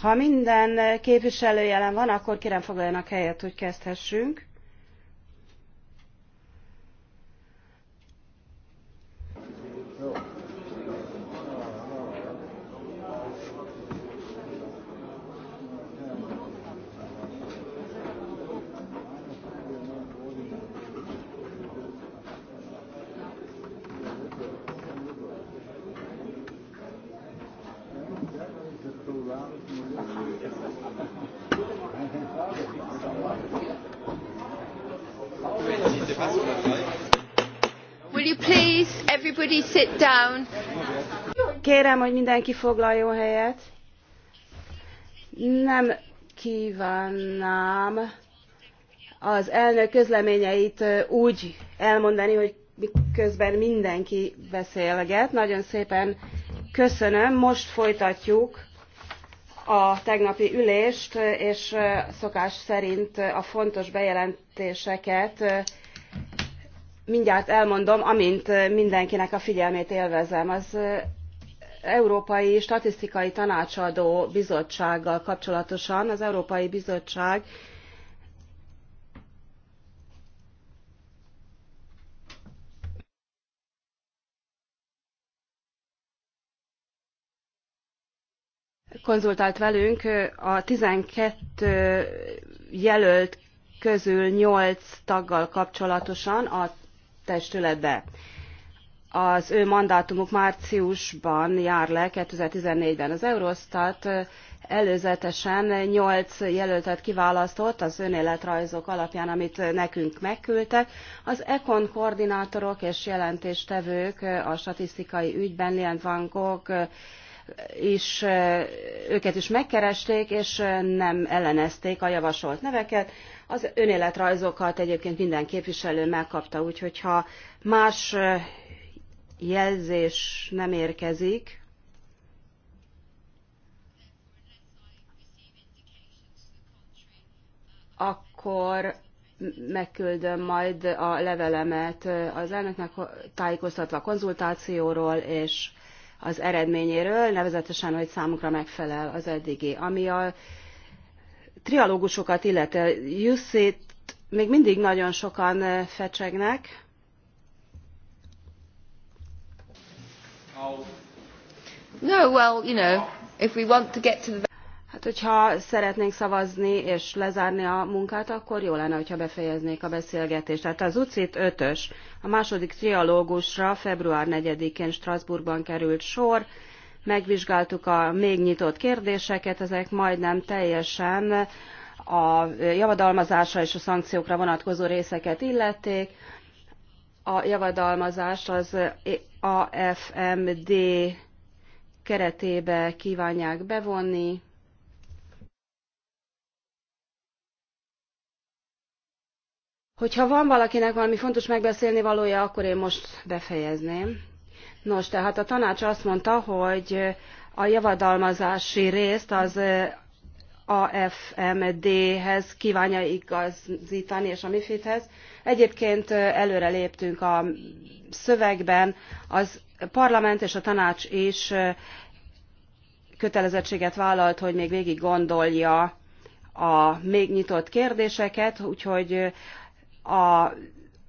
Ha minden képviselő jelen van, akkor kérem foglaljanak helyet, hogy kezdhessünk. sit down. Kérem, hogy mindenki foglaljon helyet. Nem kívánnám az elnök közleményeit úgy elmondani, hogy közben mindenki beszélget. Nagyon szépen köszönöm. Most folytatjuk a tegnapi ülést, és szokás szerint a fontos bejelentéseket mindjárt elmondom, amint mindenkinek a figyelmét élvezem. Az Európai Statisztikai Tanácsadó Bizottsággal kapcsolatosan az Európai Bizottság konzultált velünk, a 12 jelölt közül 8 taggal kapcsolatosan a testületbe. Az ő mandátumuk márciusban jár le 2014-ben. Az Eurostat előzetesen nyolc jelöltet kiválasztott az önéletrajzok alapján, amit nekünk megküldtek. Az ECON koordinátorok és jelentéstevők a statisztikai ügyben, Lien Van Gogh, is, őket is megkeresték, és nem ellenezték a javasolt neveket. Az önéletrajzokat egyébként minden képviselő megkapta, úgyhogy ha más jelzés nem érkezik, akkor megküldöm majd a levelemet az elnöknek tájékoztatva a konzultációról, és az eredményéről, nevezetesen, hogy számukra megfelel az eddigi. Ami a trialógusokat illeti, Jussit még mindig nagyon sokan eh, fecsegnek. No, well, you know, if we want to get to the Hát, hogyha szeretnénk szavazni és lezárni a munkát, akkor jó lenne, hogyha befejeznék a beszélgetést. Tehát az UCIT 5-ös, a második trialógusra február 4-én Strasbourgban került sor, megvizsgáltuk a még nyitott kérdéseket, ezek majdnem teljesen a javadalmazásra és a szankciókra vonatkozó részeket illették. A javadalmazás az AFMD keretébe kívánják bevonni, Hogyha van valakinek valami fontos megbeszélni valója, akkor én most befejezném. Nos, tehát a tanács azt mondta, hogy a javadalmazási részt az AFMD-hez kívánja igazítani, és a MIFID-hez. Egyébként előre léptünk a szövegben, az parlament és a tanács is kötelezettséget vállalt, hogy még végig gondolja a még nyitott kérdéseket, úgyhogy a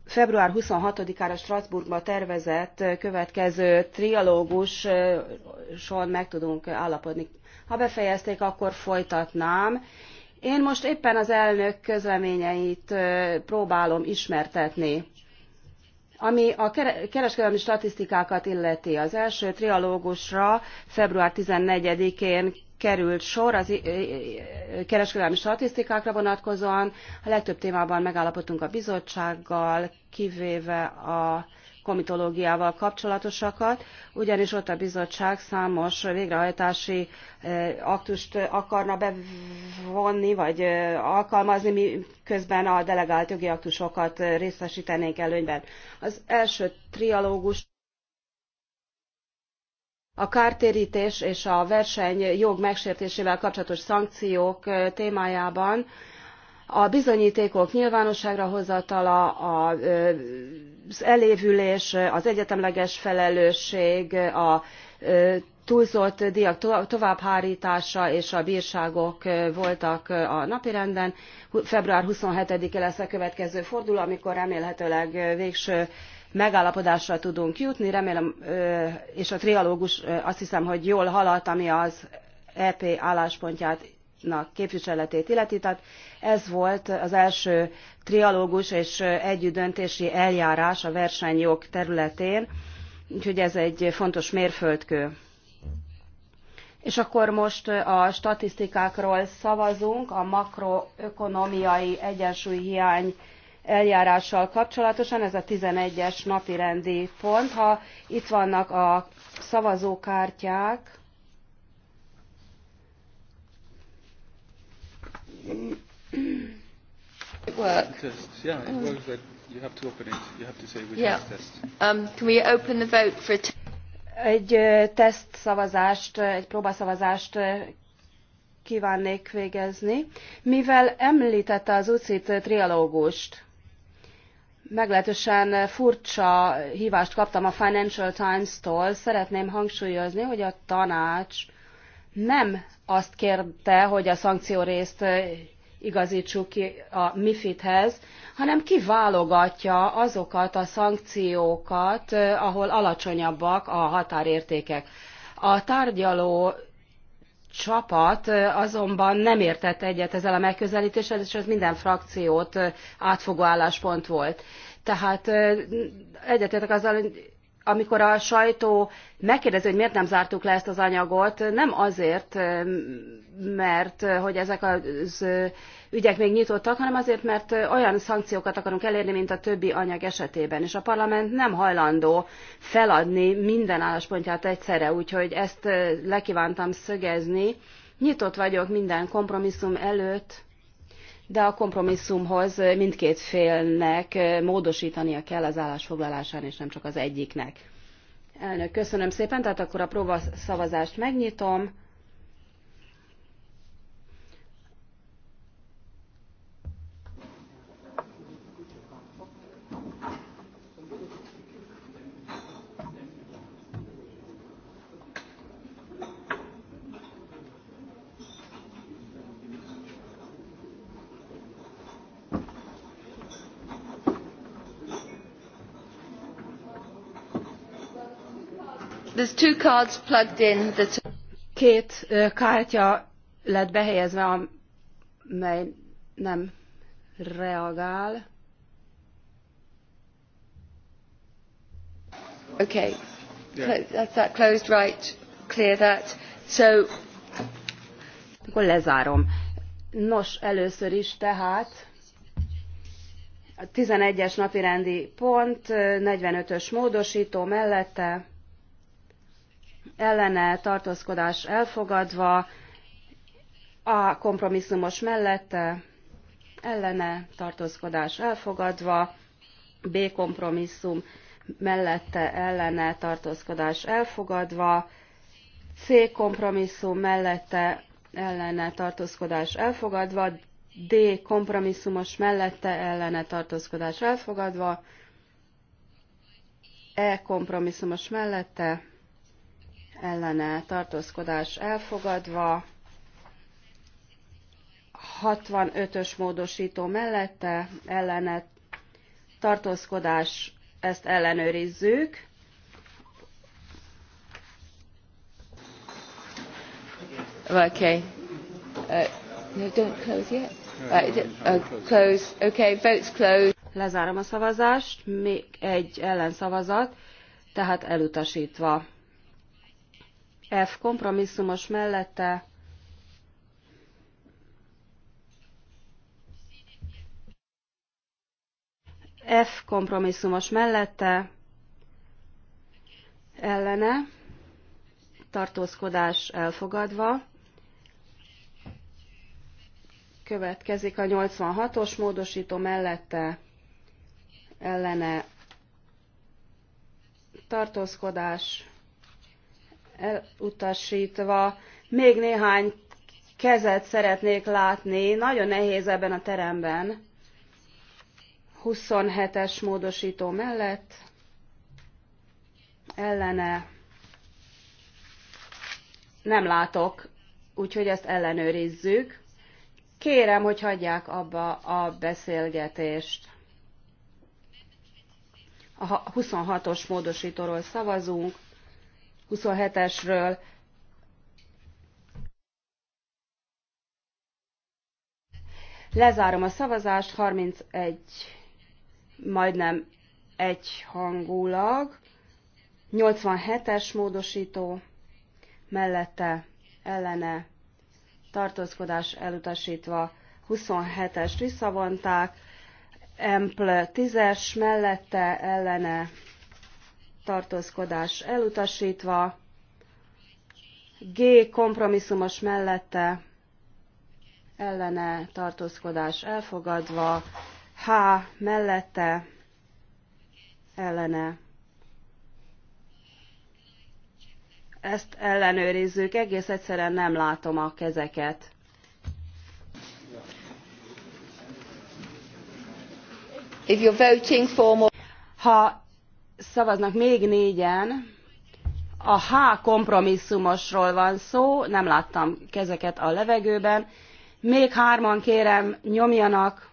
február 26-ára Strasbourgba tervezett következő trialóguson meg tudunk állapodni. Ha befejezték, akkor folytatnám. Én most éppen az elnök közleményeit próbálom ismertetni. Ami a kereskedelmi statisztikákat illeti, az első trialógusra február 14-én került sor az kereskedelmi statisztikákra vonatkozóan. A legtöbb témában megállapodtunk a bizottsággal, kivéve a komitológiával kapcsolatosakat, ugyanis ott a bizottság számos végrehajtási e, aktust akarna bevonni, vagy e, alkalmazni, mi közben a delegált jogi aktusokat részesítenénk előnyben. Az első trialógus a kártértés és a versenyjog megsértésével kapcsolatos szankciók témájában a bizonytékok nyilvánosságra hozatala az elévülés az egyetemleges felelősség a túlzott djak továbbhártása és a brságok voltak a napirenden február twenty seven e lesz a következő forduló amikor remélhetőleg végső megállapodásra tudunk jutni, remélem, és a trialógus azt hiszem, hogy jól haladt, ami az EP álláspontját képviseletét illeti. Tehát ez volt az első trialógus és együttdöntési eljárás a versenyjog területén, úgyhogy ez egy fontos mérföldkő. És akkor most a statisztikákról szavazunk, a makroökonomiai egyensúlyhiány eljárással kapcsolatosan, ez a 11-es napirendi pont. Ha itt vannak a szavazókártyák, um, egy teszt szavazást, egy próbaszavazást kívánnék végezni. Mivel említette az UCIT trialógust, meglehetősen furcsa hívást kaptam a Financial Times-tól. Szeretném hangsúlyozni, hogy a tanács nem azt kérte, hogy a szankció részt igazítsuk ki a MIFID-hez, hanem kiválogatja azokat a szankciókat, ahol alacsonyabbak a határértékek. A tárgyaló csapat azonban nem értett egyet ezzel a megközelítéssel, és ez minden frakciót átfogó álláspont volt. Tehát egyetértek azzal, hogy amikor a sajtó megkérdezi, hogy miért nem zártuk le ezt az anyagot, nem azért, mert hogy ezek az ügyek még nyitottak, hanem azért, mert olyan szankciókat akarunk elérni, mint a többi anyag esetében. És a parlament nem hajlandó feladni minden álláspontját egyszerre, úgyhogy ezt lekívántam szögezni. Nyitott vagyok minden kompromisszum előtt, de a kompromisszumhoz mindkét félnek módosítania kell az állásfoglalásán, és nem csak az egyiknek. Elnök, köszönöm szépen, tehát akkor a próbaszavazást megnyitom. There's two cards plugged in that... Két kártya lett behelyezve, amely nem reagál. Okay. Yeah. That's that closed, right? Clear that. So... Akkor lezárom. Nos, először is tehát a 11-es napirendi pont, 45-ös módosító mellette, ellene tartózkodás elfogadva, a kompromisszumos mellette ellene tartózkodás elfogadva, B kompromisszum mellette ellene tartózkodás elfogadva, C kompromisszum mellette ellene tartózkodás elfogadva, D kompromisszumos mellette ellene tartózkodás elfogadva, E kompromisszumos mellette ellene tartózkodás elfogadva, 65-ös módosító mellette ellene tartózkodás, ezt ellenőrizzük. Okay. Uh, no, don't close yet. Uh, oh, close. Okay, votes Lezárom a szavazást, még egy ellenszavazat, tehát elutasítva. F kompromisszumos mellette F kompromisszumos mellette ellene tartózkodás elfogadva. Következik a 86-os módosító mellette ellene tartózkodás elutasítva. Még néhány kezet szeretnék látni. Nagyon nehéz ebben a teremben. 27-es módosító mellett ellene nem látok, úgyhogy ezt ellenőrizzük. Kérem, hogy hagyják abba a beszélgetést. A 26-os módosítóról szavazunk. 27-esről. Lezárom a szavazást, 31 majdnem egyhangulag. 87-es módosító mellette ellene tartózkodás elutasítva 27-est visszavonták, Empl 10-es mellette ellene tartózkodás elutasítva, G kompromisszumos mellette, ellene tartózkodás elfogadva, H mellette, ellene. Ezt ellenőrizzük, egész egyszerűen nem látom a kezeket. If you're voting for more... Ha szavaznak még négyen. A H kompromisszumosról van szó, nem láttam kezeket a levegőben. Még hárman kérem, nyomjanak.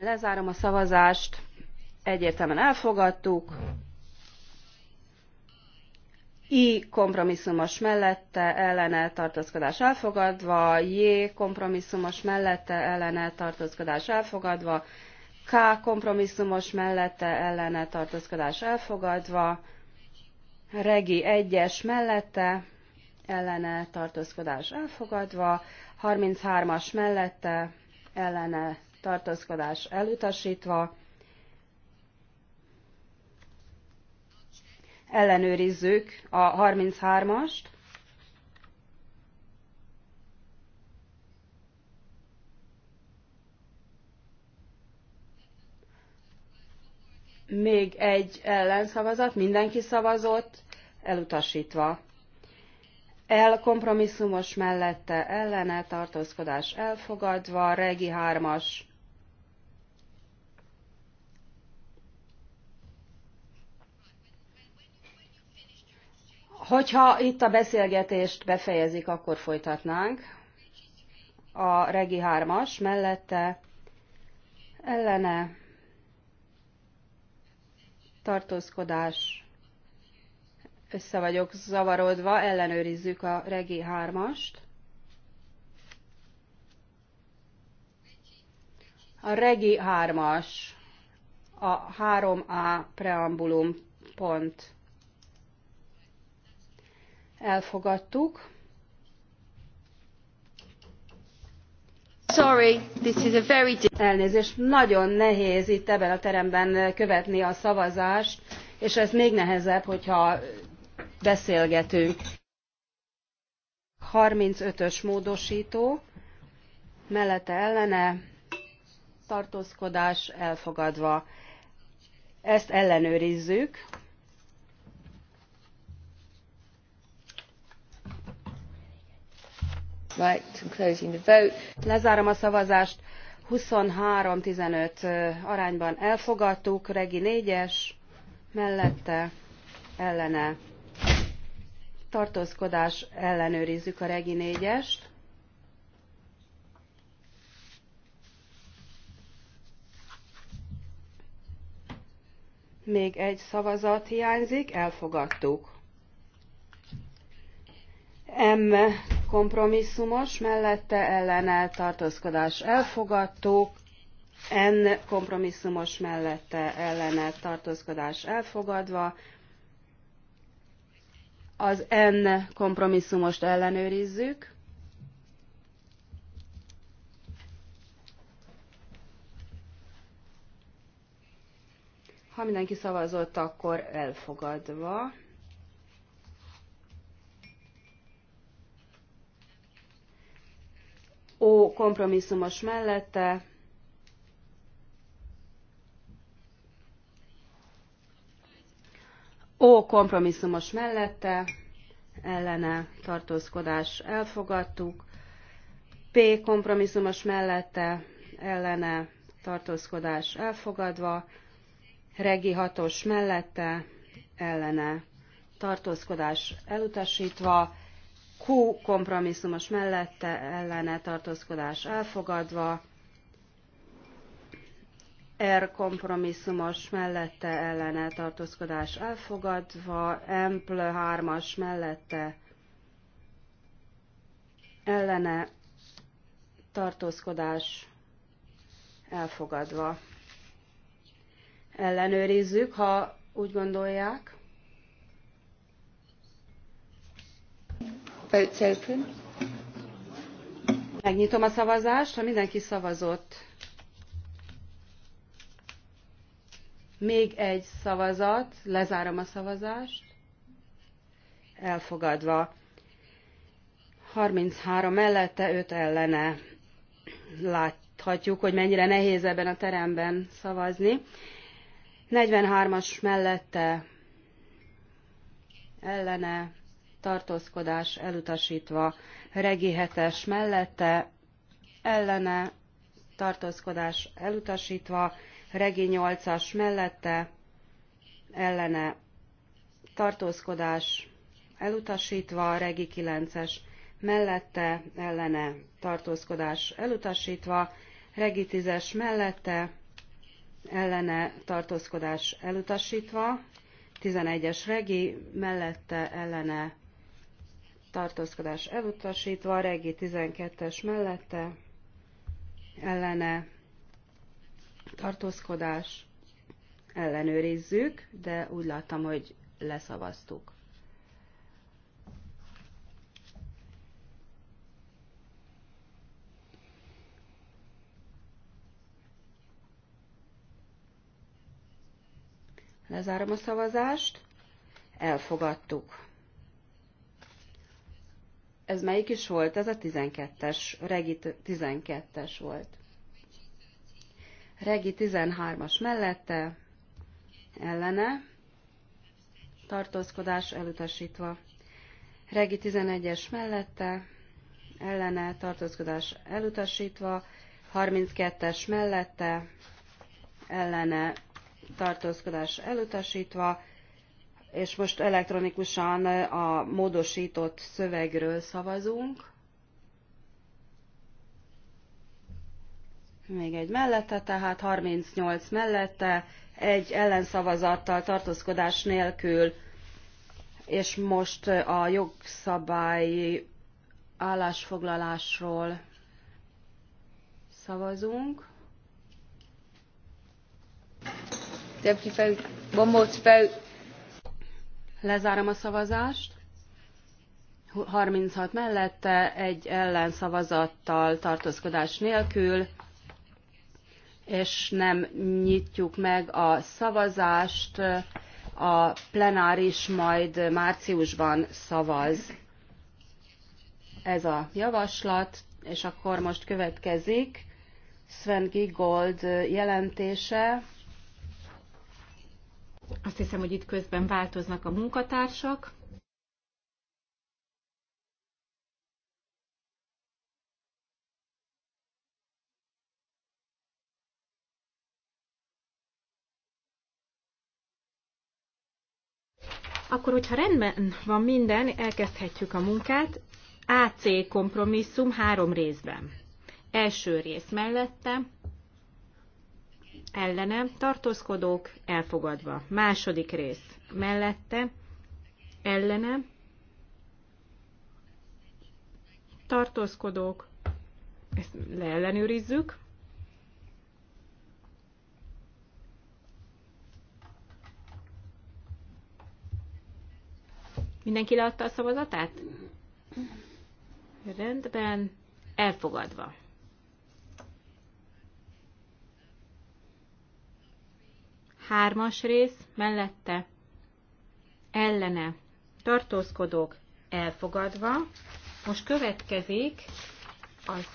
Lezárom a szavazást. Egyértelműen elfogadtuk. I kompromisszumos mellette ellene tartózkodás elfogadva, J kompromisszumos mellette ellene tartózkodás elfogadva, K kompromisszumos mellette ellene tartózkodás elfogadva, Regi egyes mellette ellene tartózkodás elfogadva, 33-as mellette ellene tartózkodás elutasítva, ellenőrizzük a 33-ast, még egy ellenszavazat, mindenki szavazott, elutasítva. El kompromisszumos mellette ellene tartózkodás elfogadva, regi hármas. Hogyha itt a beszélgetést befejezik, akkor folytatnánk. A regi hármas mellette ellene tartózkodás, össze vagyok zavarodva, ellenőrizzük a regi 3-ast. A regi 3-as, a 3A preambulum pont. Elfogadtuk. Elnézést, nagyon nehéz itt ebben a teremben követni a szavazást, és ez még nehezebb, hogyha beszélgetünk. 35-ös módosító, mellette ellene, tartózkodás elfogadva. Ezt ellenőrizzük. Lezárom a szavazást. 23-15 arányban elfogadtuk, Regi four es mellette, ellene, tartózkodás ellenőrizzük a Regi four est Még egy szavazat hiányzik, elfogadtuk. M kompromisszumos, mellette ellene tartózkodás elfogadtuk, N kompromisszumos mellette ellenet tartózkodás elfogadva, az N kompromisszumost ellenőrizzük. Ha mindenki szavazott, akkor elfogadva. O kompromisszumos mellette, O kompromisszumos mellette, ellene tartózkodás elfogadtuk, P kompromisszumos mellette, ellene tartózkodás elfogadva, regi hatos mellette, ellene tartózkodás elutasítva, Q kompromisszumos mellette ellene tartózkodás elfogadva, R kompromisszumos mellette ellene tartózkodás elfogadva, m 3-as mellette ellene tartózkodás elfogadva. Ellenőrizzük, ha úgy gondolják. Megnyitom a szavazást, ha mindenki szavazott. Még egy szavazat, lezárom a szavazást. Elfogadva. 33 mellette, 5 ellene. Láthatjuk, hogy mennyire nehéz ebben a teremben szavazni. 43-as mellette, ellene, tartózkodás elutasítva, regi hetes mellette, ellene, tartózkodás elutasítva, regi nyolcas mellette, ellene, tartózkodás elutasítva, regi kilences mellette, ellene, tartózkodás elutasítva, regi tízes mellette, ellene tartózkodás elutasítva, 11-es regi, mellette ellene tartózkodás elutasítva, regi 12-es mellette, ellene tartózkodás ellenőrizzük, de úgy láttam, hogy leszavaztuk. Lezárom a szavazást. Elfogadtuk. Ez melyik is volt? Ez a 12-es, Regi 12-es volt. Regi 13-as mellette, ellene, tartózkodás elutasítva. Regi 11-es mellette, ellene, tartózkodás elutasítva. 32-es mellette, ellene, tartózkodás elutasítva és most elektronikusan a módosított szövegről szavazunk. Még egy mellette, tehát 38 mellette, egy ellenszavazattal, tartózkodás nélkül, és most a jogszabályi állásfoglalásról szavazunk. Deputy vote, one more vote. Lezárom a szavazást. 36 mellette, egy ellenszavazattal tartózkodás nélkül, és nem nyitjuk meg a szavazást. A plenáris majd márciusban szavaz. Ez a javaslat, és akkor most következik Sven Gigold jelentése. Azt hiszem, hogy itt közben változnak a munkatársak. Akkor, hogyha rendben van minden, elkezdhetjük a munkát. AC kompromisszum három részben. Első rész mellette, ellene tartózkodók elfogadva. Második rész mellette ellene tartózkodók, ezt leellenőrizzük. Mindenki leadta a szavazatát? Rendben, elfogadva. Hármas rész mellette ellene tartózkodók elfogadva. Most következik az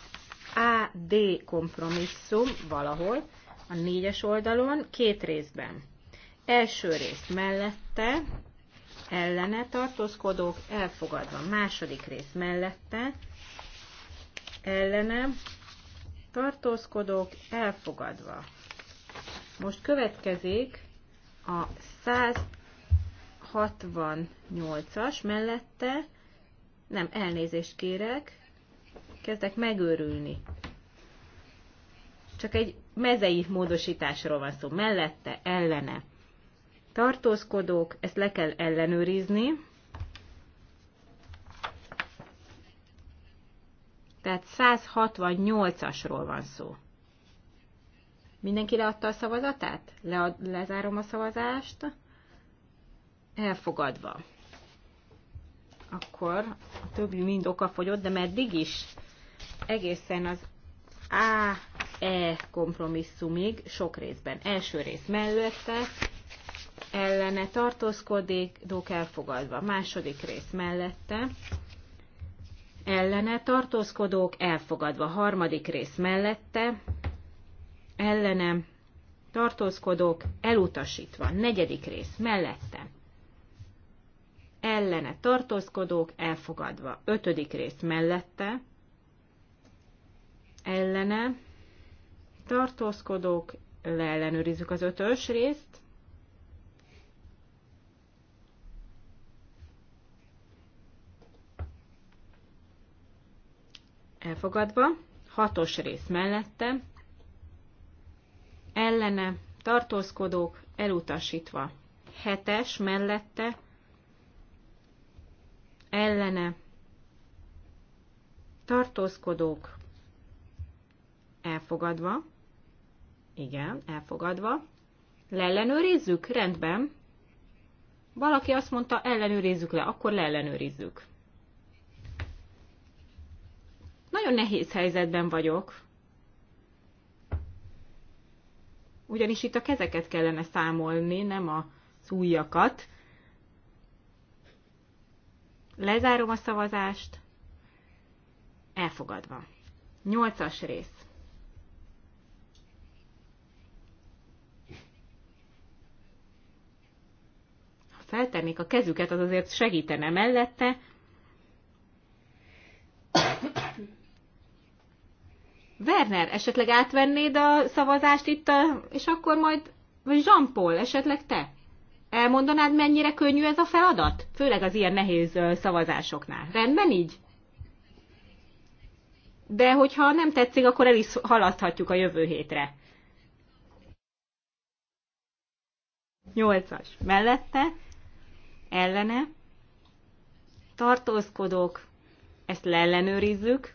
AD kompromisszum valahol a négyes oldalon két részben. Első rész mellette ellene tartózkodók elfogadva. Második rész mellette ellene tartózkodók elfogadva. Most következik a 168-as mellette, nem, elnézést kérek, kezdek megőrülni. Csak egy mezei módosításról van szó, mellette, ellene. Tartózkodók, ezt le kell ellenőrizni. Tehát 168-asról van szó. Mindenki leadta a szavazatát? Le, lezárom a szavazást. Elfogadva. Akkor a többi mind oka fogyott, de meddig is? Egészen az A, E kompromisszumig sok részben. Első rész mellette ellene tartózkodik, dok elfogadva. Második rész mellette ellene tartózkodók elfogadva. Harmadik rész mellette ellenem tartózkodók elutasítva. Negyedik rész mellette ellene tartózkodók elfogadva. Ötödik rész mellette ellene tartózkodók leellenőrizzük az ötös részt. Elfogadva. Hatos rész mellette ellene tartózkodók elutasítva. Hetes mellette ellene tartózkodók elfogadva. Igen, elfogadva. Leellenőrizzük? Rendben. Valaki azt mondta, ellenőrizzük le, akkor leellenőrizzük. Nagyon nehéz helyzetben vagyok. ugyanis itt a kezeket kellene számolni, nem az újakat. Lezárom a szavazást. Elfogadva. Nyolcas rész. Ha feltennék a kezüket, az azért segítene mellette. Werner, esetleg átvennéd a szavazást itt, a, és akkor majd, vagy Jean-Paul, esetleg te? Elmondanád, mennyire könnyű ez a feladat? Főleg az ilyen nehéz szavazásoknál. Rendben így? De hogyha nem tetszik, akkor el is halaszthatjuk a jövő hétre. Nyolcas. Mellette, ellene, tartózkodok, ezt leellenőrizzük.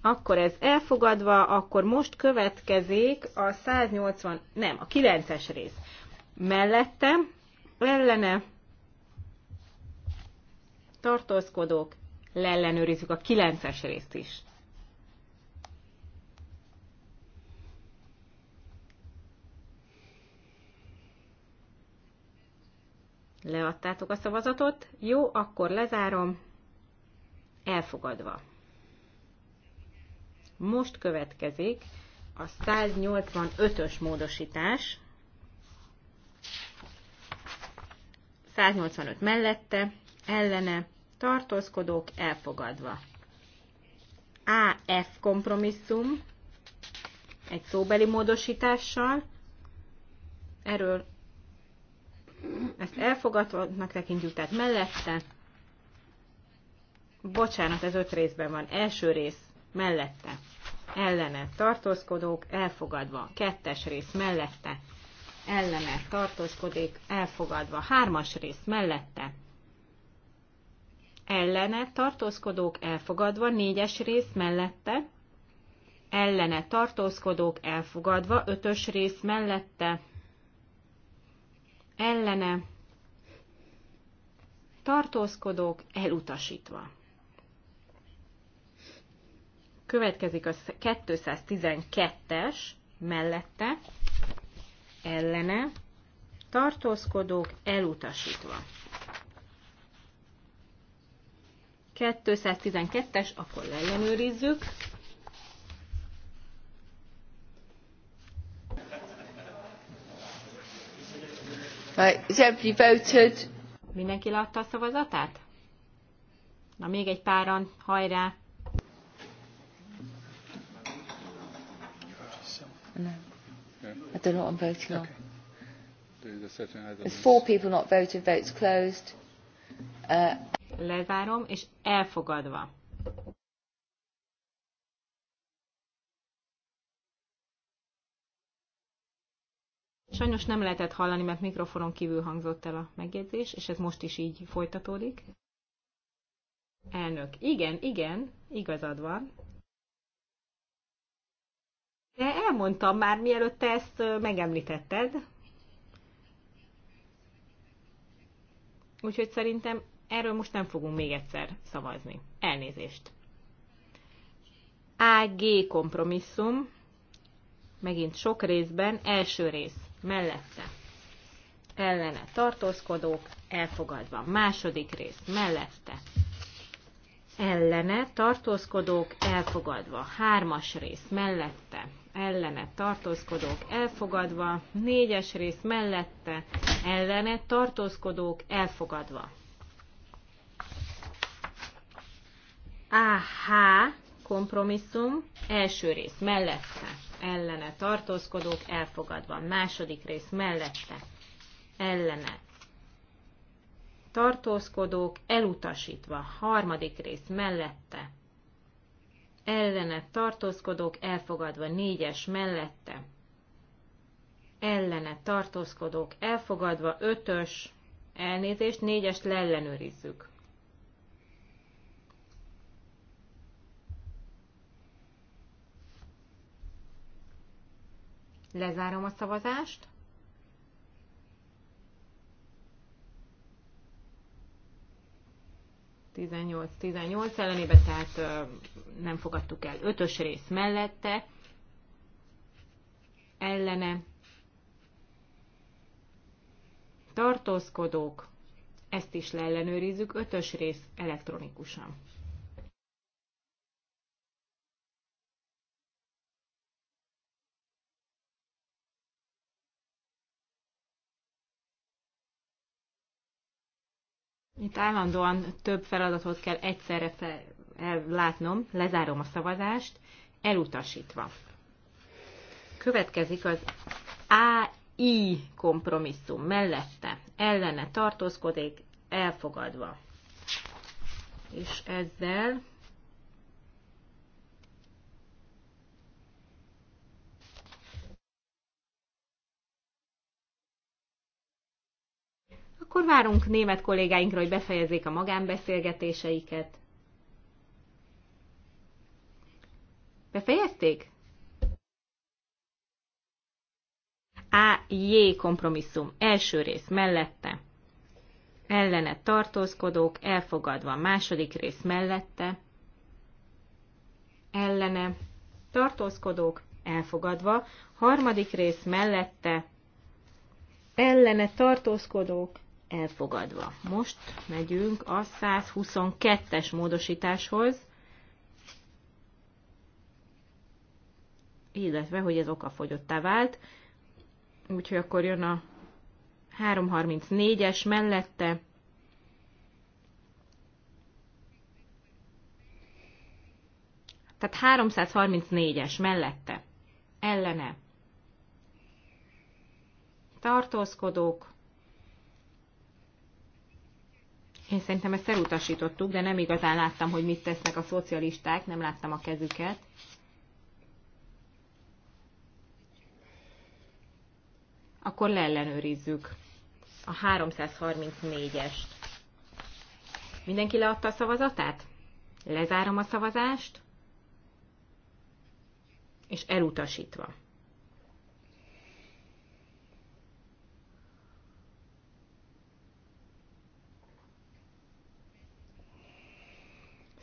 akkor ez elfogadva, akkor most következik a 180, nem, a 9-es rész. Mellette, ellene, tartózkodók, leellenőrizzük a 9-es részt is. Leadtátok a szavazatot? Jó, akkor lezárom. Elfogadva. Most következik a 185-ös módosítás. 185 mellette, ellene, tartózkodók elfogadva. AF kompromisszum egy szóbeli módosítással. Erről ezt elfogadnak tekintjük, tehát mellette. Bocsánat, ez öt részben van. Első rész mellette, ellene tartózkodók elfogadva, kettes rész mellette, ellene tartózkodik elfogadva, hármas rész mellette, ellene tartózkodók elfogadva, négyes rész mellette, ellene tartózkodók elfogadva, ötös rész mellette, ellene tartózkodók elutasítva. Következik a 212-es mellette, ellene, tartózkodók elutasítva. 212-es, akkor ellenőrizzük. Mindenki látta a szavazatát? Na még egy páran, hajrá! No. Yeah. I don't know what voting okay. on. There's four people not voted, votes closed. Uh, Lezárom, és elfogadva. Sajnos nem lehetett hallani, mert mikrofonon kívül hangzott el a megjegyzés, és ez most is így folytatódik. Elnök, igen, igen, igazad van. De elmondtam már, mielőtt te ezt megemlítetted. Úgyhogy szerintem erről most nem fogunk még egyszer szavazni. Elnézést. AG kompromisszum, megint sok részben, első rész, mellette. Ellene tartózkodók, elfogadva. Második rész, mellette. Ellene tartózkodók, elfogadva. Hármas rész, mellette ellene tartózkodók elfogadva, négyes rész mellette ellene tartózkodók elfogadva. AH kompromisszum első rész mellette ellene tartózkodók elfogadva, második rész mellette ellene tartózkodók elutasítva, harmadik rész mellette ellene tartózkodók elfogadva, négyes mellette ellene tartózkodók elfogadva, ötös elnézést, négyest leellenőrizzük. Lezárom a szavazást. 18-18 ellenébe, tehát nem fogadtuk el. Ötös rész mellette, ellene, tartózkodók, ezt is leellenőrizzük, ötös rész elektronikusan. Itt állandóan több feladatot kell egyszerre fel, látnom, lezárom a szavazást, elutasítva. Következik az AI kompromisszum mellette, ellene tartózkodik, elfogadva. És ezzel akkor várunk német kollégáinkra, hogy befejezzék a magánbeszélgetéseiket. Befejezték? A, J kompromisszum. Első rész mellette. Ellene tartózkodók, elfogadva. Második rész mellette. Ellene tartózkodók, elfogadva. Harmadik rész mellette. Ellene tartózkodók, elfogadva. Most megyünk a 122-es módosításhoz, illetve, hogy ez okafogyottá vált, úgyhogy akkor jön a 334-es mellette, tehát 334-es mellette, ellene, tartózkodók, Én szerintem ezt elutasítottuk, de nem igazán láttam, hogy mit tesznek a szocialisták, nem láttam a kezüket. Akkor leellenőrizzük a 334-est. Mindenki leadta a szavazatát? Lezárom a szavazást, és elutasítva.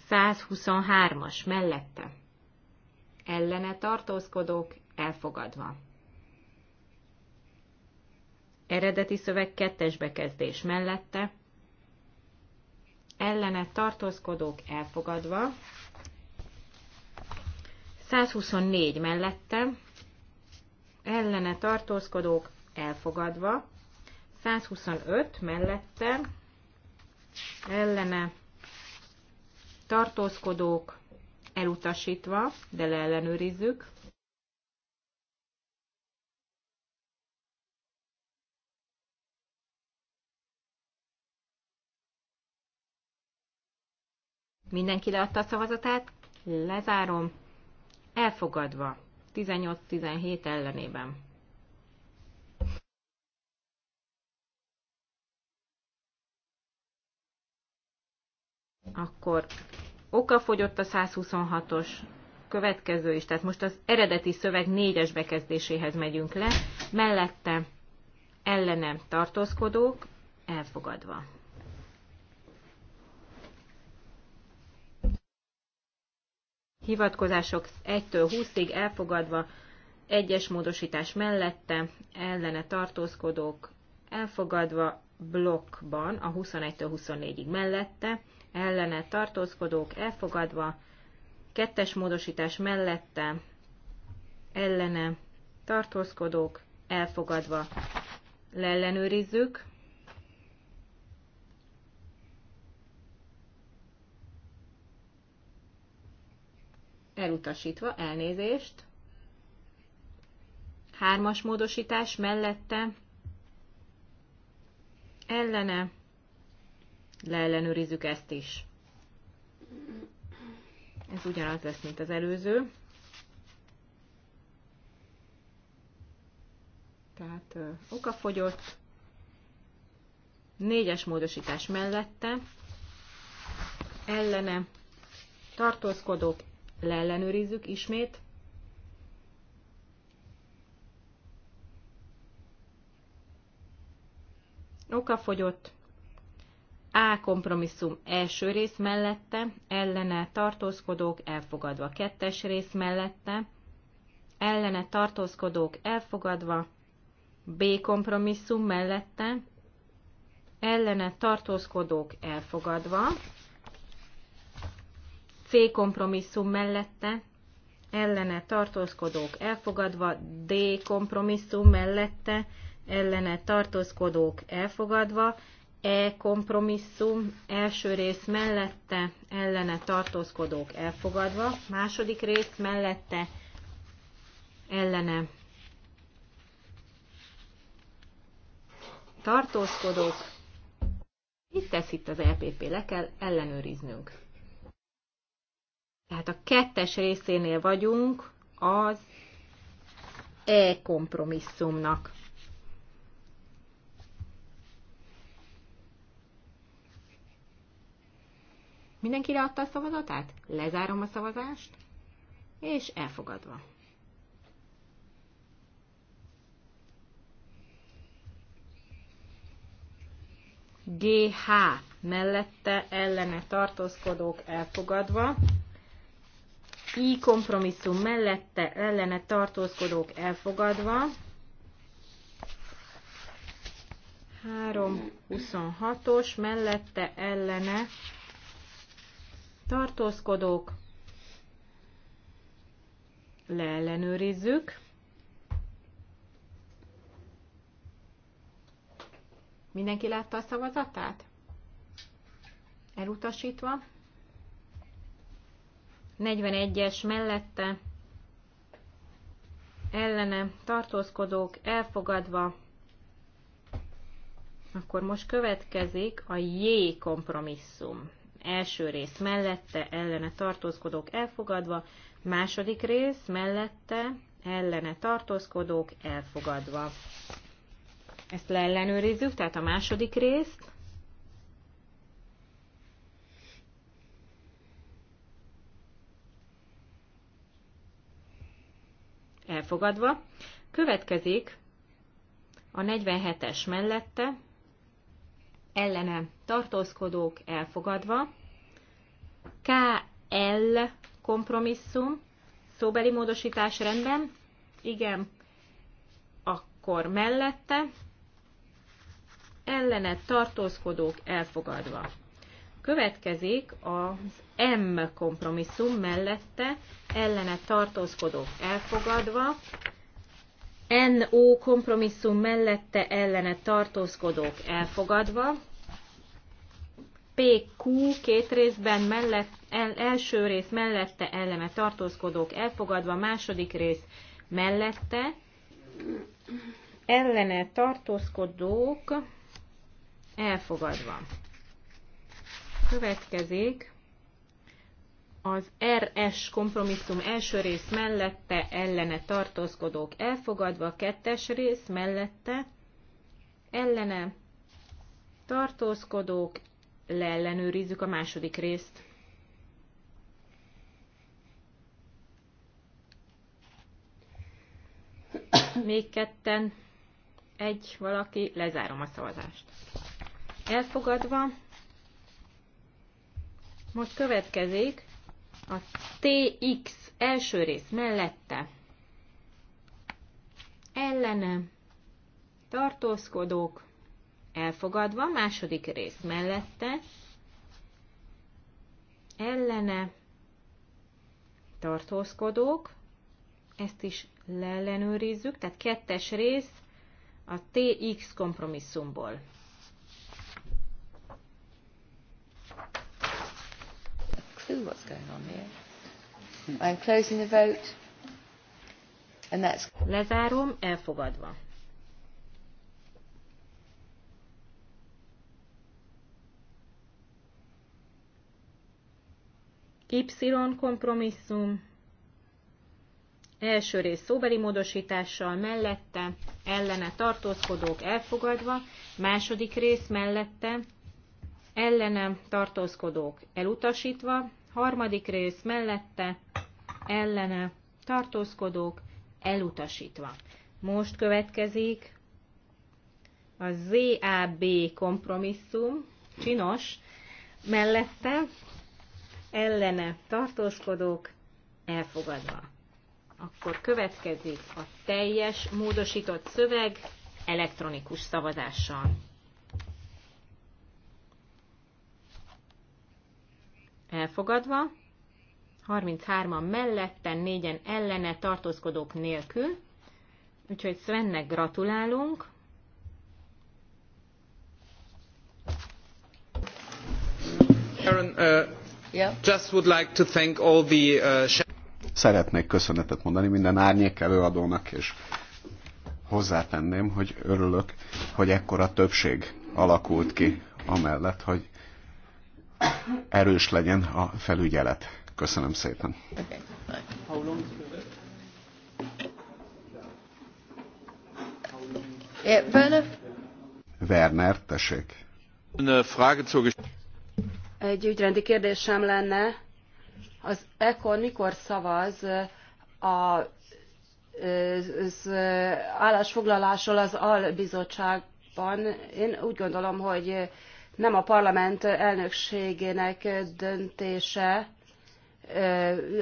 123-as mellette. Ellene tartózkodók elfogadva. Eredeti szöveg kettes bekezdés mellette. Ellene tartózkodók elfogadva. 124 mellette. Ellene tartózkodók elfogadva. 125 mellette. Ellene tartózkodók elutasítva, de leellenőrizzük. Mindenki leadta a szavazatát, lezárom, elfogadva, 18-17 ellenében. Akkor Oka fogyott a 126-os következő is, tehát most az eredeti szöveg négyes bekezdéséhez megyünk le, mellette ellenem tartózkodók elfogadva. Hivatkozások 1-től 20-ig elfogadva, egyes módosítás mellette, ellene tartózkodók elfogadva, blokkban a 21-től 24-ig mellette, ellene tartózkodók elfogadva, kettes módosítás mellette ellene tartózkodók elfogadva. Leellenőrizzük. Elutasítva, elnézést. Hármas módosítás mellette ellene leellenőrizzük ezt is. Ez ugyanaz lesz, mint az előző. Tehát okafogyott. Négyes módosítás mellette. Ellene. Tartózkodók. Leellenőrizzük ismét. Okafogyott. A kompromisszum első rész mellette, ellene tartózkodók elfogadva. Kettes rész mellette, ellene tartózkodók elfogadva. B kompromisszum mellette, ellene tartózkodók elfogadva. C kompromisszum mellette, ellene tartózkodók elfogadva, D kompromisszum mellette, ellene tartózkodók elfogadva, E kompromisszum első rész mellette ellene tartózkodók elfogadva, második rész mellette ellene tartózkodók. Mit tesz itt az LPP? E Le kell ellenőriznünk. Tehát a kettes részénél vagyunk az e-kompromisszumnak. Mindenki leadta a szavazatát? Lezárom a szavazást, és elfogadva. GH mellette ellene tartózkodók elfogadva, I kompromisszum mellette ellene tartózkodók elfogadva, 326-os mellette ellene tartózkodók, leellenőrizzük. Mindenki látta a szavazatát? Elutasítva. 41-es mellette ellene tartózkodók elfogadva, akkor most következik a J kompromisszum első rész mellette ellene tartózkodók elfogadva, második rész mellette ellene tartózkodók elfogadva. Ezt leellenőrizzük, tehát a második részt. Elfogadva. Következik a 47-es mellette ellene tartózkodók elfogadva, KL kompromisszum, szóbeli módosítás rendben, igen, akkor mellette, ellene tartózkodók elfogadva. Következik az M kompromisszum mellette, ellene tartózkodók elfogadva, NO kompromisszum mellette ellene tartózkodók elfogadva, PQ két részben mellett, el, első rész mellette ellene tartózkodók elfogadva, második rész mellette ellene tartózkodók elfogadva. Következik az RS kompromisszum első rész mellette ellene tartózkodók elfogadva, kettes rész mellette ellene tartózkodók, leellenőrizzük a második részt. Még ketten, egy valaki, lezárom a szavazást. Elfogadva, most következik a TX első rész mellette ellene tartózkodók elfogadva, második rész mellette ellene tartózkodók, ezt is leellenőrizzük, tehát kettes rész a TX kompromisszumból clue what's going on here. I'm closing the vote. And that's... Lezárom, elfogadva. Y kompromisszum, első rész szóbeli módosítással mellette, ellene tartózkodók elfogadva, második rész mellette, ellene tartózkodók elutasítva, harmadik rész mellette ellene tartózkodók elutasítva. Most következik a ZAB kompromisszum, csinos, mellette ellene tartózkodók elfogadva. Akkor következik a teljes módosított szöveg elektronikus szavazással. elfogadva, 33-an mellette, 4-en ellene, tartózkodók nélkül. Úgyhogy Svennek gratulálunk. Aaron, uh, yeah. just would like to thank all the, uh... Szeretnék köszönetet mondani minden árnyék előadónak, és hozzátenném, hogy örülök, hogy ekkora többség alakult ki amellett, hogy erős legyen a felügyelet. Köszönöm szépen. Werner, tessék. Egy ügyrendi kérdésem lenne. Az ekkor mikor szavaz a az állásfoglalásról az albizottságban. Én úgy gondolom, hogy nem a parlament elnökségének döntése,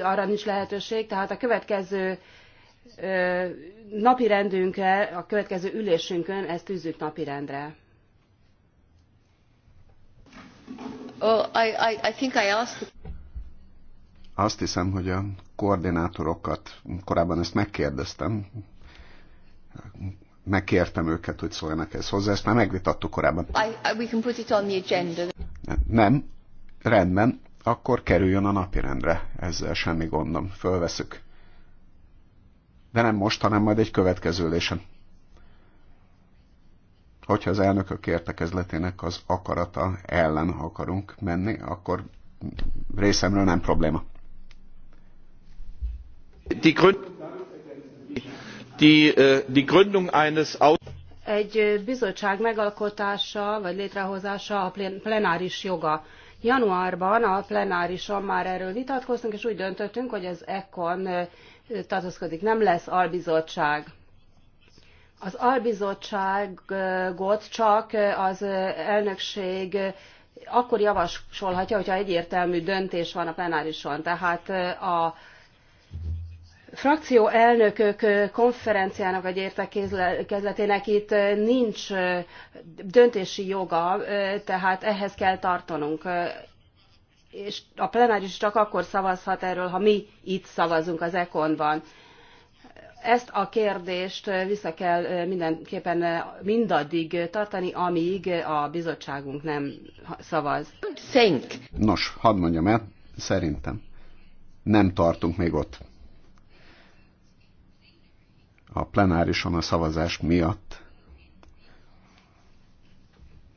arra nincs lehetőség, tehát a következő napi rendünkre, a következő ülésünkön ezt tűzzük napi rendre. Oh, I, I, I think I asked... Azt hiszem, hogy a koordinátorokat, korábban ezt megkérdeztem, megkértem őket, hogy szóljanak ezt hozzá, ezt már megvitattuk korábban. I, we can put it on the agenda. Nem, rendben, akkor kerüljön a napirendre, ezzel semmi gondom, fölveszük. De nem most, hanem majd egy következő ülésen. Hogyha az elnökök értekezletének az akarata ellen akarunk menni, akkor részemről nem probléma. Die Gründe Äh, egy bizottság megalkotása vagy létrehozása a plenáris joga. Januárban a plenárison már erről vitatkoztunk, és úgy döntöttünk, hogy az ECON tartózkodik nem lesz albizottság. Az albizottságot csak az elnökség akkor javasolhatja, hogyha egyértelmű döntés van a plenárison. Tehát a frakció elnökök konferenciának vagy értekezletének itt nincs döntési joga, tehát ehhez kell tartanunk. És a plenáris csak akkor szavazhat erről, ha mi itt szavazunk az ban Ezt a kérdést vissza kell mindenképpen mindaddig tartani, amíg a bizottságunk nem szavaz. Nos, hadd mondjam el, szerintem nem tartunk még ott a plenárison a szavazás miatt,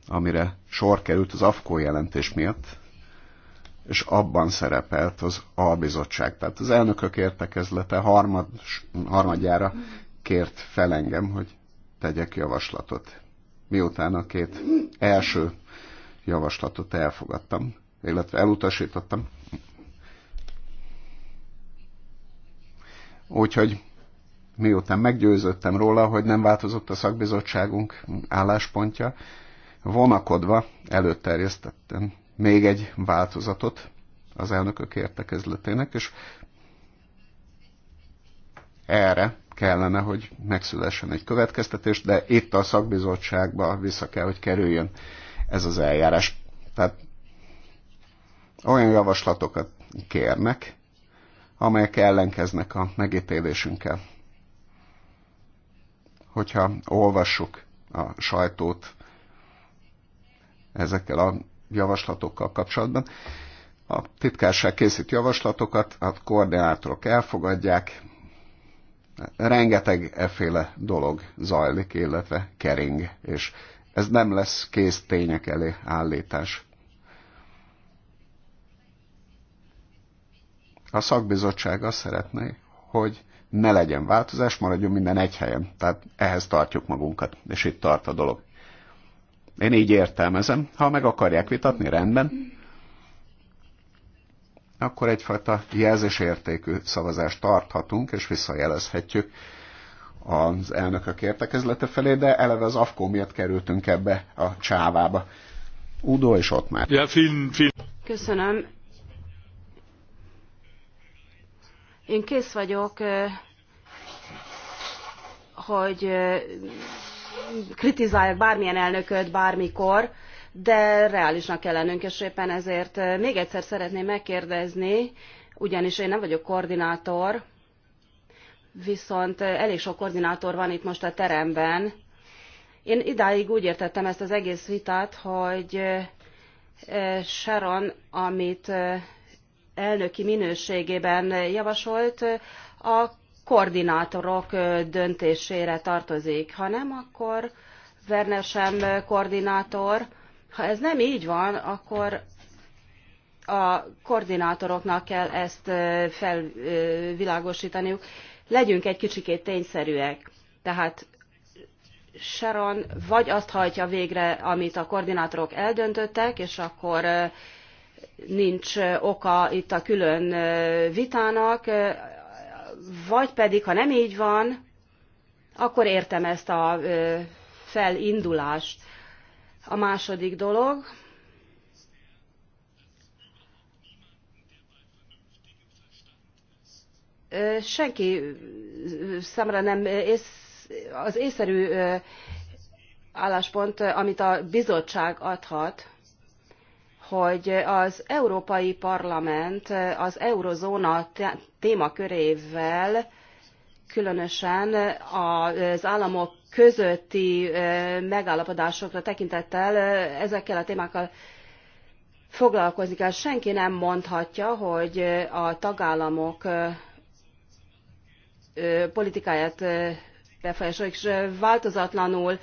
amire sor került az AFKO jelentés miatt, és abban szerepelt az bizottság. Tehát az elnökök értekezlete harmad, harmadjára kért fel engem, hogy tegyek javaslatot. Miután a két első javaslatot elfogadtam, illetve elutasítottam. Úgyhogy miután meggyőződtem róla, hogy nem változott a szakbizottságunk álláspontja, vonakodva előterjesztettem még egy változatot az elnökök értekezletének, és erre kellene, hogy megszülessen egy következtetés, de itt a szakbizottságba vissza kell, hogy kerüljön ez az eljárás. Tehát olyan javaslatokat kérnek, amelyek ellenkeznek a megítélésünkkel hogyha olvassuk a sajtót ezekkel a javaslatokkal kapcsolatban. A titkárság készít javaslatokat, a koordinátorok elfogadják, rengeteg efféle dolog zajlik, illetve kering, és ez nem lesz kész tények elé állítás. A szakbizottság azt szeretné, hogy ne legyen változás, maradjon minden egy helyen. Tehát ehhez tartjuk magunkat, és itt tart a dolog. Én így értelmezem. Ha meg akarják vitatni, rendben. Akkor egyfajta jelzésértékű szavazást tarthatunk, és visszajelezhetjük az elnökök értekezlete felé, de eleve az AFKO miatt kerültünk ebbe a csávába. Udo és ott már. Ja, film, film. Köszönöm. Én kész vagyok, hogy kritizálják bármilyen elnököt bármikor, de reálisnak kell lennünk, és éppen ezért még egyszer szeretném megkérdezni, ugyanis én nem vagyok koordinátor, viszont elég sok koordinátor van itt most a teremben. Én idáig úgy értettem ezt az egész vitát, hogy Sharon, amit elnöki minőségében javasolt, a koordinátorok döntésére tartozik. Ha nem, akkor Werner sem koordinátor. Ha ez nem így van, akkor a koordinátoroknak kell ezt felvilágosítaniuk. Legyünk egy kicsikét tényszerűek. Tehát Sharon vagy azt hajtja végre, amit a koordinátorok eldöntöttek, és akkor nincs oka itt a külön vitának, vagy pedig, ha nem így van, akkor értem ezt a felindulást. A második dolog, senki számára nem ész, az észszerű álláspont, amit a bizottság adhat, hogy az Európai Parlament az eurozóna témakörével különösen az államok közötti megállapodásokra tekintettel ezekkel a témákkal foglalkozni kell. Senki nem mondhatja, hogy a tagállamok politikáját befolyásoljuk, és változatlanul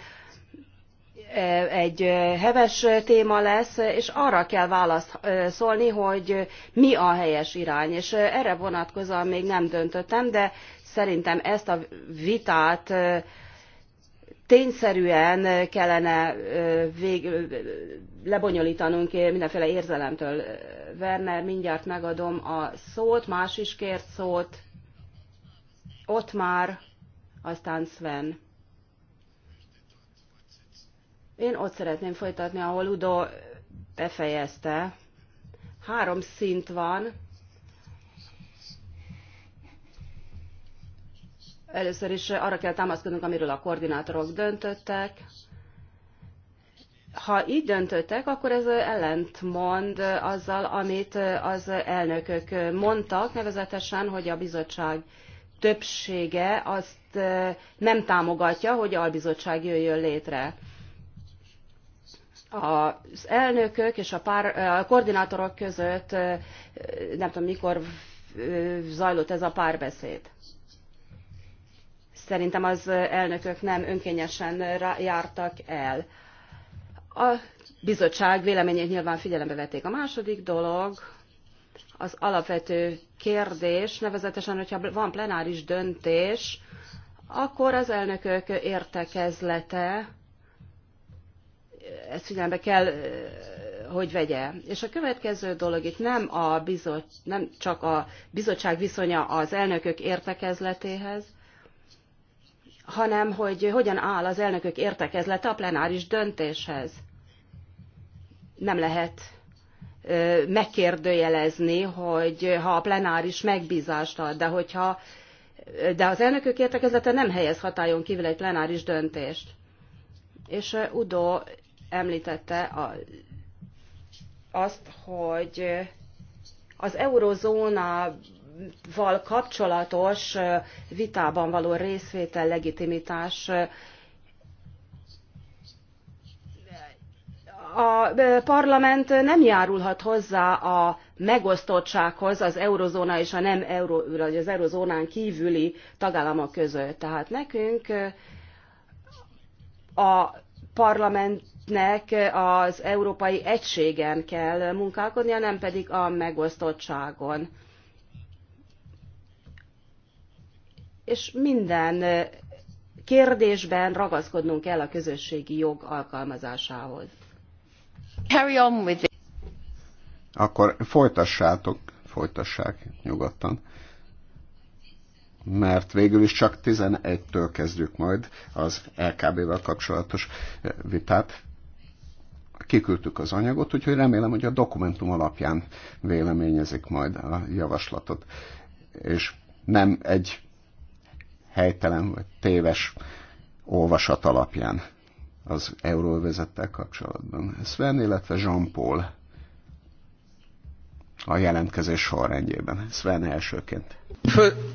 egy heves téma lesz, és arra kell válaszolni, hogy mi a helyes irány. És erre vonatkozóan még nem döntöttem, de szerintem ezt a vitát tényszerűen kellene vég, lebonyolítanunk mindenféle érzelemtől. Werner, mindjárt megadom a szót, más is kért szót. Ott már, aztán Sven. Én ott szeretném folytatni, ahol Udo befejezte. Három szint van. Először is arra kell támaszkodnunk, amiről a koordinátorok döntöttek. Ha így döntöttek, akkor ez ellentmond azzal, amit az elnökök mondtak, nevezetesen, hogy a bizottság többsége azt nem támogatja, hogy albizottság jöjjön létre az elnökök és a, pár, a koordinátorok között, nem tudom mikor zajlott ez a párbeszéd. Szerintem az elnökök nem önkényesen jártak el. A bizottság véleményét nyilván figyelembe vették. A második dolog az alapvető kérdés, nevezetesen, hogyha van plenáris döntés, akkor az elnökök értekezlete ezt figyelembe kell, hogy vegye. És a következő dolog itt nem, a bizot, nem csak a bizottság viszonya az elnökök értekezletéhez, hanem hogy hogyan áll az elnökök értekezlete a plenáris döntéshez. Nem lehet megkérdőjelezni, hogy ha a plenáris megbízást ad, de hogyha de az elnökök értekezlete nem helyez hatályon kívül egy plenáris döntést. És Udo említette a, azt, hogy az val kapcsolatos vitában való részvétel legitimitás a parlament nem járulhat hozzá a megosztottsághoz az eurozóna és a nem euró, vagy az eurozónán kívüli tagállamok között. Tehát nekünk a parlament nek az európai egységen kell munkálkodnia, nem pedig a megosztottságon. És minden kérdésben ragaszkodnunk kell a közösségi jog alkalmazásához. Carry on with it. Akkor folytassátok, folytassák nyugodtan mert végül is csak 11-től kezdjük majd az LKB-vel kapcsolatos vitát kiküldtük az anyagot, úgyhogy remélem, hogy a dokumentum alapján véleményezik majd a javaslatot, és nem egy helytelen vagy téves olvasat alapján az euróvezettel kapcsolatban. Sven, illetve Jean-Paul a jelentkezés sorrendjében. Sven elsőként.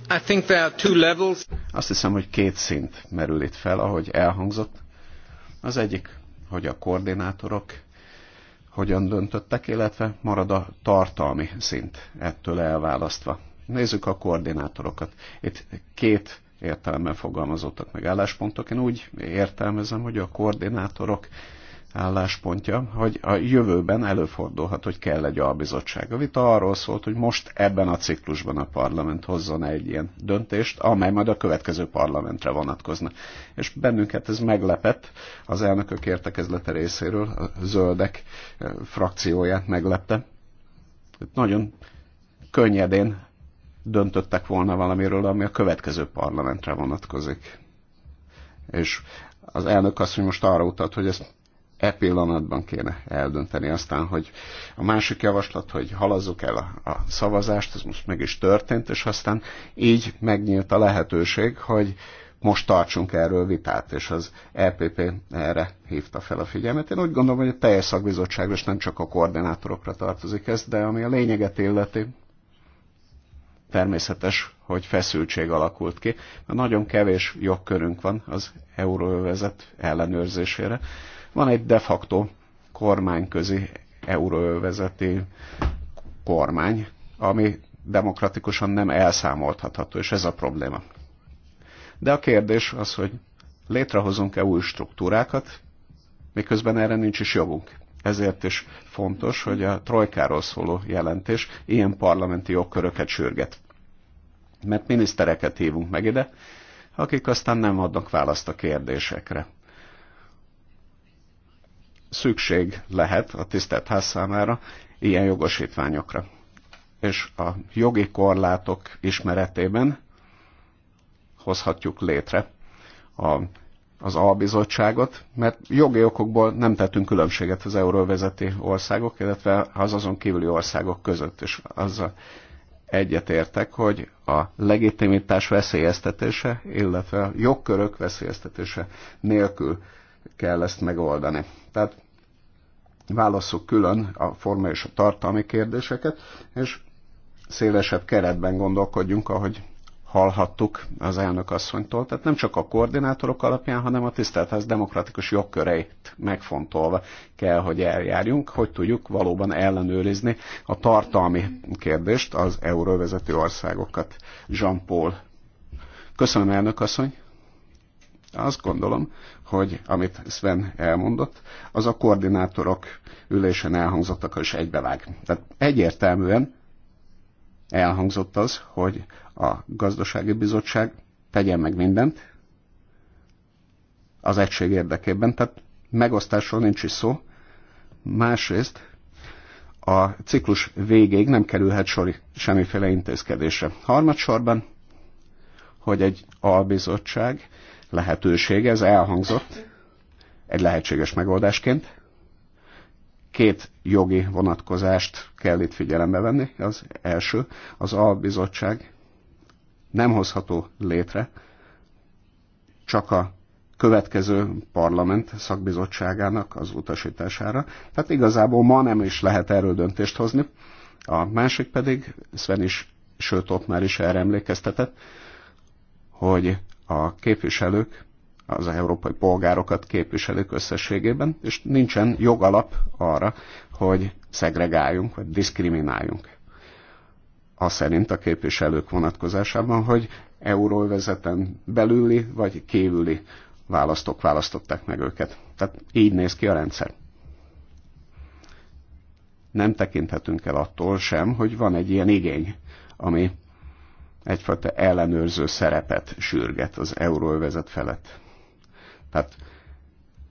I think there are two levels. Azt hiszem, hogy két szint merül itt fel, ahogy elhangzott. Az egyik hogy a koordinátorok hogyan döntöttek, illetve marad a tartalmi szint ettől elválasztva. Nézzük a koordinátorokat. Itt két értelemben fogalmazottak meg álláspontok. Én úgy értelmezem, hogy a koordinátorok álláspontja, hogy a jövőben előfordulhat, hogy kell egy albizottság. A vita arról szólt, hogy most ebben a ciklusban a parlament hozzon egy ilyen döntést, amely majd a következő parlamentre vonatkozna. És bennünket ez meglepett, az elnökök értekezlete részéről, a zöldek eh, frakcióját meglepte. Nagyon könnyedén döntöttek volna valamiről, ami a következő parlamentre vonatkozik. És az elnök azt, hogy most arra utalt, hogy ezt e pillanatban kéne eldönteni. Aztán, hogy a másik javaslat, hogy halazzuk el a, a szavazást, ez most meg is történt, és aztán így megnyílt a lehetőség, hogy most tartsunk erről vitát, és az EPP erre hívta fel a figyelmet. Én úgy gondolom, hogy a teljes szakbizottságra, és nem csak a koordinátorokra tartozik ez, de ami a lényeget illeti, természetes, hogy feszültség alakult ki, mert nagyon kevés jogkörünk van az euróövezet ellenőrzésére. Van egy de facto kormányközi euróövezeti kormány, ami demokratikusan nem elszámolthatható, és ez a probléma. De a kérdés az, hogy létrehozunk-e új struktúrákat, miközben erre nincs is jogunk. Ezért is fontos, hogy a trojkáról szóló jelentés ilyen parlamenti jogköröket sürget. Mert minisztereket hívunk meg ide, akik aztán nem adnak választ a kérdésekre szükség lehet a tisztelt ház számára ilyen jogosítványokra. És a jogi korlátok ismeretében hozhatjuk létre a, az albizottságot, mert jogi okokból nem tettünk különbséget az euróvezeti országok, illetve az azon kívüli országok között, és a egyetértek, hogy a legitimitás veszélyeztetése, illetve a jogkörök veszélyeztetése nélkül kell ezt megoldani. Tehát válaszok külön a forma és a tartalmi kérdéseket, és szélesebb keretben gondolkodjunk, ahogy hallhattuk az elnök asszonytól. Tehát nem csak a koordinátorok alapján, hanem a tisztelethez demokratikus jogköreit megfontolva kell, hogy eljárjunk, hogy tudjuk valóban ellenőrizni a tartalmi kérdést az euróvezető országokat. Jean-Paul. Köszönöm, elnök asszony. Azt gondolom, hogy amit Sven elmondott, az a koordinátorok ülésen elhangzottak és egybevág. Tehát egyértelműen elhangzott az, hogy a gazdasági bizottság tegyen meg mindent az egység érdekében, tehát megosztásról nincs is szó. Másrészt a ciklus végéig nem kerülhet sor semmiféle intézkedése. Harmadsorban, hogy egy albizottság lehetőség, ez elhangzott egy lehetséges megoldásként. Két jogi vonatkozást kell itt figyelembe venni. Az első, az albizottság nem hozható létre, csak a következő parlament szakbizottságának az utasítására. Tehát igazából ma nem is lehet erről döntést hozni. A másik pedig, Sven is, sőt ott már is erre emlékeztetett, hogy a képviselők, az európai polgárokat képviselők összességében, és nincsen jogalap arra, hogy szegregáljunk, vagy diszkrimináljunk. A szerint a képviselők vonatkozásában, hogy euróvezeten belüli vagy kívüli választók választották meg őket. Tehát így néz ki a rendszer. Nem tekinthetünk el attól sem, hogy van egy ilyen igény, ami egyfajta ellenőrző szerepet sürget az euróövezet felett. Tehát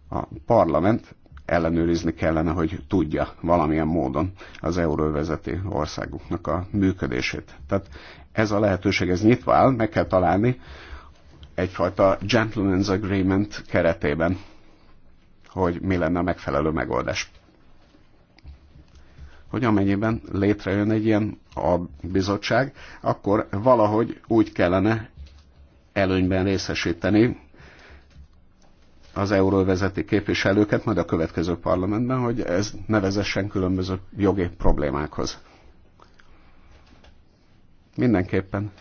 a parlament ellenőrizni kellene, hogy tudja valamilyen módon az euróvezeti országoknak a működését. Tehát ez a lehetőség, ez nyitva áll, meg kell találni egyfajta gentleman's agreement keretében, hogy mi lenne a megfelelő megoldás hogy amennyiben létrejön egy ilyen a bizottság, akkor valahogy úgy kellene előnyben részesíteni az euróvezeti képviselőket, majd a következő parlamentben, hogy ez nevezessen különböző jogi problémákhoz. Mindenképpen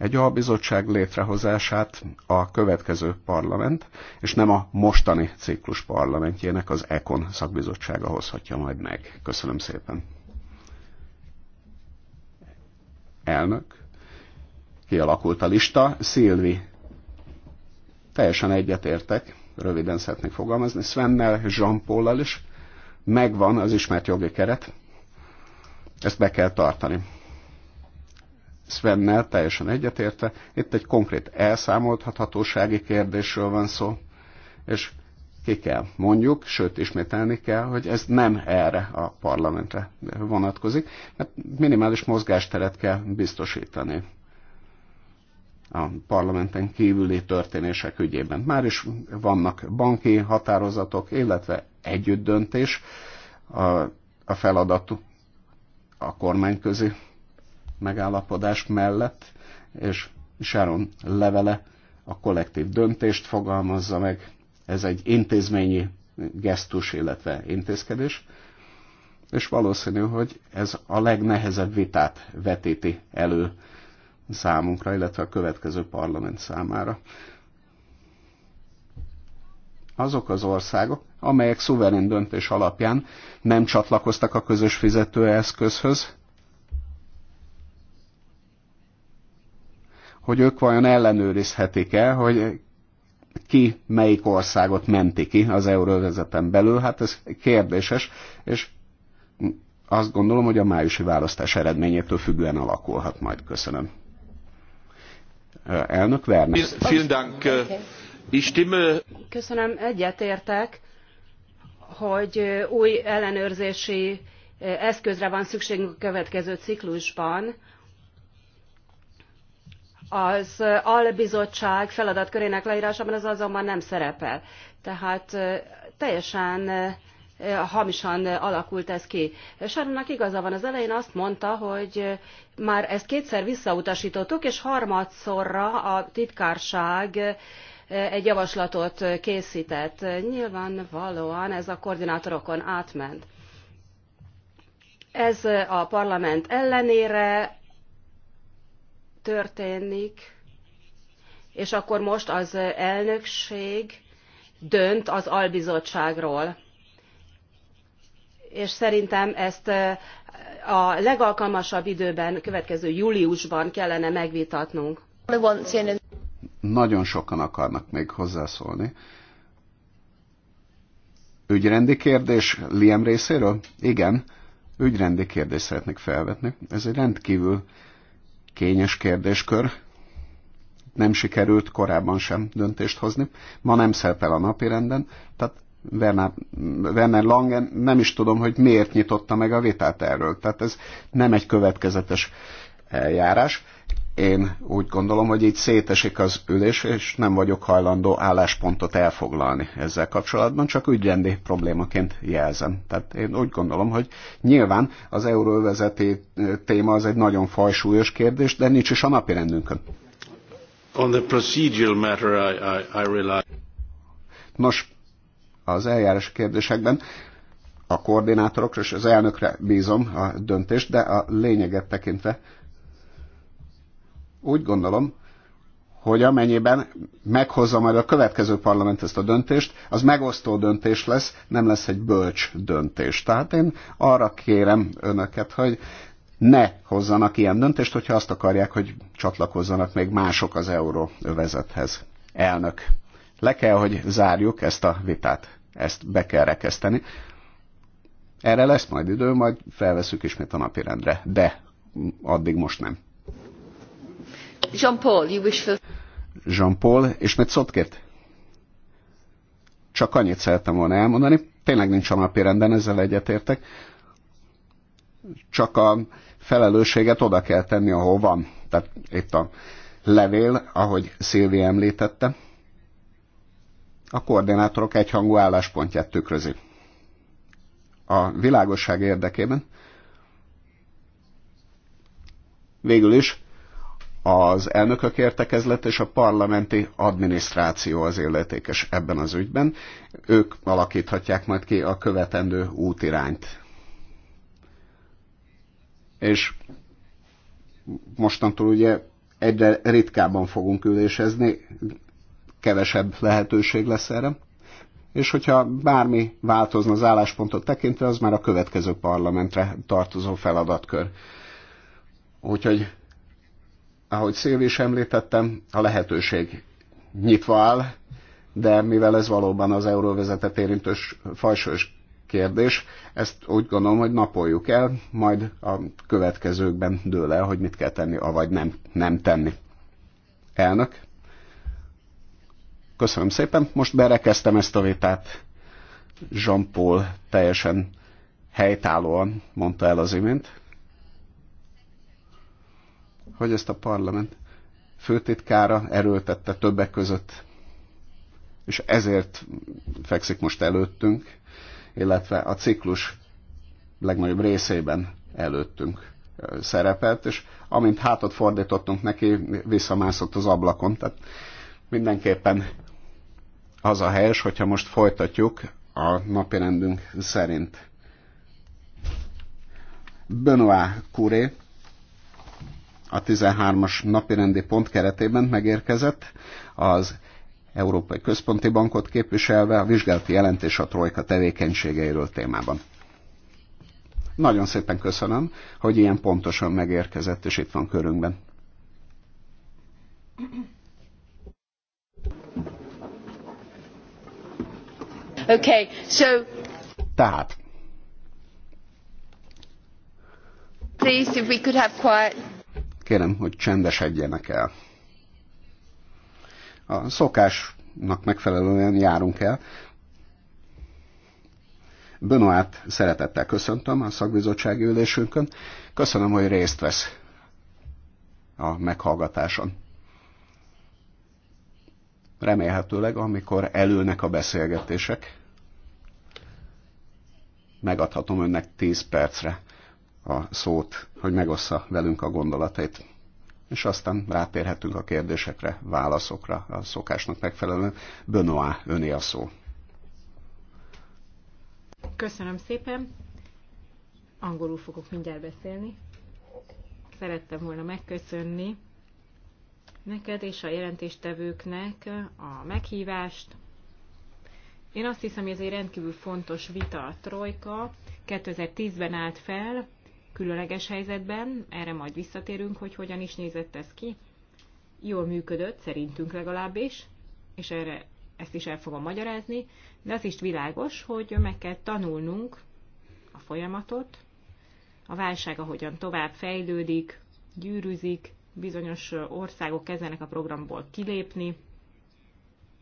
egy albizottság létrehozását a következő parlament, és nem a mostani ciklus parlamentjének az ECON szakbizottsága hozhatja majd meg. Köszönöm szépen. Elnök. Kialakult a lista. Szilvi. Teljesen egyetértek, röviden szeretnék fogalmazni, Svennel, jean is megvan az ismert jogi keret, ezt be kell tartani Svennel teljesen egyetérte, itt egy konkrét elszámolthatósági kérdésről van szó, és ki kell mondjuk, sőt ismételni kell, hogy ez nem erre a parlamentre vonatkozik, mert hát minimális mozgásteret kell biztosítani a parlamenten kívüli történések ügyében. Már is vannak banki határozatok, illetve együttdöntés a, a feladatú a kormányközi megállapodás mellett, és Sharon levele a kollektív döntést fogalmazza meg. Ez egy intézményi gesztus, illetve intézkedés, és valószínű, hogy ez a legnehezebb vitát vetíti elő számunkra, illetve a következő parlament számára. Azok az országok, amelyek szuverén döntés alapján nem csatlakoztak a közös fizetőeszközhöz, hogy ők vajon ellenőrizhetik-e, hogy ki melyik országot menti ki az euróvezeten belül, hát ez kérdéses, és azt gondolom, hogy a májusi választás eredményétől függően alakulhat majd. Köszönöm. Elnök Werner. Köszönöm, egyetértek, hogy új ellenőrzési eszközre van szükségünk a következő ciklusban, az albizottság feladatkörének lerásában ez azonban nem szerepel. Tehát teljesen hamisan alakult ez ki. Sáronnak igaza van, az elején azt mondta, hogy már ezt kétszer visszautasítottuk, és harmadszorra a titkárság egy javaslatot készített. Nyilvánvalóan ez a koordinátorokon átment. Ez a parlament ellenére történik, és akkor most az elnökség dönt az albizottságról. És szerintem ezt a legalkalmasabb időben, következő júliusban kellene megvitatnunk. Nagyon sokan akarnak még hozzászólni. Ügyrendi kérdés Liam részéről? Igen, ügyrendi kérdést szeretnék felvetni. Ez egy rendkívül kényes kérdéskör, nem sikerült korábban sem döntést hozni, ma nem szerepel a napirenden, tehát Werner, Werner Langen nem is tudom, hogy miért nyitotta meg a vitát erről. Tehát ez nem egy következetes eljárás. Én úgy gondolom, hogy így szétesik az ülés, és nem vagyok hajlandó álláspontot elfoglalni ezzel kapcsolatban, csak ügyrendi problémaként jelzem. Tehát én úgy gondolom, hogy nyilván az euróvezeti téma az egy nagyon fajsúlyos kérdés, de nincs is a napi rendünkön. On the procedural matter, I, I, I rely. Nos, az eljárás kérdésekben a koordinátorokra és az elnökre bízom a döntést, de a lényeget tekintve úgy gondolom, hogy amennyiben meghozza majd a következő parlament ezt a döntést, az megosztó döntés lesz, nem lesz egy bölcs döntés. Tehát én arra kérem önöket, hogy ne hozzanak ilyen döntést, hogyha azt akarják, hogy csatlakozzanak még mások az euróvezethez. Elnök, le kell, hogy zárjuk ezt a vitát. Ezt be kell rekeszteni. Erre lesz majd idő, majd felveszük ismét a napirendre. De addig most nem. Jean-Paul, you wish for... Jean-Paul, szót kért? Csak annyit szerettem volna elmondani, tényleg nincs a napi renden, ezzel egyetértek. Csak a felelősséget oda kell tenni, ahol van. Tehát itt a levél, ahogy Szilvi említette, a koordinátorok egyhangú álláspontját tükrözi. A világosság érdekében végül is az elnökök értekezlet és a parlamenti adminisztráció az illetékes ebben az ügyben. Ők alakíthatják majd ki a követendő útirányt. És mostantól ugye egyre ritkábban fogunk ülésezni, kevesebb lehetőség lesz erre. És hogyha bármi változna az álláspontot tekintve, az már a következő parlamentre tartozó feladatkör. Úgyhogy ahogy Szilvi is említettem, a lehetőség nyitva áll, de mivel ez valóban az euróvezetet érintős fajsős kérdés, ezt úgy gondolom, hogy napoljuk el, majd a következőkben dől el, hogy mit kell tenni, avagy nem, nem tenni. Elnök, köszönöm szépen, most berekeztem ezt a vitát. Jean-Paul teljesen helytállóan mondta el az imént, hogy ezt a parlament főtitkára erőltette többek között. És ezért fekszik most előttünk, illetve a ciklus legnagyobb részében előttünk szerepelt, és amint hátat fordítottunk neki, visszamászott az ablakon. Tehát mindenképpen az a helyes, hogyha most folytatjuk a napirendünk szerint. Benoit Curé a 13-as napirendi pont keretében megérkezett az Európai Központi Bankot képviselve a vizsgálati jelentés a Trojka tevékenységeiről témában. Nagyon szépen köszönöm, hogy ilyen pontosan megérkezett, és itt van körünkben. Okay, so... Tehát. Please, if we could have quiet. Kérem, hogy csendesedjenek el. A szokásnak megfelelően járunk el. Benoát szeretettel köszöntöm a szakbizottsági ülésünkön. Köszönöm, hogy részt vesz a meghallgatáson. Remélhetőleg, amikor elülnek a beszélgetések, megadhatom önnek 10 percre a szót, hogy megossza velünk a gondolatait, és aztán rátérhetünk a kérdésekre, válaszokra, a szokásnak megfelelően. Benoá, öné a szó. Köszönöm szépen. Angolul fogok mindjárt beszélni. Szerettem volna megköszönni neked és a jelentéstevőknek a meghívást. Én azt hiszem, hogy ez egy rendkívül fontos vita a Trojka. 2010-ben állt fel, különleges helyzetben, erre majd visszatérünk, hogy hogyan is nézett ez ki. Jól működött, szerintünk legalábbis, és erre ezt is el fogom magyarázni, de az is világos, hogy meg kell tanulnunk a folyamatot, a válság ahogyan tovább fejlődik, gyűrűzik, bizonyos országok kezdenek a programból kilépni,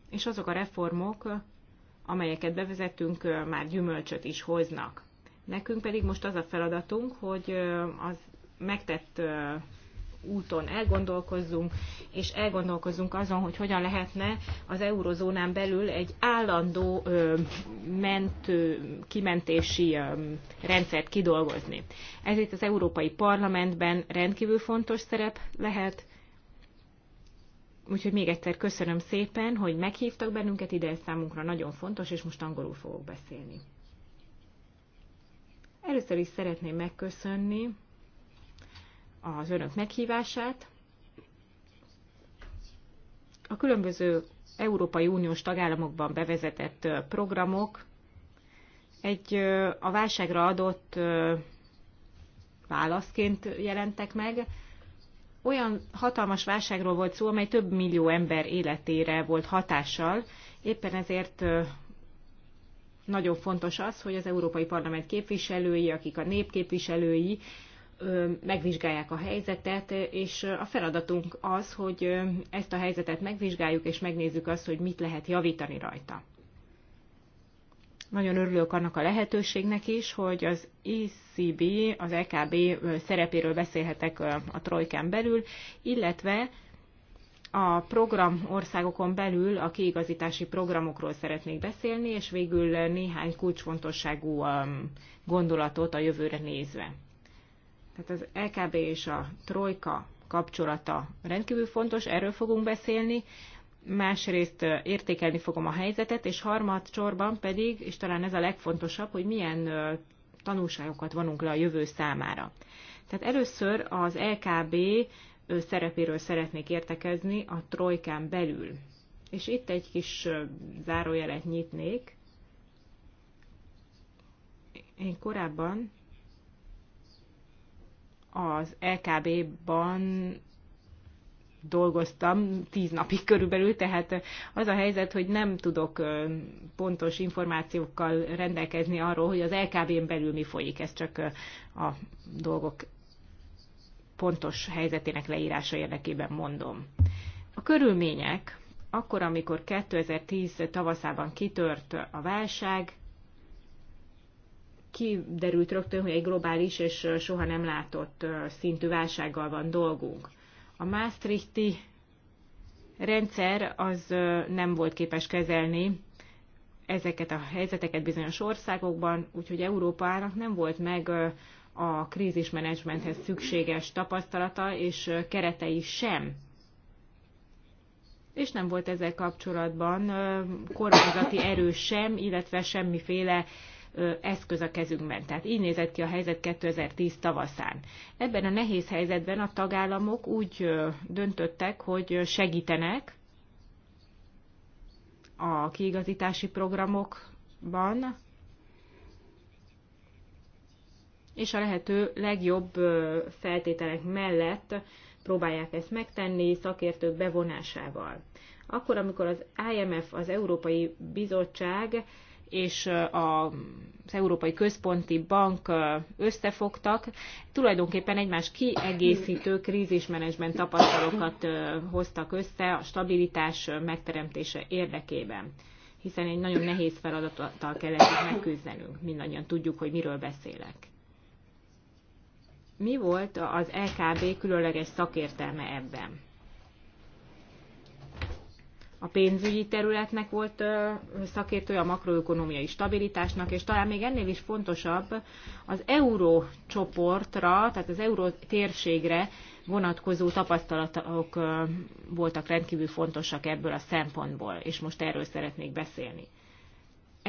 és azok a reformok, amelyeket bevezettünk, már gyümölcsöt is hoznak. Nekünk pedig most az a feladatunk, hogy az megtett úton elgondolkozzunk, és elgondolkozzunk azon, hogy hogyan lehetne az eurozónán belül egy állandó ö, mentő, kimentési ö, rendszert kidolgozni. Ez itt az Európai Parlamentben rendkívül fontos szerep lehet. Úgyhogy még egyszer köszönöm szépen, hogy meghívtak bennünket ide, ez számunkra nagyon fontos, és most angolul fogok beszélni. Először is szeretném megköszönni az önök meghívását. A különböző Európai Uniós tagállamokban bevezetett programok egy a válságra adott válaszként jelentek meg. Olyan hatalmas válságról volt szó, amely több millió ember életére volt hatással, éppen ezért nagyon fontos az, hogy az Európai Parlament képviselői, akik a népképviselői, megvizsgálják a helyzetet, és a feladatunk az, hogy ezt a helyzetet megvizsgáljuk, és megnézzük azt, hogy mit lehet javítani rajta. Nagyon örülök annak a lehetőségnek is, hogy az ECB, az EKB szerepéről beszélhetek a trojkán belül, illetve a program országokon belül a kiigazítási programokról szeretnék beszélni, és végül néhány kulcsfontosságú um, gondolatot a jövőre nézve. Tehát az LKB és a Trojka kapcsolata rendkívül fontos, erről fogunk beszélni. Másrészt uh, értékelni fogom a helyzetet, és harmad pedig, és talán ez a legfontosabb, hogy milyen uh, tanulságokat vonunk le a jövő számára. Tehát először az LKB szerepéről szeretnék értekezni a trojkán belül. És itt egy kis zárójelet nyitnék. Én korábban az LKB-ban dolgoztam tíz napig körülbelül, tehát az a helyzet, hogy nem tudok pontos információkkal rendelkezni arról, hogy az LKB-n belül mi folyik, ez csak a dolgok pontos helyzetének leírása érdekében mondom. A körülmények, akkor, amikor 2010 tavaszában kitört a válság, kiderült rögtön, hogy egy globális és soha nem látott szintű válsággal van dolgunk. A Maastrichti rendszer az nem volt képes kezelni ezeket a helyzeteket bizonyos országokban, úgyhogy Európának nem volt meg a krízismenedzsmenthez szükséges tapasztalata és keretei sem. És nem volt ezzel kapcsolatban kormányzati erő sem, illetve semmiféle eszköz a kezünkben. Tehát így nézett ki a helyzet 2010 tavaszán. Ebben a nehéz helyzetben a tagállamok úgy döntöttek, hogy segítenek a kiigazítási programokban, és a lehető legjobb feltételek mellett próbálják ezt megtenni szakértők bevonásával. Akkor, amikor az IMF, az Európai Bizottság és az Európai Központi Bank összefogtak, tulajdonképpen egymás kiegészítő krízismenedzsment tapasztalokat hoztak össze a stabilitás megteremtése érdekében hiszen egy nagyon nehéz feladattal kellett megküzdenünk. Mindannyian tudjuk, hogy miről beszélek mi volt az LKB különleges szakértelme ebben? A pénzügyi területnek volt szakértője a makroökonomiai stabilitásnak, és talán még ennél is fontosabb az eurócsoportra, tehát az euró térségre vonatkozó tapasztalatok voltak rendkívül fontosak ebből a szempontból, és most erről szeretnék beszélni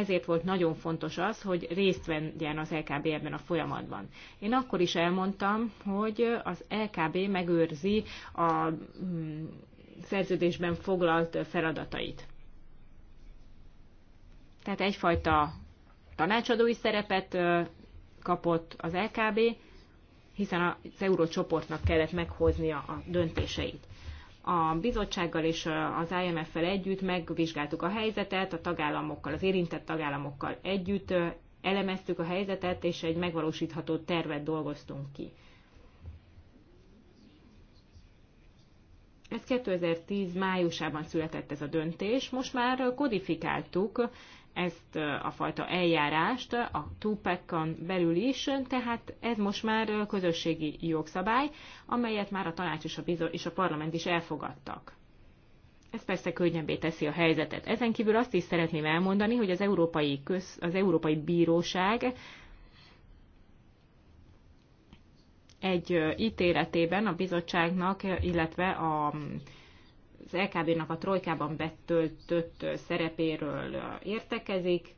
ezért volt nagyon fontos az, hogy részt vegyen az LKB ebben a folyamatban. Én akkor is elmondtam, hogy az LKB megőrzi a mm, szerződésben foglalt feladatait. Tehát egyfajta tanácsadói szerepet kapott az LKB, hiszen az eurócsoportnak kellett meghoznia a döntéseit a bizottsággal és az IMF-fel együtt megvizsgáltuk a helyzetet, a tagállamokkal, az érintett tagállamokkal együtt elemeztük a helyzetet, és egy megvalósítható tervet dolgoztunk ki. Ez 2010 májusában született ez a döntés, most már kodifikáltuk ezt a fajta eljárást a túpekkan belül is, tehát ez most már közösségi jogszabály, amelyet már a tanács és a, bizo- és a parlament is elfogadtak. Ez persze könnyebbé teszi a helyzetet. Ezen kívül azt is szeretném elmondani, hogy az Európai, Köz, az Európai Bíróság egy ítéletében a bizottságnak, illetve a az LKB-nak a trojkában betöltött szerepéről értekezik,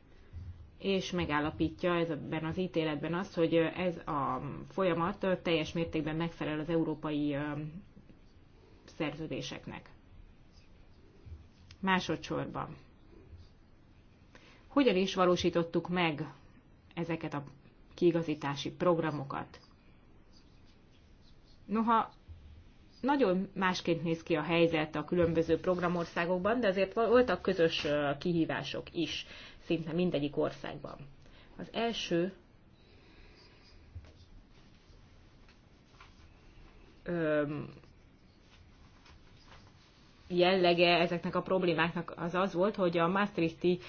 és megállapítja ebben az ítéletben azt, hogy ez a folyamat teljes mértékben megfelel az európai szerződéseknek. Másodszorban. Hogyan is valósítottuk meg ezeket a kiigazítási programokat? Noha nagyon másként néz ki a helyzet a különböző programországokban, de azért voltak közös kihívások is szinte mindegyik országban. Az első jellege ezeknek a problémáknak az az volt, hogy a Maastrichti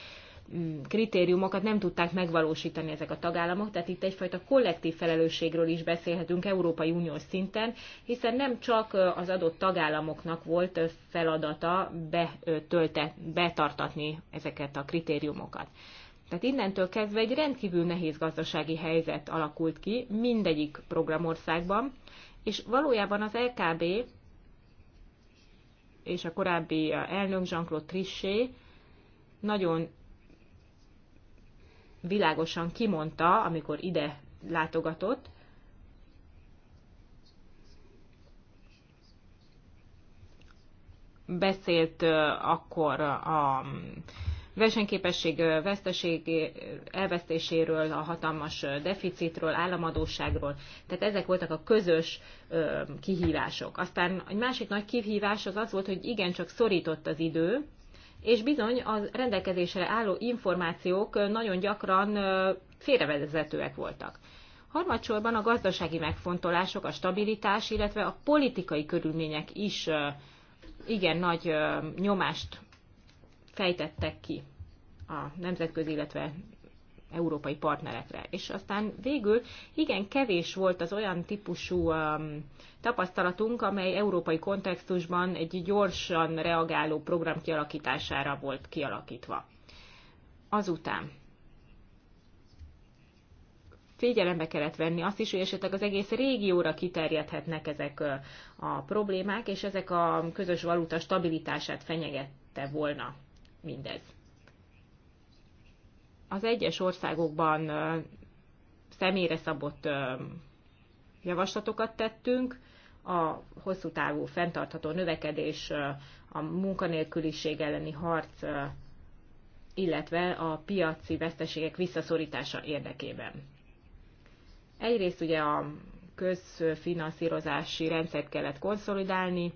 Mm, kritériumokat nem tudták megvalósítani ezek a tagállamok, tehát itt egyfajta kollektív felelősségről is beszélhetünk Európai Unió szinten, hiszen nem csak az adott tagállamoknak volt feladata betölte, betartatni ezeket a kritériumokat. Tehát innentől kezdve egy rendkívül nehéz gazdasági helyzet alakult ki mindegyik programországban, és valójában az LKB és a korábbi elnök Jean-Claude Trichet nagyon világosan kimondta, amikor ide látogatott, beszélt akkor a versenyképesség veszteség elvesztéséről, a hatalmas deficitről, államadóságról. Tehát ezek voltak a közös kihívások. Aztán egy másik nagy kihívás az az volt, hogy igencsak szorított az idő, és bizony a rendelkezésre álló információk nagyon gyakran félrevezetőek voltak. Harmadsorban a gazdasági megfontolások, a stabilitás, illetve a politikai körülmények is igen nagy nyomást fejtettek ki a nemzetközi, illetve európai partnerekre. És aztán végül igen kevés volt az olyan típusú um, tapasztalatunk, amely európai kontextusban egy gyorsan reagáló program kialakítására volt kialakítva. Azután figyelembe kellett venni azt is, hogy esetleg az egész régióra kiterjedhetnek ezek a problémák, és ezek a közös valuta stabilitását fenyegette volna mindez az egyes országokban személyre szabott javaslatokat tettünk, a hosszú távú fenntartható növekedés, a munkanélküliség elleni harc, illetve a piaci veszteségek visszaszorítása érdekében. Egyrészt ugye a közfinanszírozási rendszert kellett konszolidálni,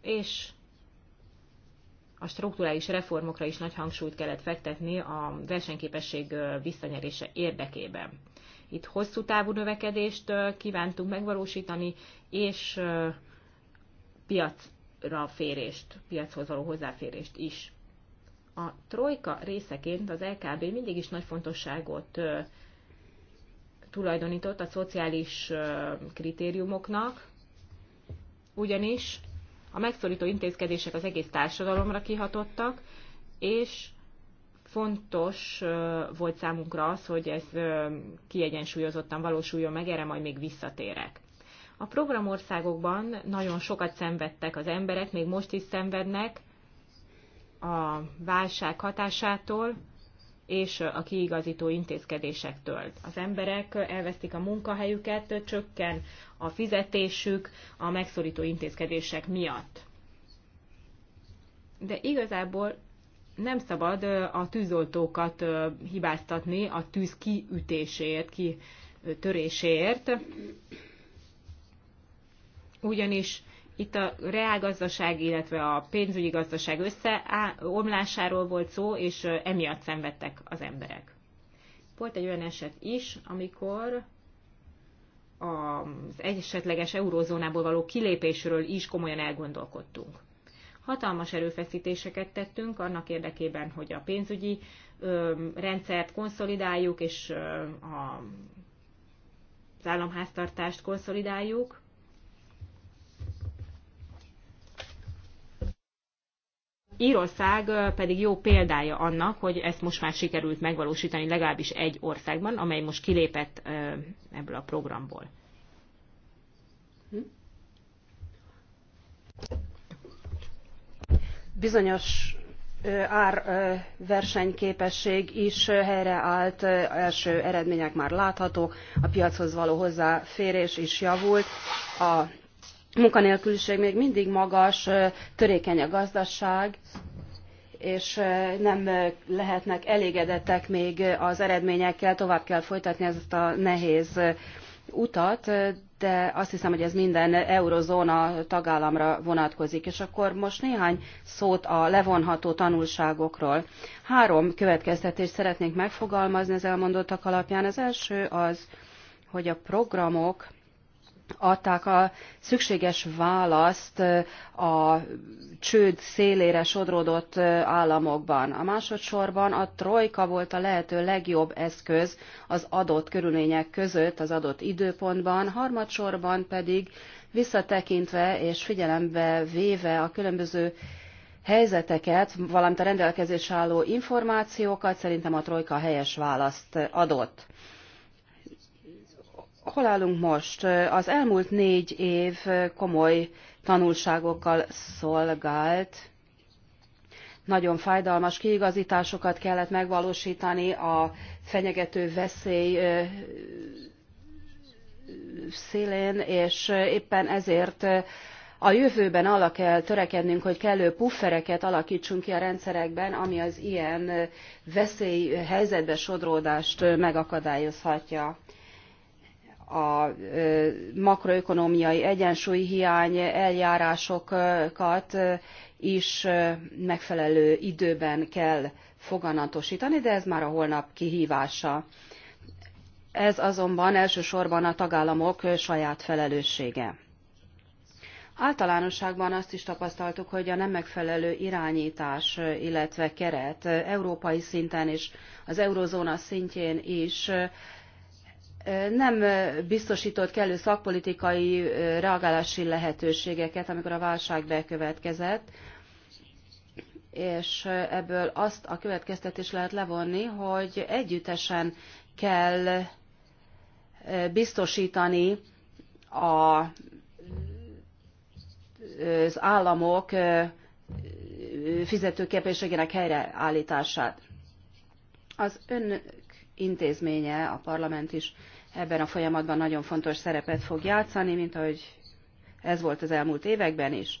és a strukturális reformokra is nagy hangsúlyt kellett fektetni a versenyképesség visszanyerése érdekében. Itt hosszú távú növekedést kívántunk megvalósítani, és piacra férést, piachoz való hozzáférést is. A trojka részeként az LKB mindig is nagy fontosságot tulajdonított a szociális kritériumoknak, ugyanis a megszorító intézkedések az egész társadalomra kihatottak, és fontos volt számunkra az, hogy ez kiegyensúlyozottan valósuljon meg, erre majd még visszatérek. A programországokban nagyon sokat szenvedtek az emberek, még most is szenvednek a válság hatásától, és a kiigazító intézkedésektől. Az emberek elvesztik a munkahelyüket, csökken a fizetésük a megszorító intézkedések miatt. De igazából nem szabad a tűzoltókat hibáztatni a tűz kiütéséért, kitöréséért, ugyanis itt a reálgazdaság, illetve a pénzügyi gazdaság összeomlásáról volt szó, és emiatt szenvedtek az emberek. Volt egy olyan eset is, amikor az esetleges eurózónából való kilépésről is komolyan elgondolkodtunk. Hatalmas erőfeszítéseket tettünk annak érdekében, hogy a pénzügyi ö, rendszert konszolidáljuk, és ö, a, az államháztartást konszolidáljuk, Írország pedig jó példája annak, hogy ezt most már sikerült megvalósítani legalábbis egy országban, amely most kilépett ebből a programból. Bizonyos árversenyképesség is helyreállt, első eredmények már láthatók, a piachoz való hozzáférés is javult, a munkanélküliség még mindig magas, törékeny a gazdaság, és nem lehetnek elégedettek még az eredményekkel, tovább kell folytatni ezt a nehéz utat, de azt hiszem, hogy ez minden eurozóna tagállamra vonatkozik. És akkor most néhány szót a levonható tanulságokról. Három következtetést szeretnék megfogalmazni az elmondottak alapján. Az első az, hogy a programok adták a szükséges választ a csőd szélére sodródott államokban. A másodszorban a trojka volt a lehető legjobb eszköz az adott körülmények között, az adott időpontban, harmadsorban pedig visszatekintve és figyelembe véve a különböző helyzeteket, valamint a rendelkezés álló információkat szerintem a trojka helyes választ adott hol állunk most? Az elmúlt négy év komoly tanulságokkal szolgált. Nagyon fájdalmas kiigazításokat kellett megvalósítani a fenyegető veszély szélén, és éppen ezért a jövőben arra kell törekednünk, hogy kellő puffereket alakítsunk ki a rendszerekben, ami az ilyen veszélyhelyzetbe sodródást megakadályozhatja a makroökonomiai egyensúly hiány eljárásokat is megfelelő időben kell foganatosítani, de ez már a holnap kihívása. Ez azonban elsősorban a tagállamok saját felelőssége. Általánosságban azt is tapasztaltuk, hogy a nem megfelelő irányítás, illetve keret európai szinten és az eurozóna szintjén is nem biztosított kellő szakpolitikai reagálási lehetőségeket, amikor a válság bekövetkezett, és ebből azt a következtetést lehet levonni, hogy együttesen kell biztosítani a, az államok fizetőképességének helyreállítását. Az ön intézménye, a parlament is ebben a folyamatban nagyon fontos szerepet fog játszani, mint ahogy ez volt az elmúlt években is.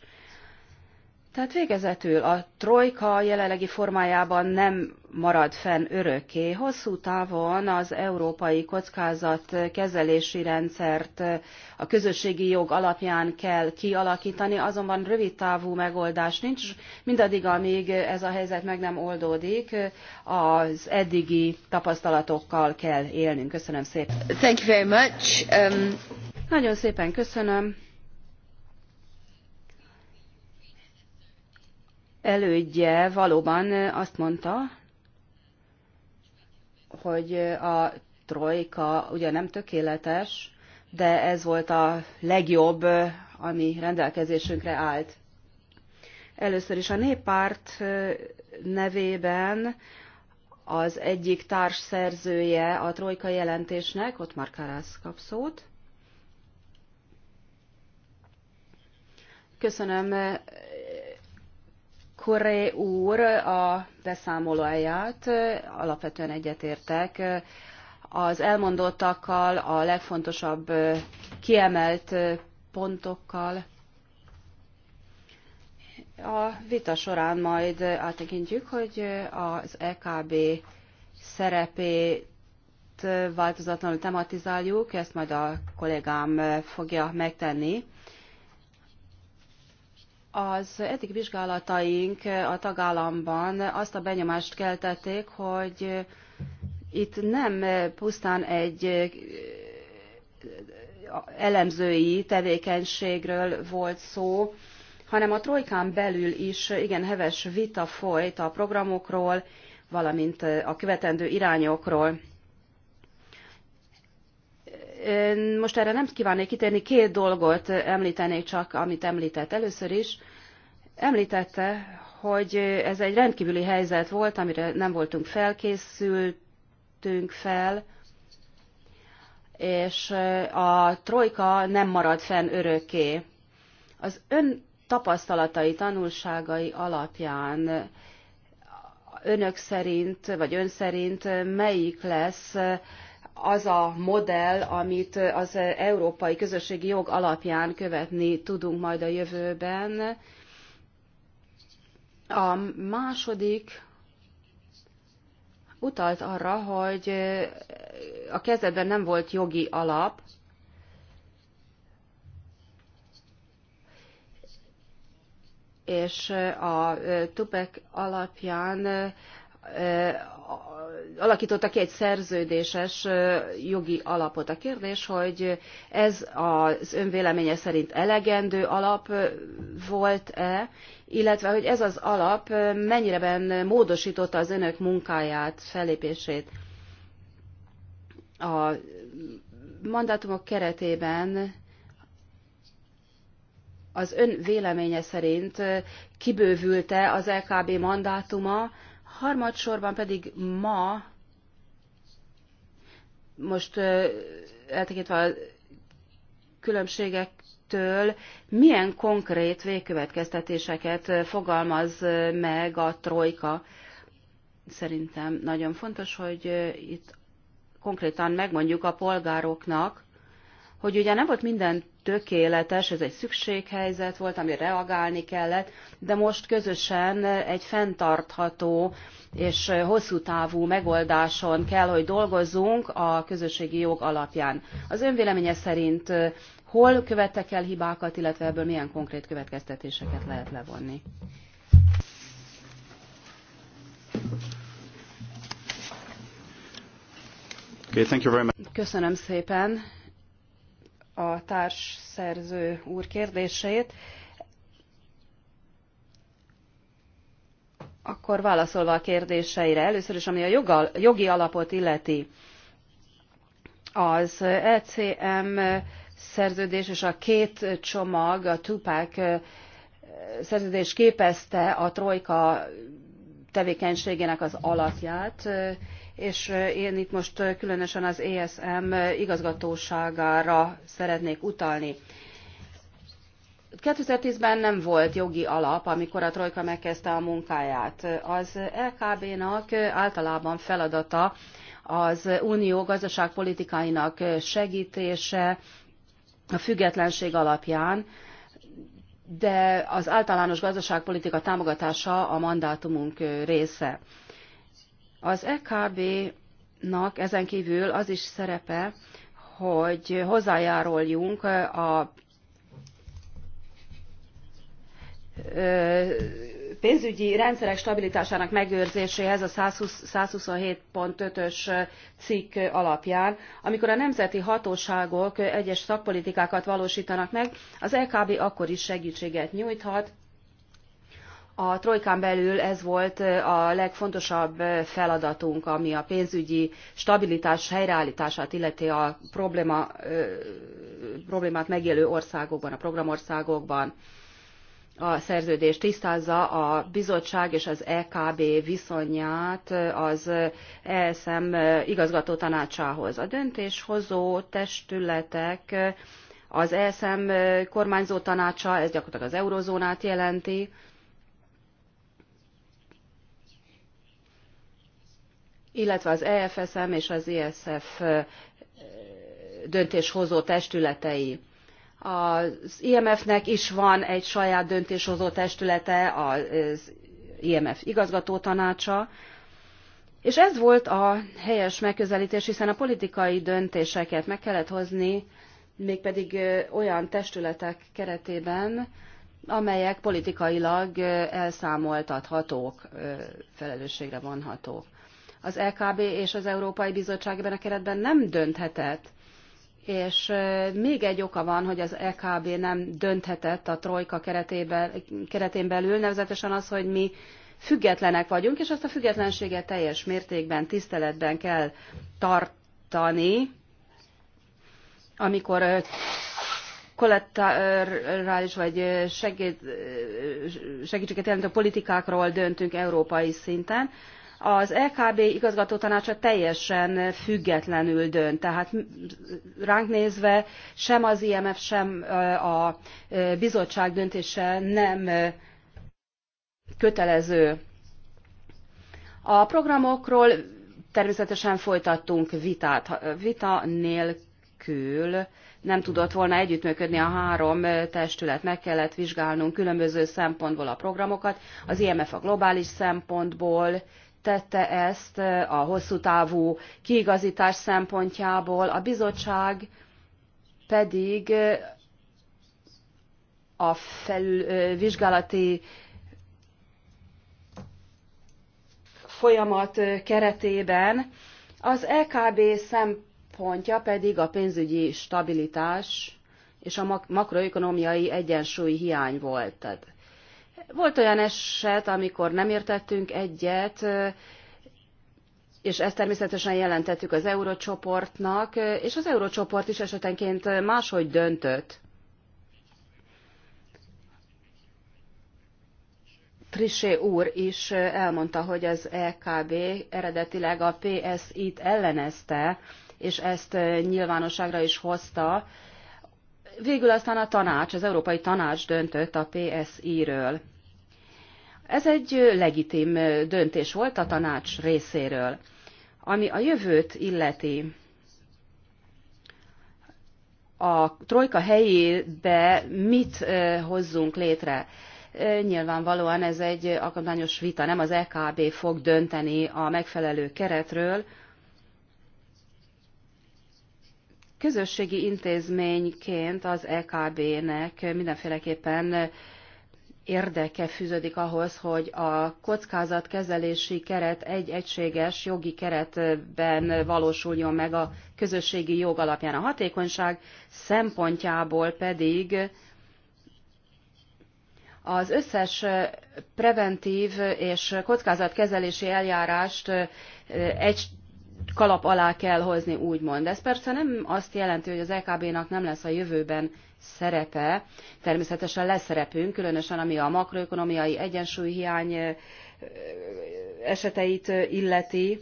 Tehát végezetül a trojka jelenlegi formájában nem marad fenn örökké. Hosszú távon az európai kockázat kezelési rendszert a közösségi jog alapján kell kialakítani, azonban rövid távú megoldás nincs, mindaddig, amíg ez a helyzet meg nem oldódik, az eddigi tapasztalatokkal kell élnünk. Köszönöm szépen. Thank you very much. Um... Nagyon szépen köszönöm. elődje valóban azt mondta, hogy a trojka ugye nem tökéletes, de ez volt a legjobb, ami rendelkezésünkre állt. Először is a néppárt nevében az egyik társszerzője a trojka jelentésnek, ott már Karász kap szót. Köszönöm, Koré úr a beszámolóját alapvetően egyetértek. Az elmondottakkal, a legfontosabb kiemelt pontokkal a vita során majd áttekintjük, hogy az EKB szerepét változatlanul tematizáljuk, ezt majd a kollégám fogja megtenni. Az eddig vizsgálataink a tagállamban azt a benyomást keltették, hogy itt nem pusztán egy elemzői tevékenységről volt szó, hanem a trojkán belül is igen heves vita folyt a programokról, valamint a követendő irányokról most erre nem kívánnék kitérni, két dolgot említenék csak, amit említett először is. Említette, hogy ez egy rendkívüli helyzet volt, amire nem voltunk felkészültünk fel, és a trojka nem marad fenn örökké. Az ön tapasztalatai, tanulságai alapján önök szerint, vagy ön szerint melyik lesz az a modell, amit az európai közösségi jog alapján követni tudunk majd a jövőben. A második utalt arra, hogy a kezdetben nem volt jogi alap, és a tupek alapján alakította ki egy szerződéses jogi alapot. A kérdés, hogy ez az önvéleménye szerint elegendő alap volt-e, illetve hogy ez az alap mennyireben módosította az önök munkáját, felépését A mandátumok keretében az ön véleménye szerint kibővülte az LKB mandátuma, Harmadsorban pedig ma, most eltekintve a különbségektől, milyen konkrét végkövetkeztetéseket fogalmaz meg a trojka? Szerintem nagyon fontos, hogy itt konkrétan megmondjuk a polgároknak, hogy ugye nem volt minden tökéletes, ez egy szükséghelyzet volt, ami reagálni kellett, de most közösen egy fenntartható és hosszú távú megoldáson kell, hogy dolgozzunk a közösségi jog alapján. Az önvéleménye szerint eh, hol követtek el hibákat, illetve ebből milyen konkrét következtetéseket lehet levonni? Okay, thank you very much. Köszönöm szépen a társszerző úr kérdését, akkor válaszolva a kérdéseire, először is, ami a jogal, jogi alapot illeti, az ECM szerződés és a két csomag, a Tupac szerződés képezte a trojka tevékenységének az alapját, és én itt most különösen az ESM igazgatóságára szeretnék utalni. 2010-ben nem volt jogi alap, amikor a Trojka megkezdte a munkáját. Az LKB-nak általában feladata az unió gazdaságpolitikáinak segítése a függetlenség alapján, de az általános gazdaságpolitika támogatása a mandátumunk része. Az EKB-nak ezen kívül az is szerepe, hogy hozzájáruljunk a pénzügyi rendszerek stabilitásának megőrzéséhez a 127.5-ös cikk alapján. Amikor a nemzeti hatóságok egyes szakpolitikákat valósítanak meg, az EKB akkor is segítséget nyújthat, a trojkán belül ez volt a legfontosabb feladatunk, ami a pénzügyi stabilitás helyreállítását illeti a probléma, problémát megélő országokban, a programországokban. A szerződés tisztázza a bizottság és az EKB viszonyát az ESM igazgató tanácsához. A döntéshozó testületek az ESM kormányzó tanácsa, ez gyakorlatilag az eurozónát jelenti, illetve az EFSM és az ISF döntéshozó testületei. Az IMF-nek is van egy saját döntéshozó testülete, az IMF igazgató tanácsa, és ez volt a helyes megközelítés, hiszen a politikai döntéseket meg kellett hozni, mégpedig olyan testületek keretében, amelyek politikailag elszámoltathatók, felelősségre vonhatók az LKB és az Európai Bizottság ebben a keretben nem dönthetett. És még egy oka van, hogy az EKB nem dönthetett a trojka keretében, keretén belül, nevezetesen az, hogy mi függetlenek vagyunk, és azt a függetlenséget teljes mértékben, tiszteletben kell tartani, amikor kollaterális vagy segítséget jelentő politikákról döntünk európai szinten. Az EKB igazgatótanácsa teljesen függetlenül dönt, tehát ránk nézve sem az IMF, sem a bizottság döntése nem kötelező. A programokról természetesen folytattunk vitát. Vita nélkül nem tudott volna együttműködni a három testület. Meg kellett vizsgálnunk különböző szempontból a programokat, az IMF a globális szempontból, tette ezt a hosszú távú kiigazítás szempontjából, a bizottság pedig a felvizsgálati folyamat keretében, az EKB szempontja pedig a pénzügyi stabilitás és a makroökonómiai egyensúly hiány volt. Tehát volt olyan eset, amikor nem értettünk egyet, és ezt természetesen jelentettük az eurócsoportnak, és az eurócsoport is esetenként máshogy döntött. Trissé úr is elmondta, hogy az EKB eredetileg a PSI-t ellenezte, és ezt nyilvánosságra is hozta. Végül aztán a tanács, az Európai Tanács döntött a PSI-ről. Ez egy legitim döntés volt a tanács részéről. Ami a jövőt illeti, a trojka helyébe mit hozzunk létre? Nyilvánvalóan ez egy akadályos vita, nem az EKB fog dönteni a megfelelő keretről. Közösségi intézményként az EKB-nek mindenféleképpen érdeke fűződik ahhoz, hogy a kockázatkezelési keret egy egységes jogi keretben valósuljon meg a közösségi jog alapján. A hatékonyság szempontjából pedig az összes preventív és kockázatkezelési eljárást egy kalap alá kell hozni, úgymond. Ez persze nem azt jelenti, hogy az EKB-nak nem lesz a jövőben szerepe. Természetesen leszerepünk, különösen ami a makroökonomiai egyensúlyhiány eseteit illeti,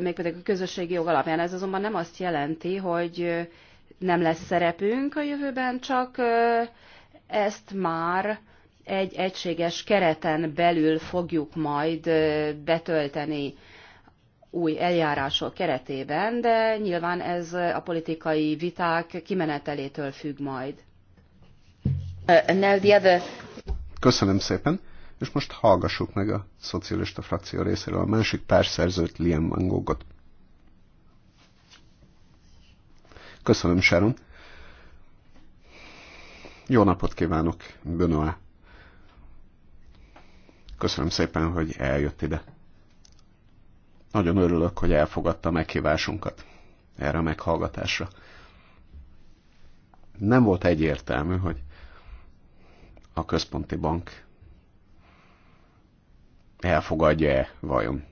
mégpedig a közösségi jog alapján. Ez azonban nem azt jelenti, hogy nem lesz szerepünk a jövőben, csak ezt már egy egységes kereten belül fogjuk majd betölteni új eljárások keretében, de nyilván ez a politikai viták kimenetelétől függ majd. Uh, Köszönöm szépen, és most hallgassuk meg a szocialista frakció részéről a másik szerzőt Liam Van Köszönöm, Sharon. Jó napot kívánok, Benoit. Köszönöm szépen, hogy eljött ide. Nagyon örülök, hogy elfogadta meghívásunkat erre a meghallgatásra. Nem volt egyértelmű, hogy a központi bank elfogadja-e vajon.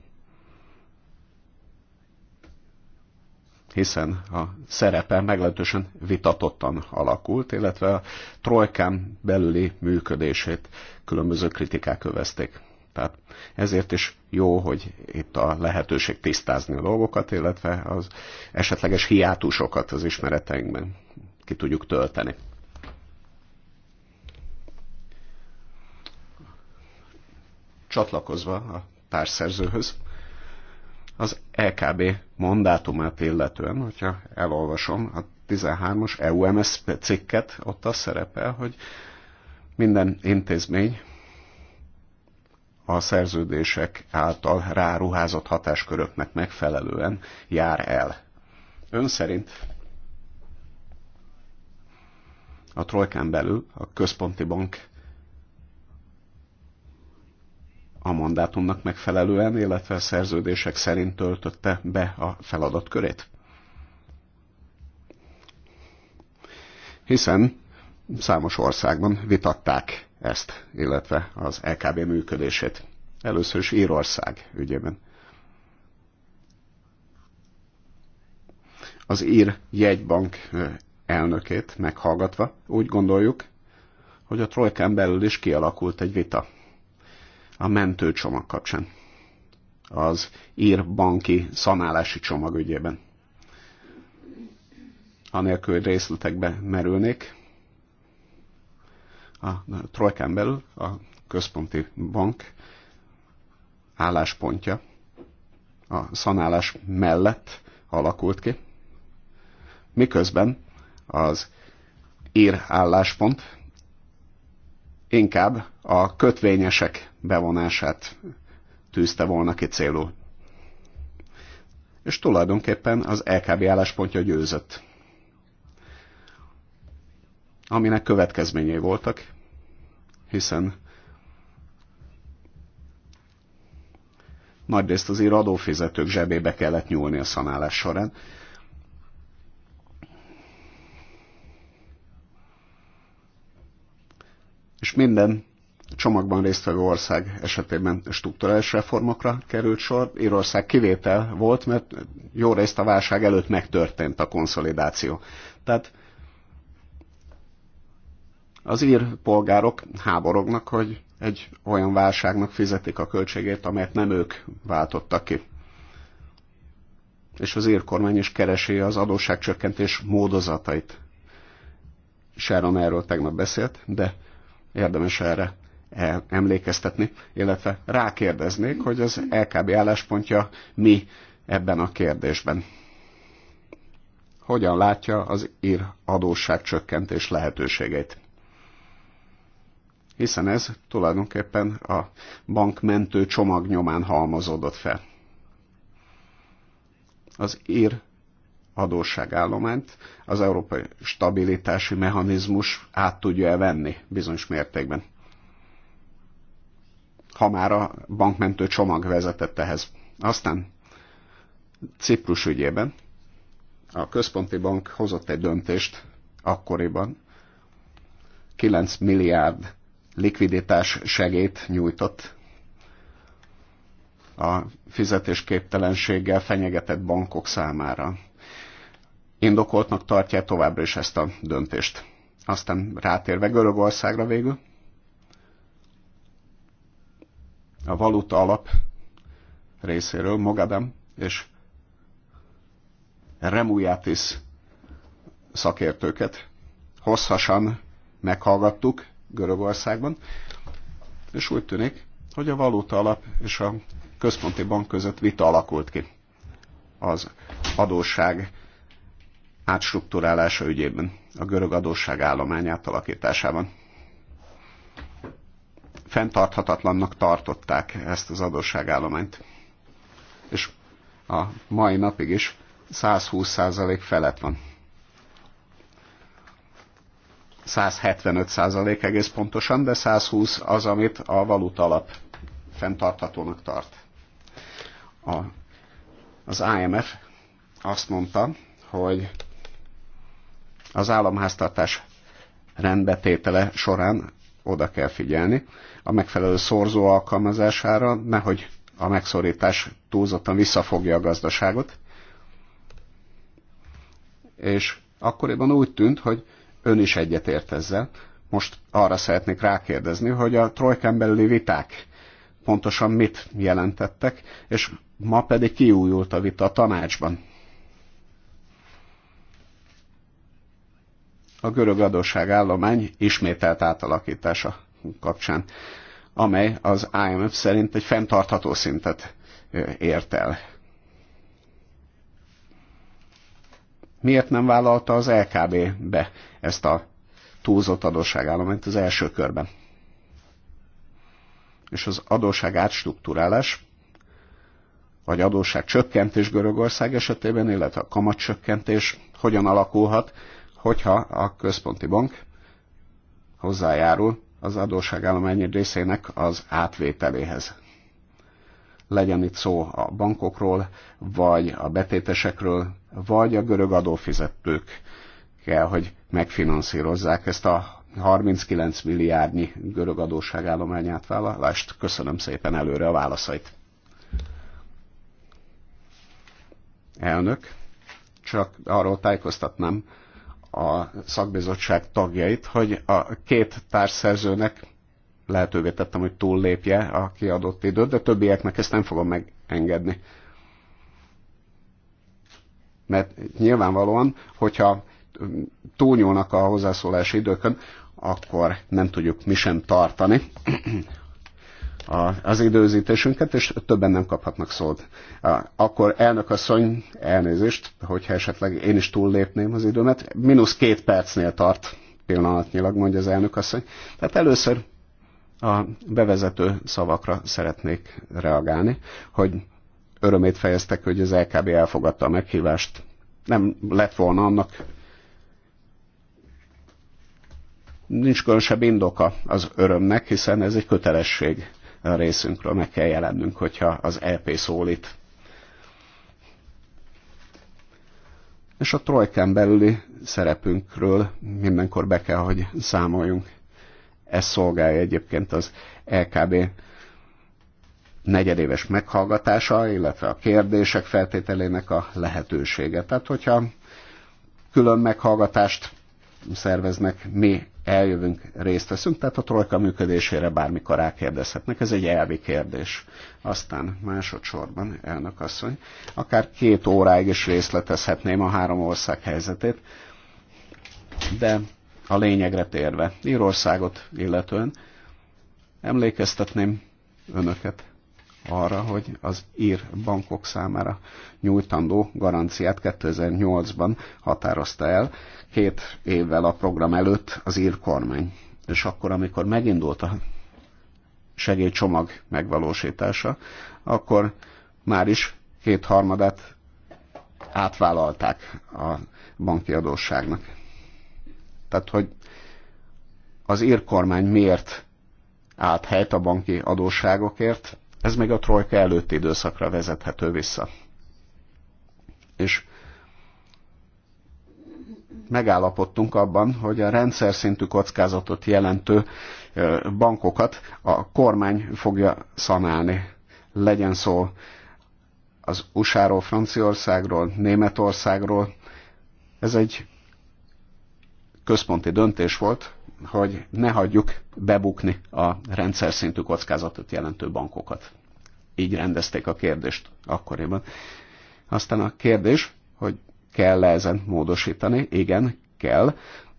Hiszen a szerepe meglehetősen vitatottan alakult, illetve a trojkán belüli működését különböző kritikák övezték. Tehát ezért is jó, hogy itt a lehetőség tisztázni a dolgokat, illetve az esetleges hiátusokat az ismereteinkben ki tudjuk tölteni. Csatlakozva a társszerzőhöz, az LKB e mandátumát illetően, hogyha elolvasom a 13 os EUMS cikket, ott az szerepel, hogy minden intézmény a szerződések által ráruházott hatásköröknek megfelelően jár el. Ön szerint a trojkán belül a központi bank a mandátumnak megfelelően, illetve a szerződések szerint töltötte be a feladatkörét? Hiszen számos országban vitatták ezt, illetve az LKB működését. Először is Írország ügyében. Az Ír jegybank elnökét meghallgatva úgy gondoljuk, hogy a trojkán belül is kialakult egy vita a mentőcsomag kapcsán, az ír banki szanálási csomag ügyében. Anélkül, hogy részletekbe merülnék, a trojkán belül a központi bank álláspontja a szanálás mellett alakult ki, miközben az ír álláspont inkább a kötvényesek bevonását tűzte volna ki célul. És tulajdonképpen az LKB álláspontja győzött aminek következményei voltak, hiszen nagyrészt azért adófizetők zsebébe kellett nyúlni a szanálás során. És minden csomagban résztvevő ország esetében struktúrális reformokra került sor. Írország kivétel volt, mert jó részt a válság előtt megtörtént a konszolidáció. Tehát az ír polgárok háborognak, hogy egy olyan válságnak fizetik a költségét, amelyet nem ők váltottak ki. És az ír kormány is keresi az adósságcsökkentés módozatait. Sharon erről tegnap beszélt, de érdemes erre e- emlékeztetni, illetve rákérdeznék, hogy az LKB álláspontja mi ebben a kérdésben. Hogyan látja az ír adósságcsökkentés lehetőségeit? hiszen ez tulajdonképpen a bankmentő csomag nyomán halmozódott fel. Az ír adósságállományt az európai stabilitási mechanizmus át tudja elvenni bizonyos mértékben. Ha már a bankmentő csomag vezetett ehhez. Aztán Ciprus ügyében a központi bank hozott egy döntést akkoriban, 9 milliárd likviditás segét nyújtott a fizetésképtelenséggel fenyegetett bankok számára. Indokoltnak tartja továbbra is ezt a döntést. Aztán rátérve Görögországra végül. A valuta alap részéről Mogadem és Remujátis szakértőket hosszasan meghallgattuk, Görögországban, és úgy tűnik, hogy a valuta alap és a központi bank között vita alakult ki az adósság átstruktúrálása ügyében, a görög adósság állomány átalakításában. Fentarthatatlannak tartották ezt az adósságállományt. És a mai napig is 120% felett van 175 százalék egész pontosan, de 120 az, amit a valuta alap fenntarthatónak tart. A, az IMF azt mondta, hogy az államháztartás rendbetétele során oda kell figyelni a megfelelő szorzó alkalmazására, nehogy a megszorítás túlzottan visszafogja a gazdaságot. És akkoriban úgy tűnt, hogy ön is egyetért ezzel. Most arra szeretnék rákérdezni, hogy a trojkán belüli viták pontosan mit jelentettek, és ma pedig kiújult a vita a tanácsban. A görög adósságállomány ismételt átalakítása kapcsán, amely az IMF szerint egy fenntartható szintet ért el. Miért nem vállalta az LKB be ezt a túlzott adósságállományt az első körben. És az adósság átstruktúrálás, vagy adósság csökkentés Görögország esetében, illetve a kamatcsökkentés hogyan alakulhat, hogyha a központi bank hozzájárul az adósságállomány részének az átvételéhez. Legyen itt szó a bankokról, vagy a betétesekről, vagy a görög adófizetők kell, hogy megfinanszírozzák ezt a 39 milliárdnyi görög adósságállomány átvállalást. Köszönöm szépen előre a válaszait. Elnök, csak arról tájékoztatnám a szakbizottság tagjait, hogy a két társszerzőnek lehetővé tettem, hogy túllépje a kiadott időt, de többieknek ezt nem fogom megengedni. Mert nyilvánvalóan, hogyha túlnyúlnak a hozzászólási időkön, akkor nem tudjuk mi sem tartani az időzítésünket, és többen nem kaphatnak szót. Akkor elnök asszony, elnézést, hogyha esetleg én is túllépném az időmet, mínusz két percnél tart pillanatnyilag, mondja az elnök asszony. Tehát először a bevezető szavakra szeretnék reagálni, hogy örömét fejeztek, hogy az LKB elfogadta a meghívást. Nem lett volna annak nincs különösebb indoka az örömnek, hiszen ez egy kötelesség a részünkről, meg kell jelennünk, hogyha az EP szólít. És a trojkán belüli szerepünkről mindenkor be kell, hogy számoljunk. Ez szolgálja egyébként az LKB e negyedéves meghallgatása, illetve a kérdések feltételének a lehetősége. Tehát, hogyha külön meghallgatást szerveznek, mi eljövünk, részt veszünk, tehát a trojka működésére bármikor rákérdezhetnek, ez egy elvi kérdés. Aztán másodszorban, elnök asszony, akár két óráig is részletezhetném a három ország helyzetét, de a lényegre térve, Írországot illetően emlékeztetném önöket arra, hogy az ír bankok számára nyújtandó garanciát 2008-ban határozta el, két évvel a program előtt az ír kormány. És akkor, amikor megindult a segélycsomag megvalósítása, akkor már is kétharmadát átvállalták a banki adósságnak. Tehát, hogy az ír kormány miért állt helyt a banki adósságokért, ez még a trojka előtti időszakra vezethető vissza. És megállapodtunk abban, hogy a rendszer szintű kockázatot jelentő bankokat a kormány fogja szanálni. Legyen szó az USA-ról, Franciaországról, Németországról. Ez egy központi döntés volt, hogy ne hagyjuk bebukni a rendszer szintű kockázatot jelentő bankokat. Így rendezték a kérdést akkoriban. Aztán a kérdés, hogy kell-e ezen módosítani? Igen, kell.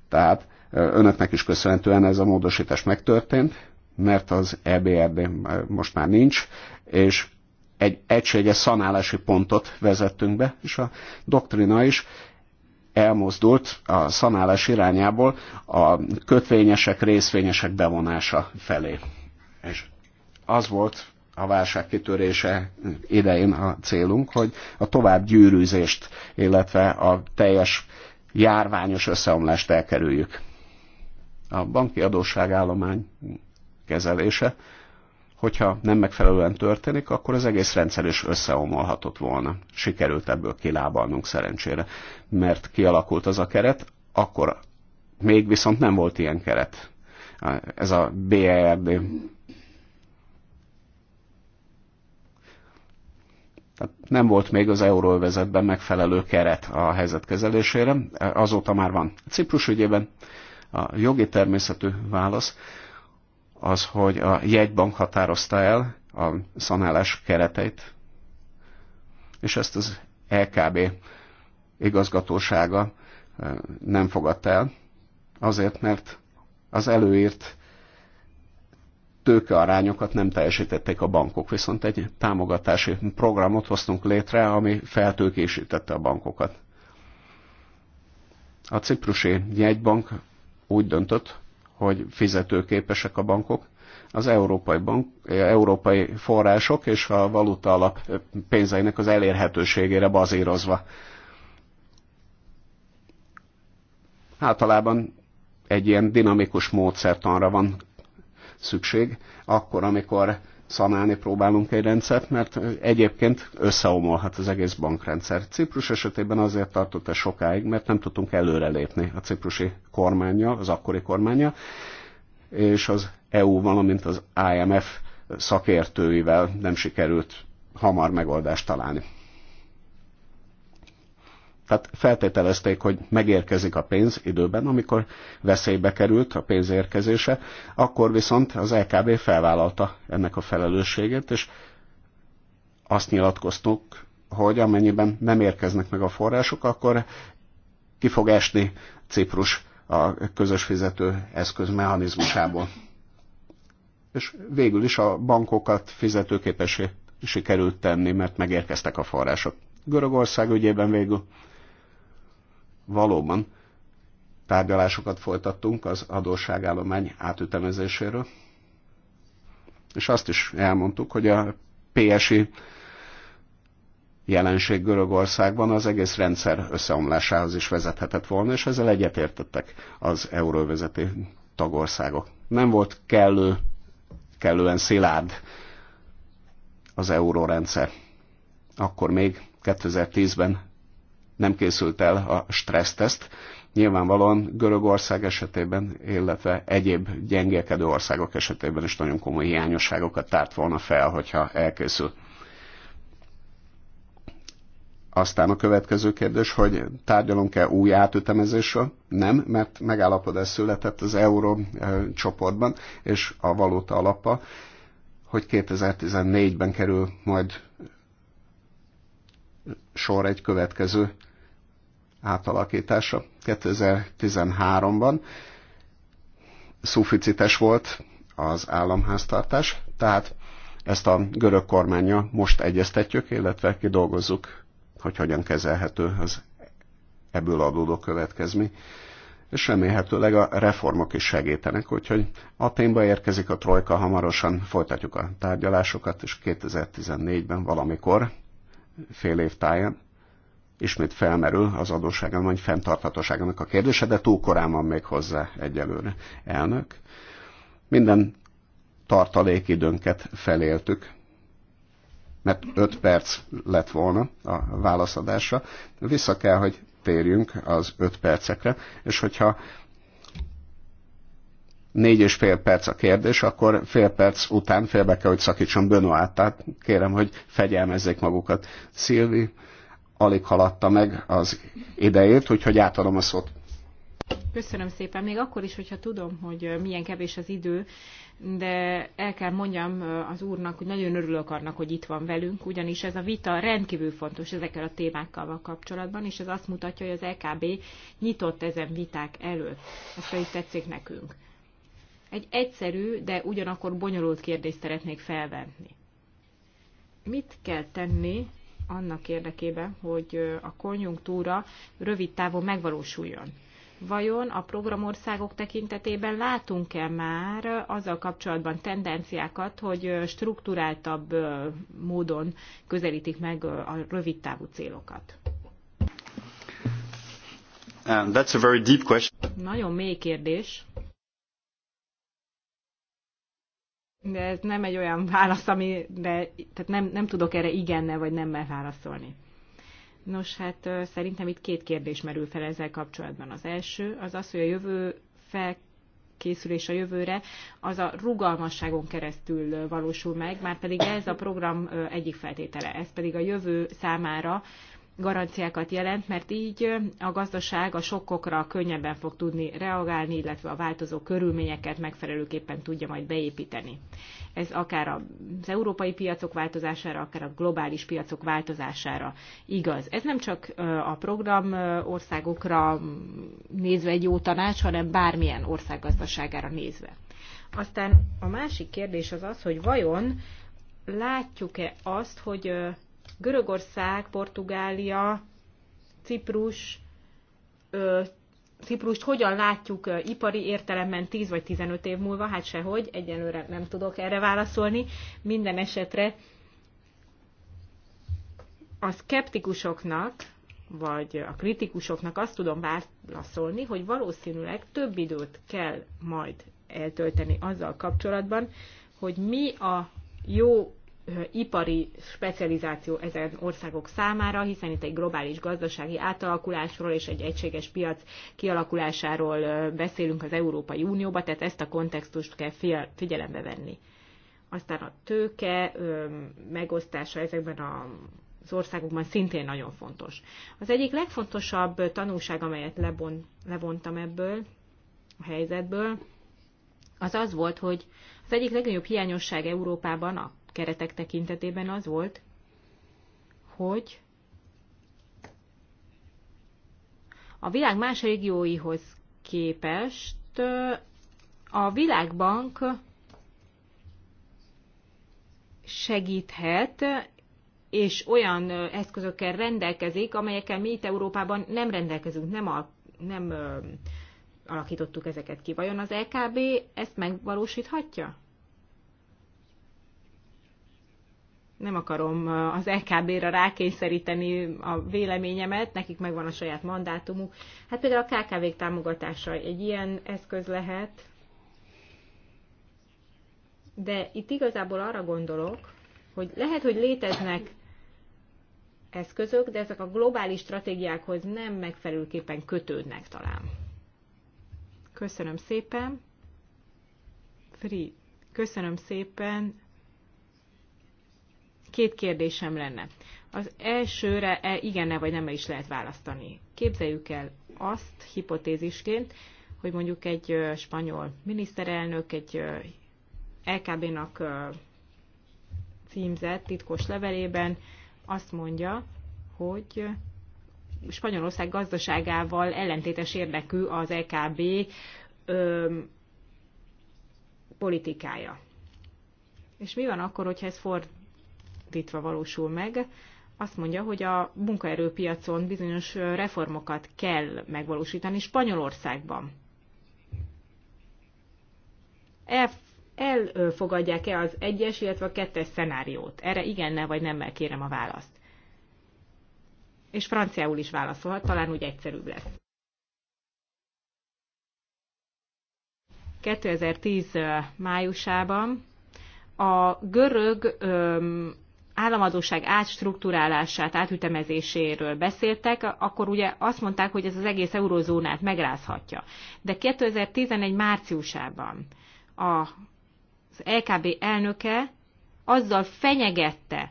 Tehát önöknek is köszönhetően ez a módosítás megtörtént, mert az EBRD most már nincs, és egy egységes szanálási pontot vezettünk be, és a doktrina is elmozdult a szanálás irányából a kötvényesek, részvényesek bevonása felé. És az volt a válság kitörése idején a célunk, hogy a tovább gyűrűzést, illetve a teljes járványos összeomlást elkerüljük. A banki adósságállomány kezelése hogyha nem megfelelően történik, akkor az egész rendszer is összeomolhatott volna. Sikerült ebből kilábalnunk szerencsére, mert kialakult az a keret, akkor még viszont nem volt ilyen keret. Ez a BERD. Tehát nem volt még az euróövezetben megfelelő keret a helyzet kezelésére, azóta már van. Ciprus ügyében a jogi természetű válasz az, hogy a jegybank határozta el a szanálás kereteit, és ezt az LKB igazgatósága eh, nem fogadta el, azért, mert az előírt tőkearányokat nem teljesítették a bankok, viszont egy támogatási programot hoztunk létre, ami feltőkésítette a bankokat. A ciprusi jegybank úgy döntött, hogy fizetőképesek a bankok, az európai, bank, európai források és a valuta alap pénzeinek az elérhetőségére bazírozva. Általában egy ilyen dinamikus módszertanra van szükség, akkor, amikor szanálni próbálunk egy rendszert, mert egyébként összeomolhat az egész bankrendszer. Ciprus esetében azért tartott ez sokáig, mert nem tudtunk előrelépni a ciprusi kormánya, az akkori kormánya, és az EU, valamint az IMF szakértőivel nem sikerült hamar megoldást találni. Tehát feltételezték, hogy megérkezik a pénz időben, amikor veszélybe került a pénz érkezése, akkor viszont az LKB felvállalta ennek a felelősséget, és azt nyilatkoztuk, hogy amennyiben nem érkeznek meg a források, akkor ki fog esni Ciprus a közös fizető eszköz mechanizmusából. És végül is a bankokat fizetőképesé sikerült tenni, mert megérkeztek a források. Görögország ügyében végül valóban tárgyalásokat folytattunk az adósságállomány átütemezéséről, és azt is elmondtuk, hogy a PSI jelenség Görögországban az egész rendszer összeomlásához is vezethetett volna, és ezzel egyetértettek az euróvezeti tagországok. Nem volt kellő, kellően szilárd az eurórendszer. Akkor még 2010-ben nem készült el a stresszteszt. Nyilvánvalóan Görögország esetében, illetve egyéb gyengélkedő országok esetében is nagyon komoly hiányosságokat tárt volna fel, hogyha elkészül. Aztán a következő kérdés, hogy tárgyalunk-e új átütemezésről? Nem, mert megállapodás született az euró csoportban és a valóta alapa, hogy 2014-ben kerül majd sor egy következő átalakítása 2013-ban. Szuficites volt az államháztartás, tehát ezt a görög kormánya most egyeztetjük, illetve kidolgozzuk, hogy hogyan kezelhető az ebből adódó következmény és remélhetőleg a reformok is segítenek, úgyhogy témba érkezik a trojka hamarosan, folytatjuk a tárgyalásokat, és 2014-ben valamikor fél év táján ismét felmerül az vagy fenntarthatóságának a kérdése, de túl korán van még hozzá egyelőre. Elnök, minden tartalékidőnket feléltük, mert 5 perc lett volna a válaszadásra. Vissza kell, hogy térjünk az 5 percekre, és hogyha négy és fél perc a kérdés, akkor fél perc után félbe kell, hogy szakítson Benoát, tehát kérem, hogy fegyelmezzék magukat. Szilvi, alig haladta meg az idejét, úgyhogy átadom a szót. Köszönöm szépen, még akkor is, hogyha tudom, hogy milyen kevés az idő, de el kell mondjam az úrnak, hogy nagyon örülök annak, hogy itt van velünk, ugyanis ez a vita rendkívül fontos ezekkel a témákkal kapcsolatban, és ez azt mutatja, hogy az LKB e nyitott ezen viták elő. Ez pedig tetszik nekünk. Egy egyszerű, de ugyanakkor bonyolult kérdést szeretnék felvenni. Mit kell tenni annak érdekében, hogy a konjunktúra rövid távon megvalósuljon. Vajon a programországok tekintetében látunk-e már azzal kapcsolatban tendenciákat, hogy struktúráltabb módon közelítik meg a rövid távú célokat? And that's a very deep question. Nagyon mély kérdés. De ez nem egy olyan válasz, ami de tehát nem, nem tudok erre igennel vagy nemmel válaszolni. Nos, hát szerintem itt két kérdés merül fel ezzel kapcsolatban. Az első az az, hogy a jövő felkészülés a jövőre, az a rugalmasságon keresztül valósul meg, már pedig ez a program egyik feltétele. Ez pedig a jövő számára garanciákat jelent, mert így a gazdaság a sokkokra könnyebben fog tudni reagálni, illetve a változó körülményeket megfelelőképpen tudja majd beépíteni. Ez akár az európai piacok változására, akár a globális piacok változására igaz. Ez nem csak a program országokra nézve egy jó tanács, hanem bármilyen ország gazdaságára nézve. Aztán a másik kérdés az az, hogy vajon látjuk-e azt, hogy Görögország, Portugália, Ciprus, Ciprust hogyan látjuk ipari értelemben 10 vagy 15 év múlva? Hát sehogy, egyelőre nem tudok erre válaszolni. Minden esetre a skeptikusoknak, vagy a kritikusoknak azt tudom válaszolni, hogy valószínűleg több időt kell majd eltölteni azzal kapcsolatban, hogy mi a jó ipari specializáció ezen országok számára, hiszen itt egy globális gazdasági átalakulásról és egy egységes piac kialakulásáról beszélünk az Európai Unióba, tehát ezt a kontextust kell figyelembe venni. Aztán a tőke megosztása ezekben a az országokban szintén nagyon fontos. Az egyik legfontosabb tanulság, amelyet lebon, levontam ebből a helyzetből, az az volt, hogy az egyik legnagyobb hiányosság Európában a keretek tekintetében az volt, hogy a világ más régióihoz képest a világbank segíthet, és olyan eszközökkel rendelkezik, amelyekkel mi itt Európában nem rendelkezünk, nem, al- nem ö, alakítottuk ezeket ki. Vajon az LKB e ezt megvalósíthatja? nem akarom az LKB-ra e rákényszeríteni a véleményemet, nekik megvan a saját mandátumuk. Hát például a kkv támogatása egy ilyen eszköz lehet, de itt igazából arra gondolok, hogy lehet, hogy léteznek eszközök, de ezek a globális stratégiákhoz nem megfelelőképpen kötődnek talán. Köszönöm szépen. Free. Köszönöm szépen Két kérdésem lenne. Az elsőre e, igen-e vagy nem -e is lehet választani. Képzeljük el azt hipotézisként, hogy mondjuk egy spanyol miniszterelnök egy LKB-nak címzett titkos levelében azt mondja, hogy Spanyolország gazdaságával ellentétes érdekű az LKB ö, politikája. És mi van akkor, hogyha ez ford? fordítva valósul meg, azt mondja, hogy a munkaerőpiacon bizonyos reformokat kell megvalósítani Spanyolországban. Elfogadják-e az egyes, illetve a kettes szenáriót? Erre igennel vagy nemmel kérem a választ. És franciául is válaszolhat, talán úgy egyszerűbb lesz. 2010 májusában a görög államadóság átstruktúrálását, átütemezéséről beszéltek, akkor ugye azt mondták, hogy ez az egész eurozónát megrázhatja. De 2011 márciusában az LKB elnöke azzal fenyegette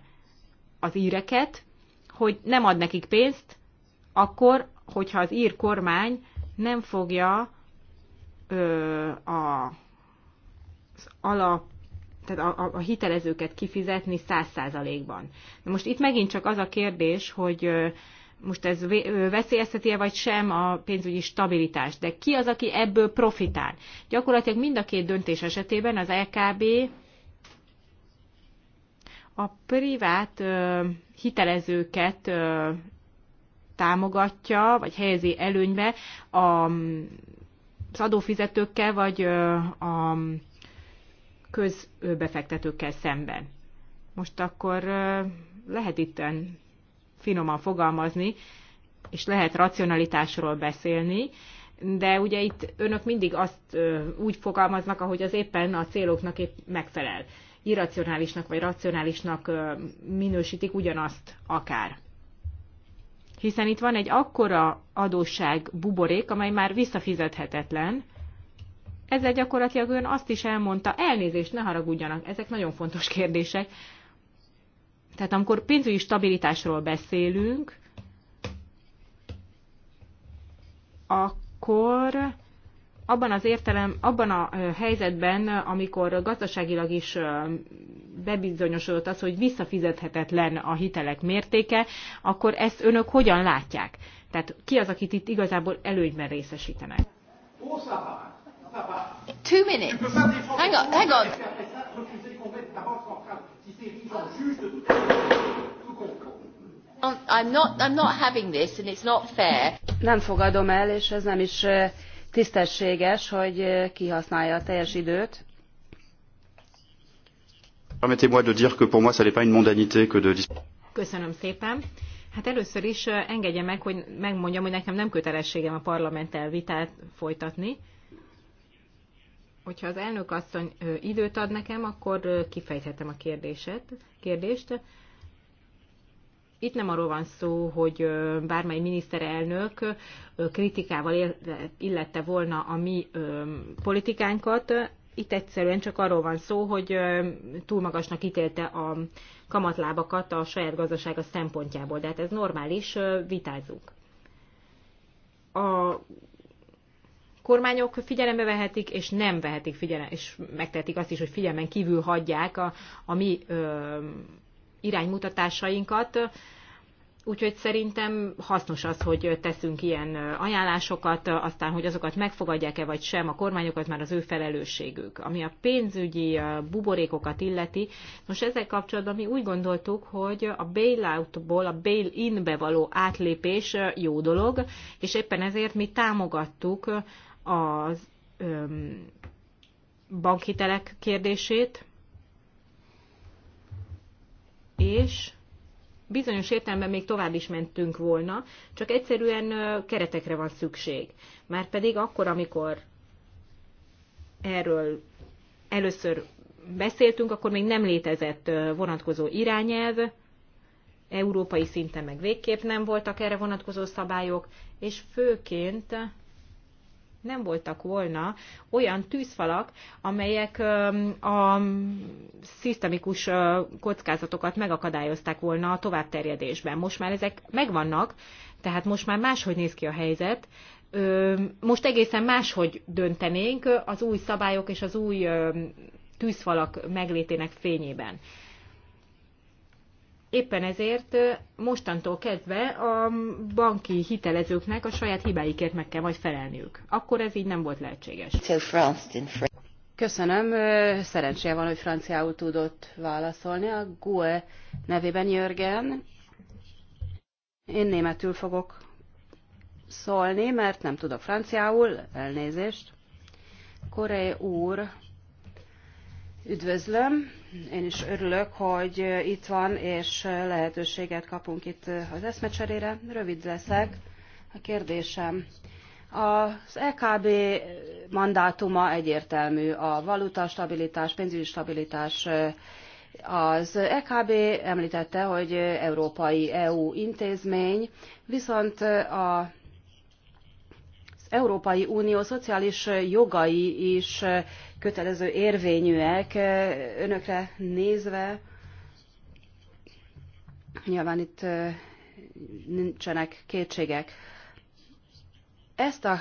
az íreket, hogy nem ad nekik pénzt, akkor, hogyha az ír kormány nem fogja ö, a, az alap tehát a, a, a hitelezőket kifizetni száz százalékban. Na most itt megint csak az a kérdés, hogy most ez veszélyezteti-e vagy sem a pénzügyi stabilitást, de ki az, aki ebből profitál? Gyakorlatilag mind a két döntés esetében az LKB a privát ö, hitelezőket ö, támogatja, vagy helyezi előnybe a, az adófizetőkkel, vagy ö, a közbefektetőkkel szemben. Most akkor lehet itt finoman fogalmazni, és lehet racionalitásról beszélni, de ugye itt önök mindig azt úgy fogalmaznak, ahogy az éppen a céloknak épp megfelel. Irracionálisnak vagy racionálisnak minősítik ugyanazt akár. Hiszen itt van egy akkora adósság buborék, amely már visszafizethetetlen, ezzel gyakorlatilag ön azt is elmondta, elnézést, ne haragudjanak, ezek nagyon fontos kérdések. Tehát amikor pénzügyi stabilitásról beszélünk, akkor abban az értelem, abban a helyzetben, amikor gazdaságilag is bebizonyosodott az, hogy visszafizethetetlen a hitelek mértéke, akkor ezt önök hogyan látják? Tehát ki az, akit itt igazából előnyben részesítenek? Oszabán. Two minutes. Hang on, hang on. I'm not, I'm not having this, and it's not fair. Nem fogadom el, és ez nem is tisztességes, hogy kihasználja a teljes időt. Permettez-moi de dire que pour moi, ça n'est pas une mondanité que de... Köszönöm szépen. Hát először is engedje meg, hogy megmondjam, hogy nekem nem kötelességem a parlamenttel vitát folytatni hogyha az elnök asszony időt ad nekem, akkor kifejthetem a kérdéset, kérdést. Itt nem arról van szó, hogy bármely miniszterelnök kritikával illette volna a mi politikánkat. Itt egyszerűen csak arról van szó, hogy túl magasnak ítélte a kamatlábakat a saját gazdasága szempontjából. De hát ez normális, vitázunk. A kormányok figyelembe vehetik, és nem vehetik figyelem, és megtehetik azt is, hogy figyelmen kívül hagyják a, a mi ö, iránymutatásainkat. Úgyhogy szerintem hasznos az, hogy teszünk ilyen ajánlásokat, aztán, hogy azokat megfogadják-e vagy sem, a kormányokat már az ő felelősségük. Ami a pénzügyi buborékokat illeti, most ezzel kapcsolatban mi úgy gondoltuk, hogy a bailoutból a bail-inbe való átlépés jó dolog, és éppen ezért mi támogattuk az öm, bankhitelek kérdését, és bizonyos értelemben még tovább is mentünk volna, csak egyszerűen keretekre van szükség. pedig akkor, amikor erről először beszéltünk, akkor még nem létezett vonatkozó irányelv, európai szinten meg végképp nem voltak erre vonatkozó szabályok, és főként nem voltak volna olyan tűzfalak, amelyek a szisztemikus kockázatokat megakadályozták volna a továbbterjedésben. Most már ezek megvannak, tehát most már máshogy néz ki a helyzet. Most egészen máshogy döntenénk az új szabályok és az új tűzfalak meglétének fényében. Éppen ezért mostantól kezdve a banki hitelezőknek a saját hibáikért meg kell majd felelniük. Akkor ez így nem volt lehetséges. Köszönöm. Szerencséje van, hogy franciául tudott válaszolni. A GUE nevében Jörgen. Én németül fogok szólni, mert nem tudok franciául. Elnézést. Korei úr Üdvözlöm, én is örülök, hogy itt van, és lehetőséget kapunk itt az eszmecserére. Rövid leszek a kérdésem. Az EKB mandátuma egyértelmű, a valuta stabilitás, pénzügyi stabilitás. Az EKB említette, hogy európai EU intézmény, viszont a az Európai Unió szociális jogai is kötelező érvényűek eh, önökre nézve. Nyilván itt eh, nincsenek kétségek. Ezt a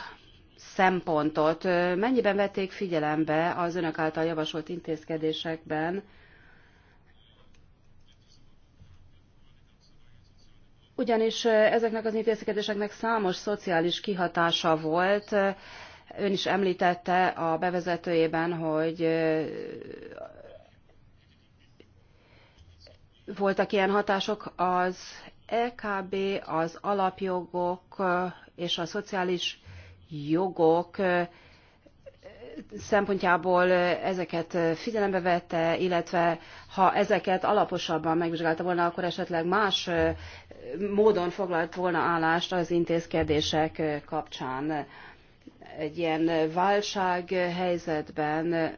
szempontot eh, mennyiben vették figyelembe az önök által javasolt intézkedésekben? Ugyanis ezeknek az intézkedéseknek számos szociális kihatása volt, Ön is említette a bevezetőjében, hogy voltak ilyen hatások az EKB, az alapjogok és a szociális jogok szempontjából ezeket figyelembe vette, illetve ha ezeket alaposabban megvizsgálta volna, akkor esetleg más módon foglalt volna állást az intézkedések kapcsán egy ilyen válsághelyzetben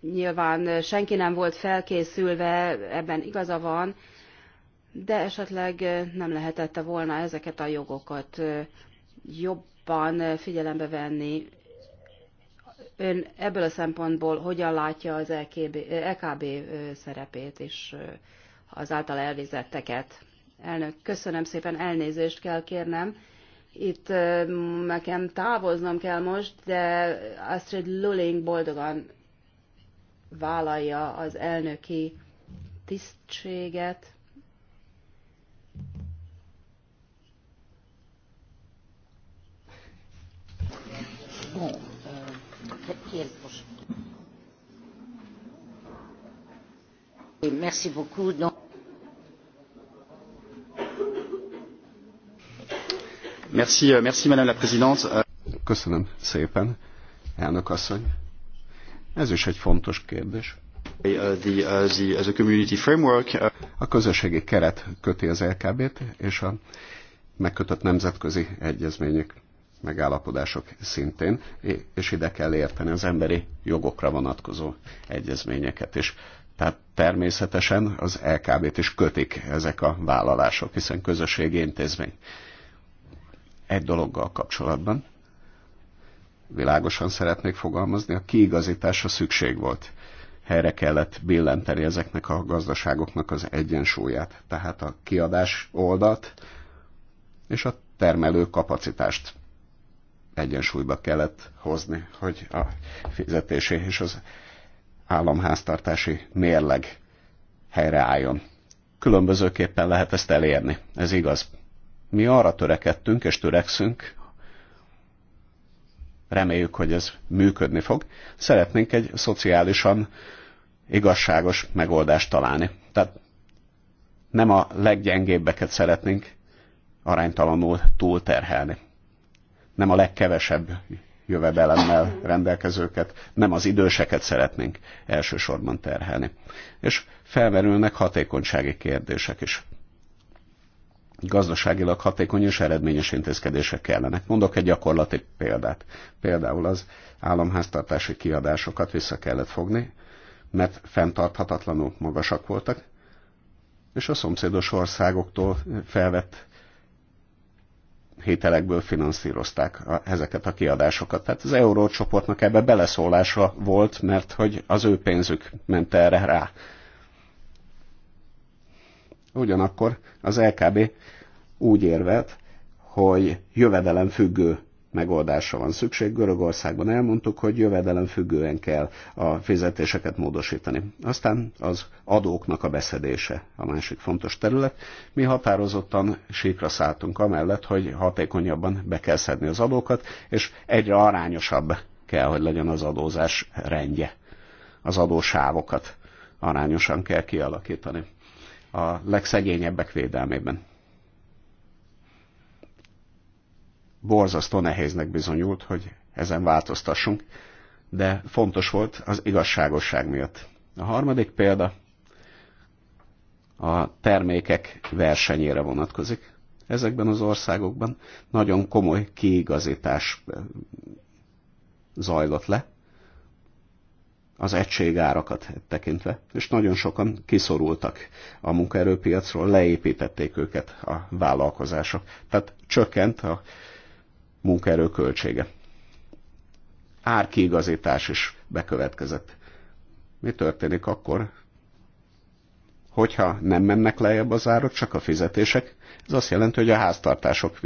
nyilván senki nem volt felkészülve, ebben igaza van, de esetleg nem lehetette volna ezeket a jogokat jobban figyelembe venni. Ön ebből a szempontból hogyan látja az LKB, e LKB e szerepét és az által elvizetteket? Elnök, köszönöm szépen, elnézést kell kérnem. Itt nekem távoznom kell most, de Astrid Luling boldogan vállalja az elnöki tisztséget. Bon, euh, Merci beaucoup. Donc... Merci, euh, merci, Madame la Présidente. Euh, Köszönöm szépen, elnök asszony. Ez is egy fontos kérdés. Uh, uh, uh, a közösségi keret köti az LKB-t, és a megkötött nemzetközi egyezmények, megállapodások szintén, és ide kell érteni az emberi jogokra vonatkozó egyezményeket is. Tehát természetesen az LKB-t is kötik ezek a vállalások, hiszen közösségi intézmény egy dologgal kapcsolatban. Világosan szeretnék fogalmazni, a kiigazításra szükség volt. Helyre kellett billenteni ezeknek a gazdaságoknak az egyensúlyát, tehát a kiadás oldalt és a termelő kapacitást egyensúlyba kellett hozni, hogy a fizetési és az államháztartási mérleg helyreálljon. Különbözőképpen lehet ezt elérni, ez igaz. Mi arra törekedtünk és törekszünk, reméljük, hogy ez működni fog. Szeretnénk egy szociálisan igazságos megoldást találni. Tehát nem a leggyengébbeket szeretnénk aránytalanul túlterhelni. Nem a legkevesebb jövedelemmel rendelkezőket, nem az időseket szeretnénk elsősorban terhelni. És felmerülnek hatékonysági kérdések is gazdaságilag hatékony és eredményes intézkedések kellenek. Mondok egy gyakorlati példát. Például az államháztartási kiadásokat vissza kellett fogni, mert fenntarthatatlanul magasak voltak, és a szomszédos országoktól felvett hételekből finanszírozták a, ezeket a kiadásokat. Tehát az eurócsoportnak ebbe beleszólása volt, mert hogy az ő pénzük ment erre rá. Ugyanakkor az LKB úgy érvelt, hogy jövedelem függő megoldásra van szükség. Görögországban elmondtuk, hogy jövedelem függően kell a fizetéseket módosítani. Aztán az adóknak a beszedése a másik fontos terület. Mi határozottan síkra szálltunk amellett, hogy hatékonyabban be kell szedni az adókat, és egyre arányosabb kell, hogy legyen az adózás rendje. Az adósávokat arányosan kell kialakítani a legszegényebbek védelmében. Borzasztó nehéznek bizonyult, hogy ezen változtassunk, de fontos volt az igazságosság miatt. A harmadik példa a termékek versenyére vonatkozik. Ezekben az országokban nagyon komoly kiigazítás eh, zajlott le, az egységárakat tekintve, és nagyon sokan kiszorultak a munkaerőpiacról, leépítették őket a vállalkozások. Tehát csökkent a munkaerő költsége. Árkiigazítás is bekövetkezett. Mi történik akkor, hogyha nem mennek lejjebb az árak, csak a fizetések? Ez azt jelenti, hogy a háztartások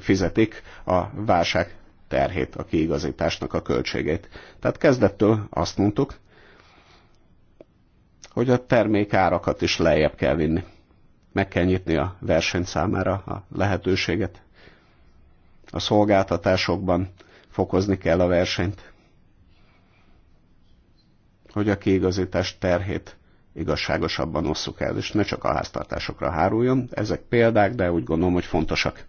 fizetik a válság terhét, a kiigazításnak a költségét. Tehát kezdettől azt mondtuk, hogy a termékárakat is lejjebb kell vinni. Meg kell nyitni a verseny számára a lehetőséget. A szolgáltatásokban fokozni kell a versenyt, hogy a kiigazítás terhét igazságosabban osszuk el, és ne csak a háztartásokra háruljon. Ezek példák, de úgy gondolom, hogy fontosak.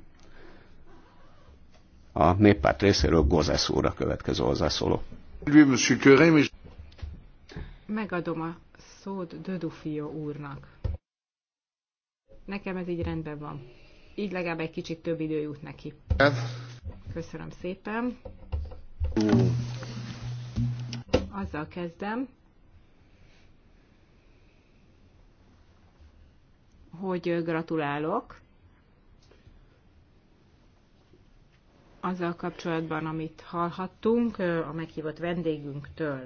A néppárt részéről Gozesz úr a következő hozzászóló. Megadom a szót Dödufio úrnak. Nekem ez így rendben van. Így legalább egy kicsit több idő jut neki. Köszönöm szépen. Azzal kezdem, hogy gratulálok azzal kapcsolatban, amit hallhattunk a meghívott vendégünktől.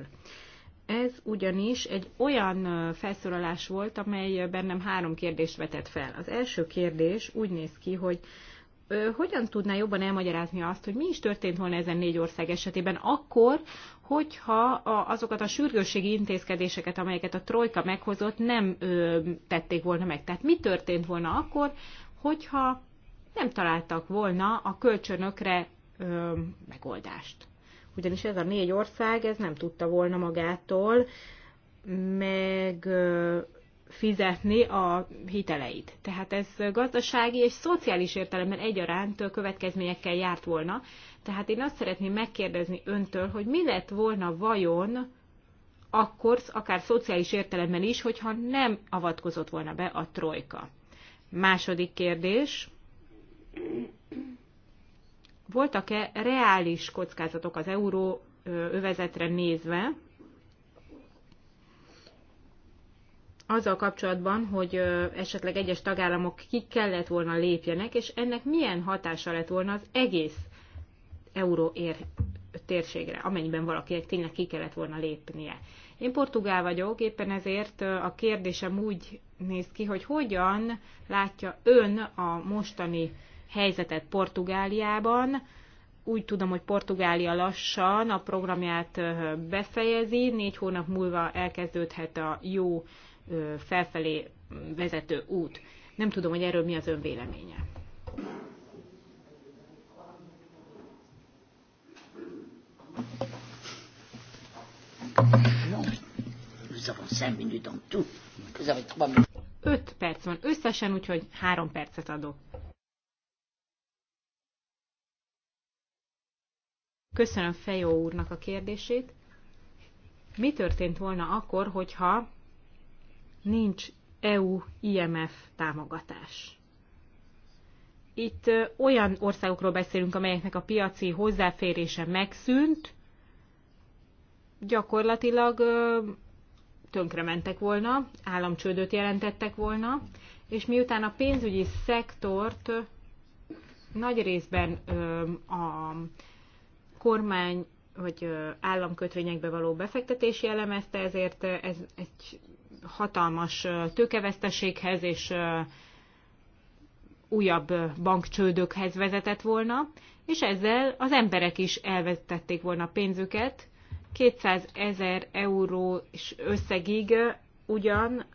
Ez ugyanis egy olyan felszólalás volt, amely bennem három kérdést vetett fel. Az első kérdés úgy néz ki, hogy hogyan tudná jobban elmagyarázni azt, hogy mi is történt volna ezen négy ország esetében akkor, hogyha azokat a sürgősségi intézkedéseket, amelyeket a Trojka meghozott, nem tették volna meg. Tehát mi történt volna akkor, hogyha nem találtak volna a kölcsönökre ö, megoldást. Ugyanis ez a négy ország, ez nem tudta volna magától meg ö, fizetni a hiteleit. Tehát ez gazdasági és szociális értelemben egyaránt következményekkel járt volna. Tehát én azt szeretném megkérdezni öntől, hogy mi lett volna vajon akkor, akár szociális értelemben is, hogyha nem avatkozott volna be a trojka. Második kérdés voltak-e reális kockázatok az euró övezetre nézve, azzal kapcsolatban, hogy esetleg egyes tagállamok ki kellett volna lépjenek, és ennek milyen hatása lett volna az egész euró ér térségre, amennyiben valakinek tényleg ki kellett volna lépnie. Én portugál vagyok, éppen ezért a kérdésem úgy néz ki, hogy hogyan látja ön a mostani helyzetet Portugáliában. Úgy tudom, hogy Portugália lassan a programját befejezi, négy hónap múlva elkezdődhet a jó felfelé vezető út. Nem tudom, hogy erről mi az ön véleménye. Öt perc van összesen, úgyhogy három percet adok. Köszönöm Fejó úrnak a kérdését. Mi történt volna akkor, hogyha nincs EU-IMF támogatás? Itt olyan országokról beszélünk, amelyeknek a piaci hozzáférése megszűnt, gyakorlatilag tönkrementek volna, államcsődöt jelentettek volna, és miután a pénzügyi szektort nagy részben a kormány vagy államkötvényekbe való befektetési elemezte, ezért ez egy hatalmas tőkevesztességhez és újabb bankcsődökhez vezetett volna, és ezzel az emberek is elvetették volna pénzüket. 200 ezer euró összegig ugyan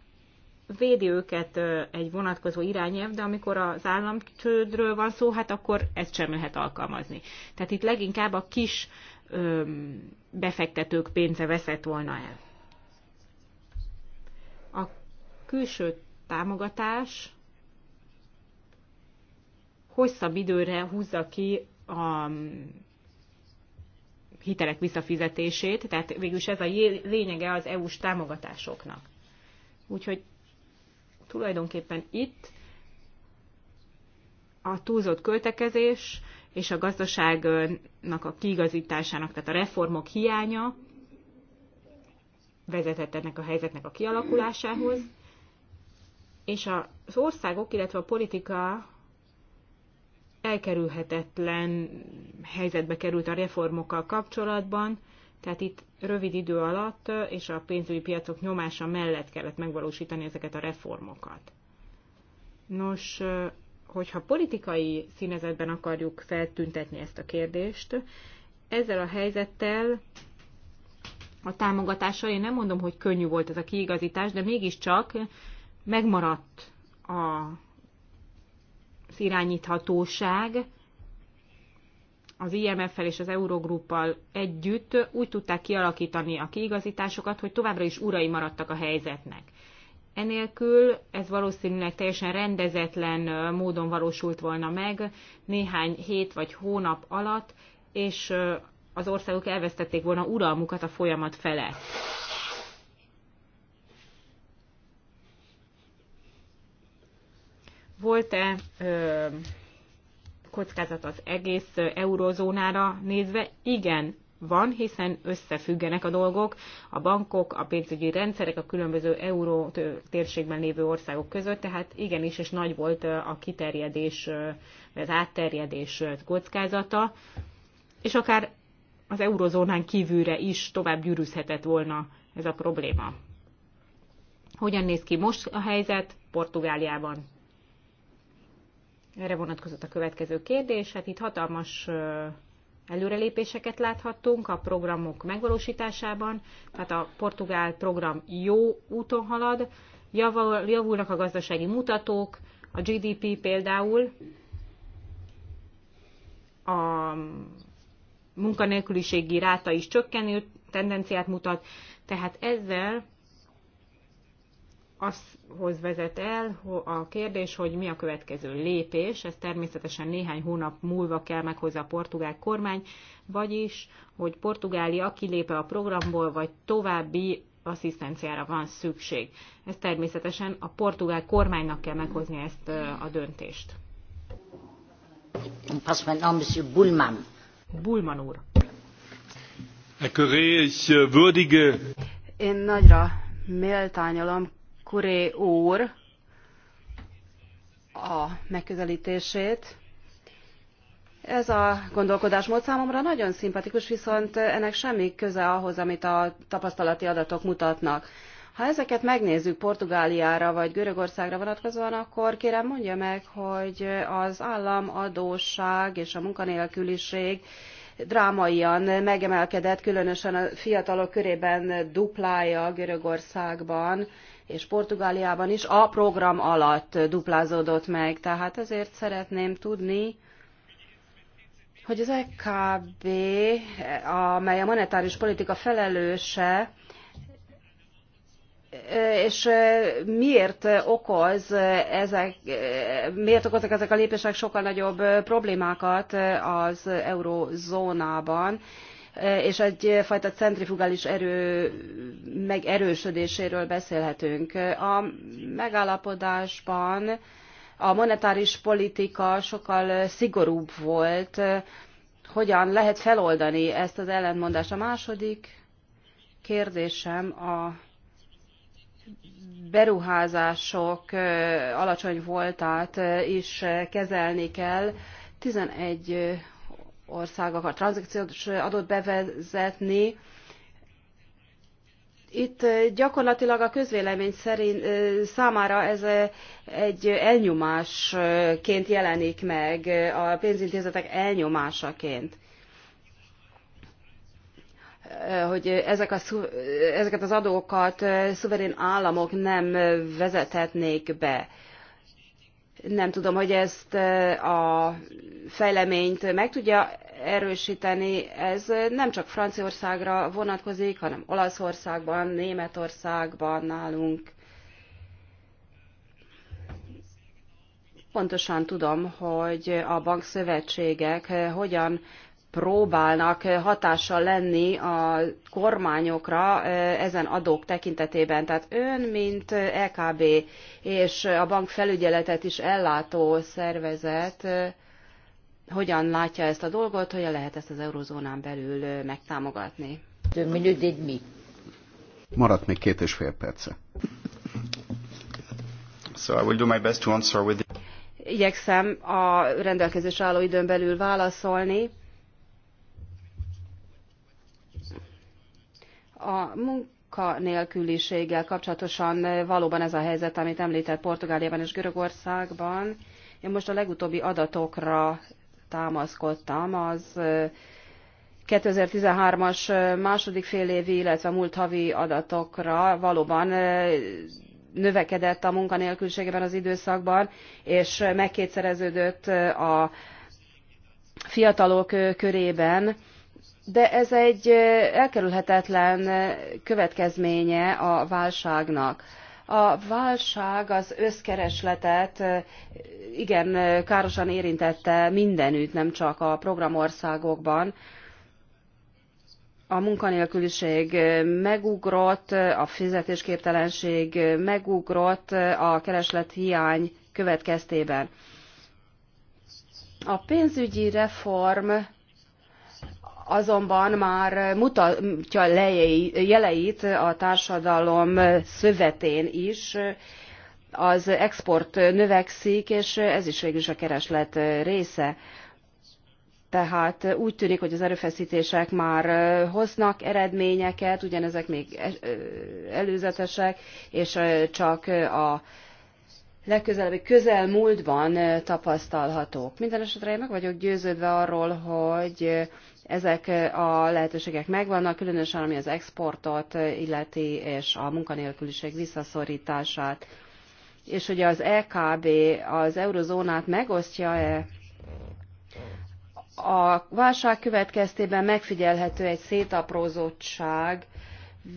védi őket egy vonatkozó irányelv, de amikor az államcsődről van szó, hát akkor ezt sem lehet alkalmazni. Tehát itt leginkább a kis befektetők pénze veszett volna el. A külső támogatás hosszabb időre húzza ki a mm, hitelek visszafizetését, tehát végülis ez a lényege az EU-s támogatásoknak. Úgyhogy Tulajdonképpen itt a túlzott költekezés és a gazdaságnak a kiigazításának, tehát a reformok hiánya vezetett ennek a helyzetnek a kialakulásához, és az országok, illetve a politika elkerülhetetlen helyzetbe került a reformokkal kapcsolatban, tehát itt rövid idő alatt és a pénzügyi piacok nyomása mellett kellett megvalósítani ezeket a reformokat. Nos, hogyha politikai színezetben akarjuk feltüntetni ezt a kérdést, ezzel a helyzettel a támogatása, én nem mondom, hogy könnyű volt ez a kiigazítás, de mégiscsak megmaradt a irányíthatóság, az IMF-fel és az Eurogruppal együtt úgy tudták kialakítani a kiigazításokat, hogy továbbra is urai maradtak a helyzetnek. Enélkül ez valószínűleg teljesen rendezetlen módon valósult volna meg néhány hét vagy hónap alatt, és az országok elvesztették volna uralmukat a folyamat fele. Volt-e kockázat az egész eurozónára nézve igen van, hiszen összefüggenek a dolgok, a bankok, a pénzügyi rendszerek a különböző euró térségben lévő országok között, tehát igenis, és nagy volt a kiterjedés, az átterjedés kockázata, és akár az eurozónán kívülre is tovább gyűrűzhetett volna ez a probléma. Hogyan néz ki most a helyzet? Portugáliában erre vonatkozott a következő kérdés. Hát itt hatalmas előrelépéseket láthattunk a programok megvalósításában, tehát a portugál program jó úton halad, javulnak a gazdasági mutatók, a GDP például, a munkanélküliségi ráta is csökkenő tendenciát mutat, tehát ezzel azhoz vezet el a kérdés, hogy mi a következő lépés, ez természetesen néhány hónap múlva kell meghozza a portugál kormány, vagyis, hogy Portugália kilépe a programból, vagy további asszisztenciára van szükség. Ez természetesen a portugál kormánynak kell meghozni ezt a döntést. Bulman. Bulman úr. Äh, Én nagyra méltányolom Kuré úr a megközelítését. Ez a gondolkodásmód számomra nagyon szimpatikus, viszont ennek semmi köze ahhoz, amit a tapasztalati adatok mutatnak. Ha ezeket megnézzük Portugáliára vagy Görögországra vonatkozóan, akkor kérem mondja meg, hogy az államadóság és a munkanélküliség drámaian megemelkedett, különösen a fiatalok körében duplája Görögországban, és Portugáliában is a program alatt duplázódott meg. Tehát ezért szeretném tudni, hogy az EKB, amely a monetáris politika felelőse, és miért okoz ezek, miért okoznak ezek a lépések sokkal nagyobb problémákat az eurózónában, Eh, és egyfajta centrifugális erő megerősödéséről beszélhetünk. A megállapodásban a monetáris politika sokkal szigorúbb volt. Hogyan lehet feloldani ezt az ellentmondást? A második kérdésem a beruházások eh, alacsony voltát eh, is kezelni kell. 11 ország akar tranzakciós adót bevezetni. Itt gyakorlatilag a közvélemény szerint számára ez egy elnyomásként jelenik meg, a pénzintézetek elnyomásaként hogy ezek a, ezeket az adókat szuverén államok nem vezethetnék be. Nem tudom, hogy ezt e, a fejleményt meg tudja erősíteni. Ez nem csak Franciaországra vonatkozik, hanem Olaszországban, Németországban nálunk. Pontosan tudom, hogy a bankszövetségek hogyan próbálnak hatással lenni a kormányokra eh, ezen adók tekintetében. Tehát ön, mint EKB és a bank felügyeletet is ellátó szervezet, eh, hogyan látja ezt a dolgot, hogyan lehet ezt az eurozónán belül eh, megtámogatni? mi? Maradt még két és fél perce. So I will do my best to answer with Igyekszem a rendelkezés álló időn belül válaszolni A munkanélküliséggel kapcsolatosan eh, valóban ez a helyzet, amit említett Portugáliában és Görögországban. Én most a legutóbbi adatokra támaszkodtam, az 2013-as eh, eh, második évi, illetve múlt havi adatokra valóban növekedett a munkanélküliségben az időszakban, és megkétszereződött a fiatalok körében de ez egy elkerülhetetlen következménye a válságnak. A válság az összkeresletet igen károsan érintette mindenütt, nem csak a programországokban. A munkanélküliség megugrott, a fizetésképtelenség megugrott a kereslet hiány következtében. A pénzügyi reform azonban már mutatja jeleit a társadalom szövetén is. Az export növekszik, és ez is végül is a kereslet része. Tehát úgy tűnik, hogy az erőfeszítések már hoznak eredményeket, ugyanezek még előzetesek, és csak a legközelebbi közelmúltban tapasztalhatók. Minden esetre én meg vagyok győződve arról, hogy ezek a lehetőségek megvannak, különösen ami az exportot illeti, és a munkanélküliség visszaszorítását. És hogy az EKB az eurozónát megosztja-e, a válság következtében megfigyelhető egy szétaprózottság,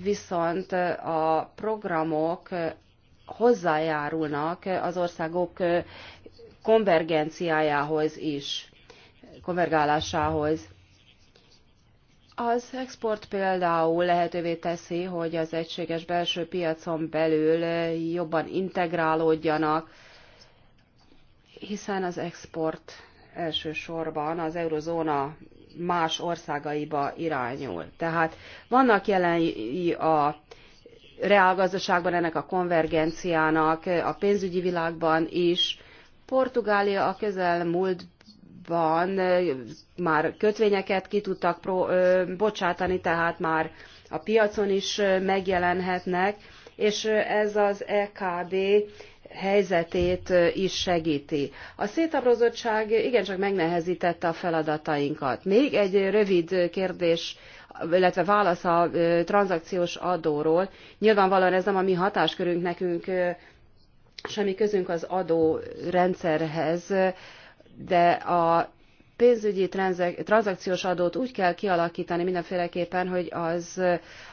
viszont a programok hozzájárulnak az országok konvergenciájához is, konvergálásához. Az export például lehetővé teszi, hogy az egységes belső piacon belül jobban integrálódjanak, hiszen az export elsősorban az eurozóna más országaiba irányul. Tehát vannak jelenlegi a reálgazdaságban ennek a konvergenciának, a pénzügyi világban is. Portugália a közelmúltban korábban már kötvényeket ki tudtak pro, bocsátani, tehát már a piacon is megjelenhetnek, és ez az EKB helyzetét is segíti. A szétaprózottság igencsak megnehezítette a feladatainkat. Még egy rövid kérdés illetve válasz a tranzakciós adóról. Nyilvánvalóan ez nem a mi hatáskörünk, nekünk semmi közünk az adórendszerhez, de a pénzügyi tranzakciós adót úgy kell kialakítani mindenféleképpen, hogy az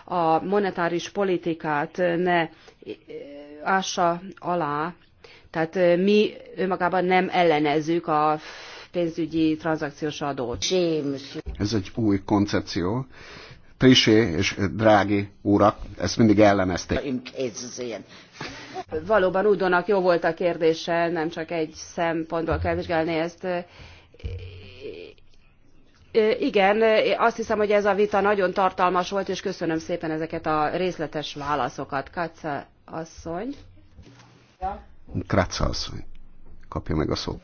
a monetáris politikát ne ássa alá. Tehát mi önmagában nem ellenezzük a pénzügyi tranzakciós adót. James. Ez egy új koncepció. Trisé és Drági úrak ezt mindig ellenezték. Valóban Udonak jó volt a kérdése, nem csak egy szempontból kell vizsgálni ezt. Igen, azt hiszem, hogy ez a vita nagyon tartalmas volt, és köszönöm szépen ezeket a részletes válaszokat. Kaca asszony. Kratza asszony. Kapja meg a szót.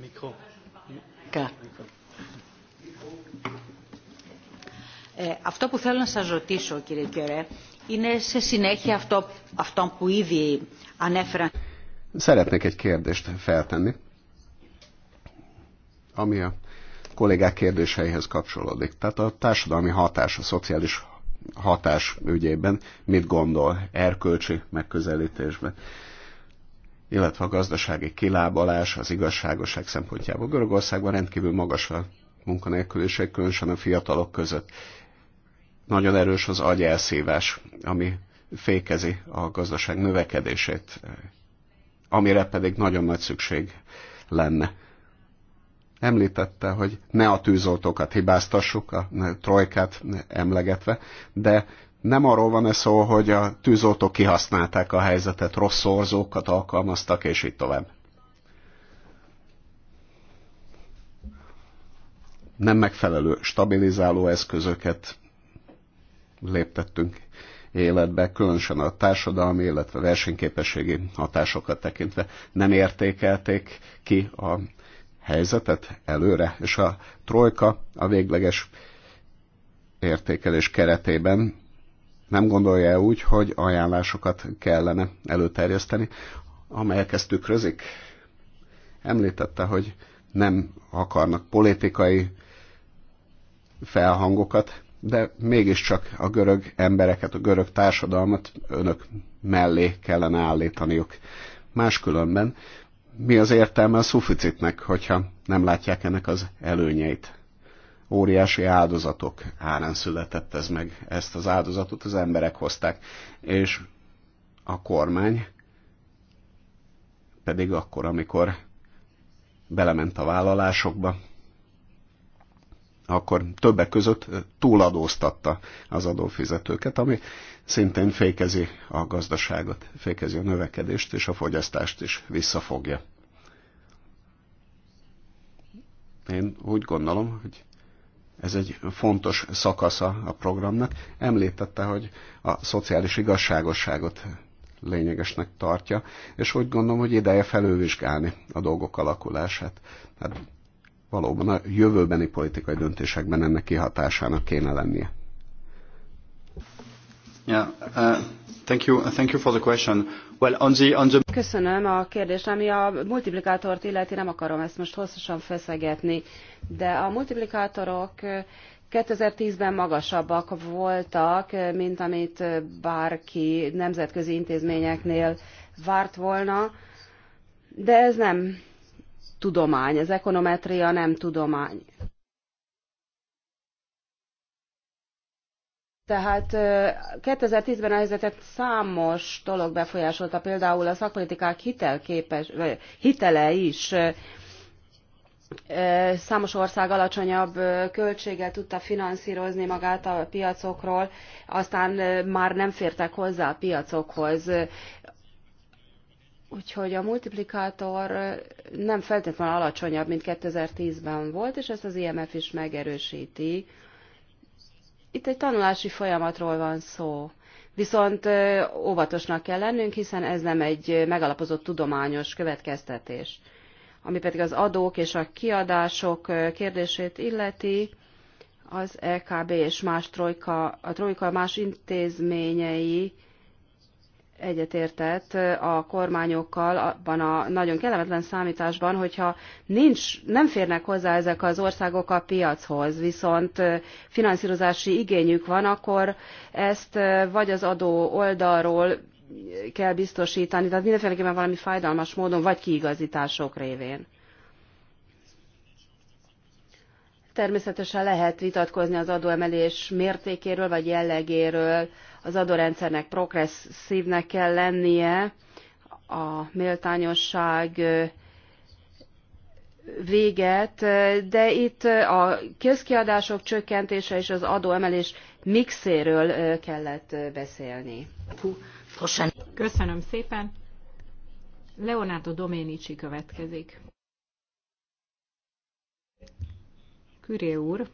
Αυτό που θέλω να σας ρωτήσω, κύριε Κιωρέ, είναι σε συνέχεια αυτό, αυτό που ήδη Szeretnék egy kérdést feltenni, ami a kollégák kérdéseihez kapcsolódik. Tehát a társadalmi hatás, a szociális hatás ügyében mit gondol erkölcsi megközelítésben, illetve a gazdasági kilábalás az igazságoság szempontjából. Görögországban rendkívül magas a munkanélküliség, különösen a fiatalok között. Nagyon erős az agyelszívás, ami fékezi a gazdaság növekedését, amire pedig nagyon nagy szükség lenne. Említette, hogy ne a tűzoltókat hibáztassuk, a trojkát emlegetve, de nem arról van -e szó, hogy a tűzoltók kihasználták a helyzetet, rossz orzókat alkalmaztak, és így tovább. Nem megfelelő stabilizáló eszközöket léptettünk életbe, különösen a társadalmi, illetve versenyképességi hatásokat tekintve nem értékelték ki a helyzetet előre, és a trojka a végleges értékelés keretében nem gondolja úgy, hogy ajánlásokat kellene előterjeszteni, amelyek ezt tükrözik. Említette, hogy nem akarnak politikai felhangokat, de mégiscsak a görög embereket, a görög társadalmat önök mellé kellene állítaniuk. Máskülönben mi az értelme a szuficitnek, hogyha nem látják ennek az előnyeit? Óriási áldozatok árán született ez meg. Ezt az áldozatot az emberek hozták, és a kormány pedig akkor, amikor belement a vállalásokba, akkor többek között túladóztatta az adófizetőket, ami szintén fékezi a gazdaságot, fékezi a növekedést és a fogyasztást is visszafogja. Én úgy gondolom, hogy ez egy fontos szakasza a programnak. Említette, hogy a szociális igazságosságot lényegesnek tartja, és úgy gondolom, hogy ideje felülvizsgálni a dolgok alakulását. Hát valóban a jövőbeni politikai döntésekben ennek kihatásának kéne lennie. Yeah, uh, thank you, thank you for the question. Well, on the, on the... Köszönöm a kérdést, ami a multiplikátort illeti, nem akarom ezt most hosszasan feszegetni, de a multiplikátorok 2010-ben magasabbak voltak, mint amit bárki nemzetközi intézményeknél várt volna, de ez nem tudomány, az ekonometria nem tudomány. Tehát 2010-ben a helyzetet számos dolog befolyásolta, például a szakpolitikák hitelképes, hitele is számos ország alacsonyabb költséggel tudta finanszírozni magát a piacokról, aztán már nem fértek hozzá a piacokhoz. Úgyhogy a multiplikátor nem feltétlenül alacsonyabb, mint 2010-ben volt, és ezt az IMF is megerősíti. Itt egy tanulási folyamatról van szó. Viszont óvatosnak kell lennünk, hiszen ez nem egy megalapozott tudományos következtetés. Ami pedig az adók és a kiadások kérdését illeti, az EKB és más trojka, a trojka más intézményei egyetértett a kormányokkal abban a nagyon kellemetlen számításban, hogyha nincs, nem férnek hozzá ezek az országok a piachoz, viszont finanszírozási igényük van, akkor ezt vagy az adó oldalról kell biztosítani, tehát mindenféleképpen valami fájdalmas módon, vagy kiigazítások révén. Természetesen lehet vitatkozni az adóemelés mértékéről, vagy jellegéről, az adórendszernek progresszívnek kell lennie, a méltányosság véget, de itt a közkiadások csökkentése és az adóemelés mixéről kellett beszélni. Köszönöm szépen. Leonardo Domenici következik. Küré úr,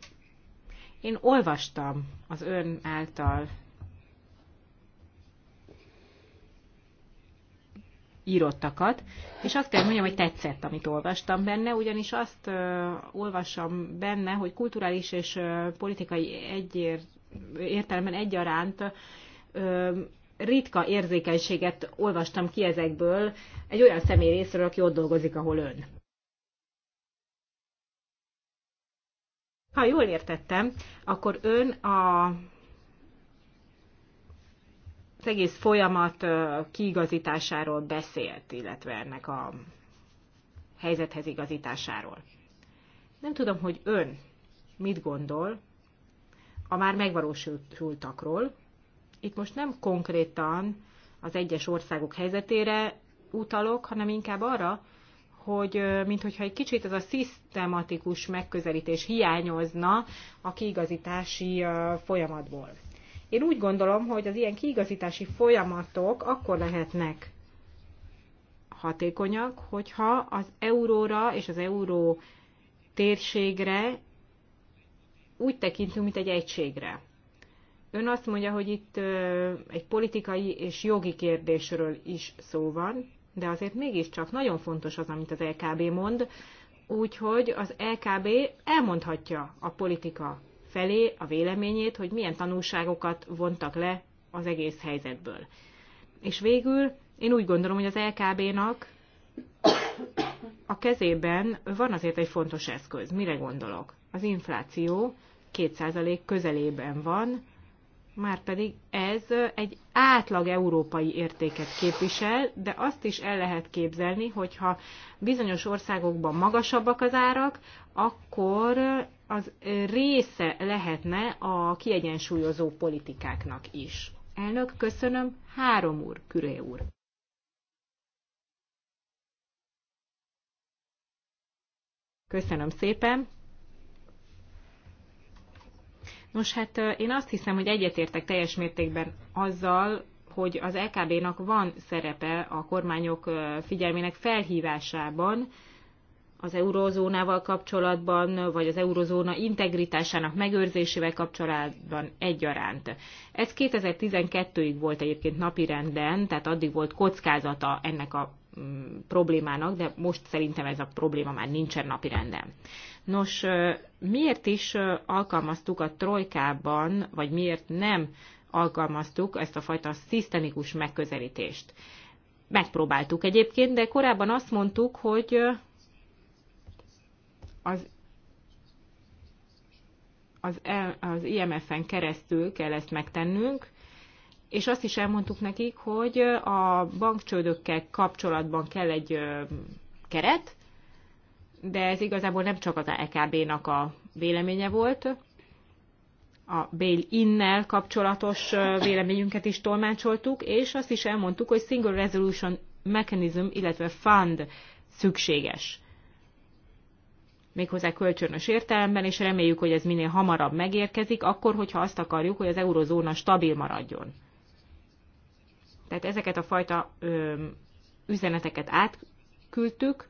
én olvastam az ön által írottakat, és azt kell mondjam, hogy tetszett, amit olvastam benne, ugyanis azt ö, olvasom benne, hogy kulturális és ö, politikai egyér, értelemben egyaránt ö, ritka érzékenységet olvastam ki ezekből egy olyan személy részről, aki ott dolgozik, ahol ön. Ha jól értettem, akkor ön a az egész folyamat kiigazításáról beszélt, illetve ennek a helyzethez igazításáról. Nem tudom, hogy ön mit gondol a már megvalósultakról. Itt most nem konkrétan az egyes országok helyzetére utalok, hanem inkább arra, hogy minthogyha egy kicsit ez a szisztematikus megközelítés hiányozna a kiigazítási folyamatból. Én úgy gondolom, hogy az ilyen kiigazítási folyamatok akkor lehetnek hatékonyak, hogyha az euróra és az euró térségre úgy tekintünk, mint egy egységre. Ön azt mondja, hogy itt egy politikai és jogi kérdésről is szó van, de azért mégiscsak nagyon fontos az, amit az LKB mond, úgyhogy az LKB elmondhatja a politika felé a véleményét, hogy milyen tanulságokat vontak le az egész helyzetből. És végül én úgy gondolom, hogy az LKB-nak a kezében van azért egy fontos eszköz. Mire gondolok? Az infláció 2% közelében van, már pedig ez egy átlag európai értéket képvisel, de azt is el lehet képzelni, hogyha bizonyos országokban magasabbak az árak, akkor az része lehetne a kiegyensúlyozó politikáknak is. Elnök, köszönöm, három úr, Küré úr. Köszönöm szépen. Nos, hát én azt hiszem, hogy egyetértek teljes mértékben azzal, hogy az LKB-nak van szerepe a kormányok figyelmének felhívásában, az eurózónával kapcsolatban, vagy az eurózóna integritásának megőrzésével kapcsolatban egyaránt. Ez 2012-ig volt egyébként napirenden, tehát addig volt kockázata ennek a mm, problémának, de most szerintem ez a probléma már nincsen napirenden. Nos, miért is alkalmaztuk a trojkában, vagy miért nem alkalmaztuk ezt a fajta szisztemikus megközelítést? Megpróbáltuk egyébként, de korábban azt mondtuk, hogy az, az, az IMF-en keresztül kell ezt megtennünk, és azt is elmondtuk nekik, hogy a bankcsődökkel kapcsolatban kell egy keret, de ez igazából nem csak az EKB-nak a véleménye volt, a bail-innel kapcsolatos véleményünket is tolmácsoltuk, és azt is elmondtuk, hogy Single Resolution Mechanism, illetve Fund szükséges méghozzá kölcsönös értelemben, és reméljük, hogy ez minél hamarabb megérkezik, akkor, hogyha azt akarjuk, hogy az eurozóna stabil maradjon. Tehát ezeket a fajta ö, üzeneteket átküldtük.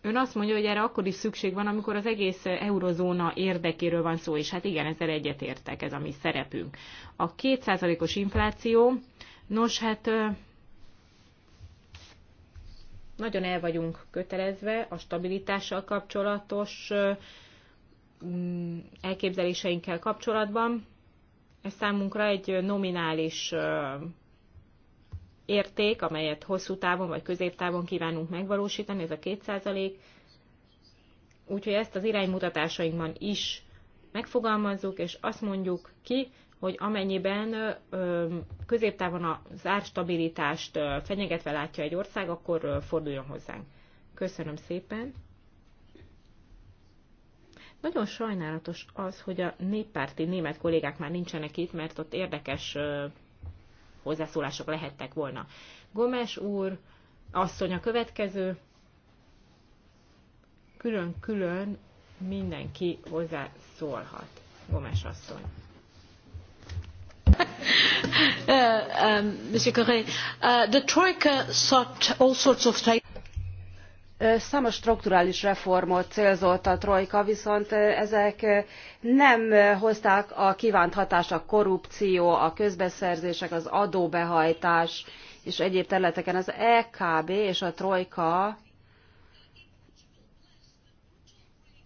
Ön azt mondja, hogy erre akkor is szükség van, amikor az egész eurozóna érdekéről van szó, és hát igen, ezzel egyetértek, ez a mi szerepünk. A kétszázalékos infláció, nos hát nagyon el vagyunk kötelezve a stabilitással kapcsolatos mm, elképzeléseinkkel kapcsolatban. Ez számunkra egy nominális érték, amelyet hosszú távon vagy középtávon kívánunk megvalósítani, ez a 2%. Úgyhogy ezt az iránymutatásainkban is megfogalmazzuk, és azt mondjuk ki, hogy amennyiben középtávon az árstabilitást fenyegetve látja egy ország, akkor forduljon hozzánk. Köszönöm szépen! Nagyon sajnálatos az, hogy a néppárti német kollégák már nincsenek itt, mert ott érdekes hozzászólások lehettek volna. Gomes úr, asszony a következő, külön-külön mindenki hozzászólhat. Gomes asszony. Uh, Mr. Um, uh, Troika all sorts of Számos strukturális reformot célzott a trojka, viszont ezek nem hozták a kívánt hatást a korrupció, a közbeszerzések, az adóbehajtás és egyéb területeken. Az EKB és a trojka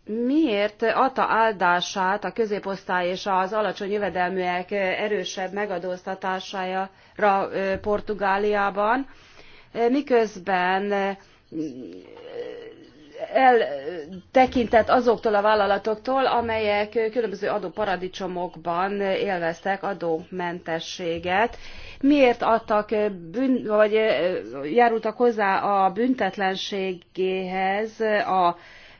miért adta áldását a középosztály és az alacsony jövedelműek erősebb megadóztatására Portugáliában, miközben eltekintett azoktól a vállalatoktól, amelyek különböző adóparadicsomokban élveztek adómentességet. Miért adtak, bűn, vagy járultak hozzá a büntetlenségéhez a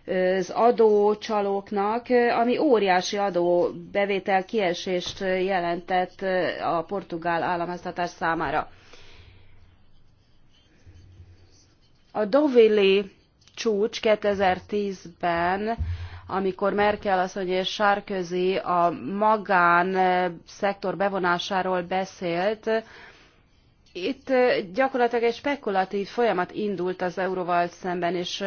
az adócsalóknak, ami óriási adóbevétel kiesést jelentett a portugál államháztatás számára. A Dovili csúcs 2010-ben, amikor Merkel asszony és Sárközi a magán szektor bevonásáról beszélt, itt gyakorlatilag egy spekulatív folyamat indult az euróval szemben, és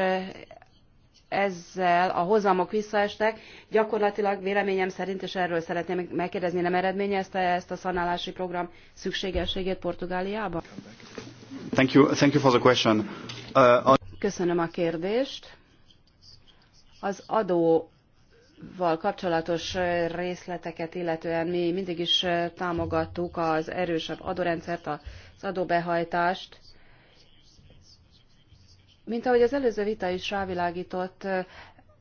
ezzel a hozamok visszaestek. Gyakorlatilag véleményem szerint, és erről szeretném megkérdezni, nem eredményezte ezt a szanálási program szükségességét Portugáliában? Thank you, thank you for the question. Uh, on... Köszönöm a kérdést. Az adó val kapcsolatos részleteket illetően mi mindig is támogattuk az erősebb adórendszert, az adóbehajtást, mint ahogy az előző vita is rávilágított,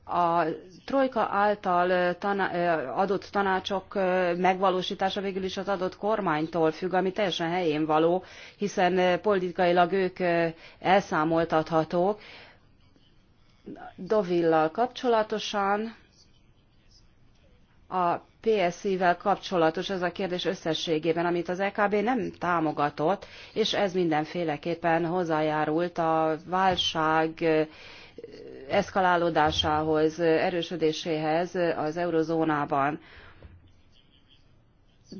a trojka által taná adott tanácsok megvalósítása végül is az adott kormánytól függ, ami teljesen helyén való, hiszen politikailag ők elszámoltathatók. Dovillal kapcsolatosan a PSZ-vel kapcsolatos ez a kérdés összességében, amit az EKB nem támogatott, és ez mindenféleképpen hozzájárult a válság eszkalálódásához, erősödéséhez az eurozónában.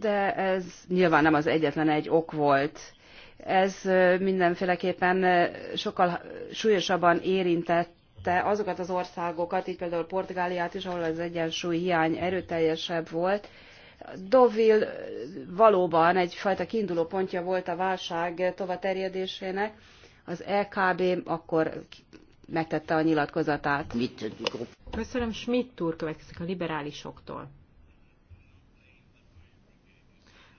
De ez nyilván nem az egyetlen egy ok volt. Ez mindenféleképpen sokkal súlyosabban érintett érintette azokat az országokat, így például Portugáliát is, ahol az egyensúly hiány erőteljesebb volt. Deauville eh, valóban egyfajta kiinduló pontja volt a válság tovaterjedésének. Az LKB e akkor megtette a nyilatkozatát. Köszönöm, Schmidt úr következik a liberálisoktól.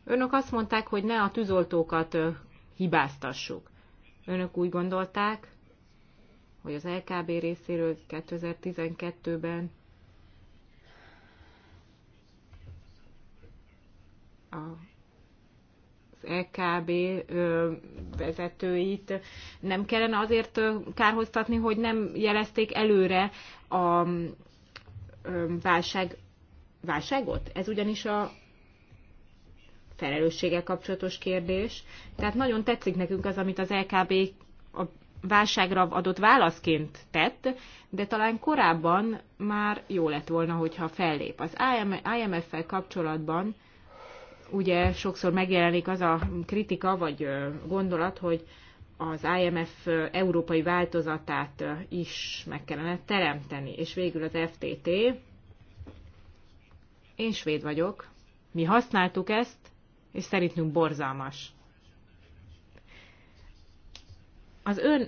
Önök azt mondták, hogy ne a tűzoltókat eh, hibáztassuk. Önök úgy gondolták, vagy az LKB részéről 2012-ben az LKB vezetőit nem kellene azért kárhoztatni, hogy nem jelezték előre a válság, válságot? Ez ugyanis a felelősséggel kapcsolatos kérdés. Tehát nagyon tetszik nekünk az, amit az LKB a válságra adott válaszként tett, de talán korábban már jó lett volna, hogyha fellép. Az IMF-fel kapcsolatban ugye sokszor megjelenik az a kritika vagy gondolat, hogy az IMF európai változatát is meg kellene teremteni, és végül az FTT. Én svéd vagyok. Mi használtuk ezt, és szerintünk borzalmas. Az ön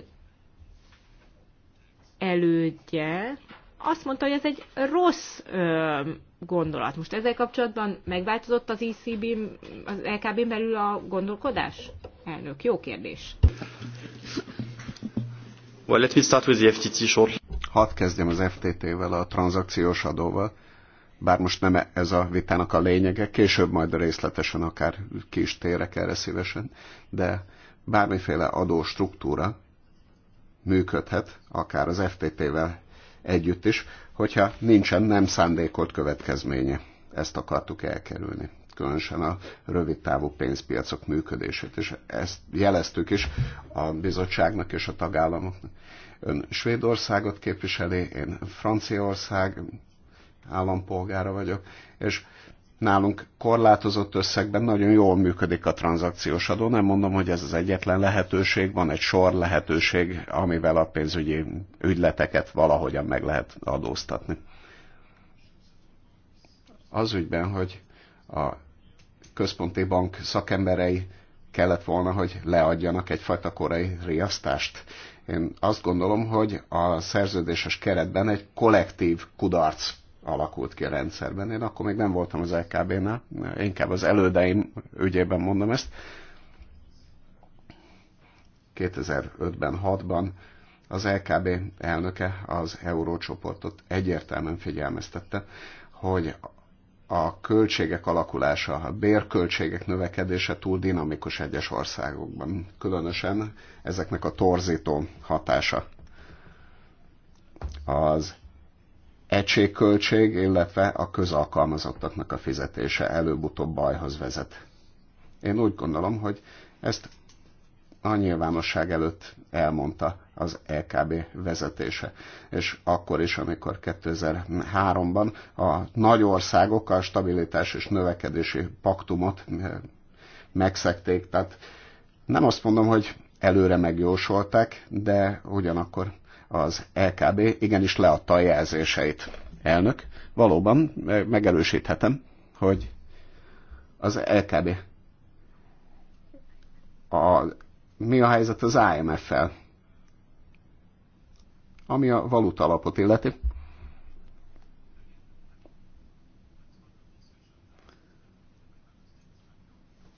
elődje azt mondta, hogy ez egy rossz ö, gondolat. Most ezzel kapcsolatban megváltozott az ECB, az lkb e belül a gondolkodás? Elnök, jó kérdés. Well, let me start with the FTT short. Hadd kezdjem az FTT-vel, a tranzakciós adóval. Bár most nem ez a vitának a lényege, később majd részletesen akár ki is térek erre szívesen, de bármiféle adóstruktúra működhet, akár az FTT-vel együtt is, hogyha nincsen nem szándékolt következménye. Ezt akartuk elkerülni különösen a rövidtávú pénzpiacok működését, és ezt jeleztük is a bizottságnak és a tagállamoknak. Ön Svédországot képviseli, én Franciaország állampolgára vagyok, és nálunk korlátozott összegben nagyon jól működik a tranzakciós adó. Nem mondom, hogy ez az egyetlen lehetőség, van egy sor lehetőség, amivel a pénzügyi ügyleteket valahogyan meg lehet adóztatni. Az ügyben, hogy a központi bank szakemberei kellett volna, hogy leadjanak egyfajta korai riasztást. Én azt gondolom, hogy a szerződéses keretben egy kollektív kudarc alakult ki a rendszerben. Én akkor még nem voltam az LKB-nál, inkább az elődeim ügyében mondom ezt. 2005-ben, 6-ban az LKB elnöke az eurócsoportot egyértelműen figyelmeztette, hogy a költségek alakulása, a bérköltségek növekedése túl dinamikus egyes országokban, különösen ezeknek a torzító hatása. Az egységköltség, illetve a közalkalmazottaknak a fizetése előbb-utóbb bajhoz vezet. Én úgy gondolom, hogy ezt a nyilvánosság előtt elmondta az LKB e vezetése. És akkor is, amikor 2003-ban a nagy országok a stabilitás és növekedési paktumot eh, megszekték. Tehát nem azt mondom, hogy előre megjósolták, de ugyanakkor az LKB e igenis leadta a jelzéseit. Elnök, valóban megerősíthetem, hogy az LKB e a, mi a helyzet az IMF-fel? Ami a valuta alapot illeti.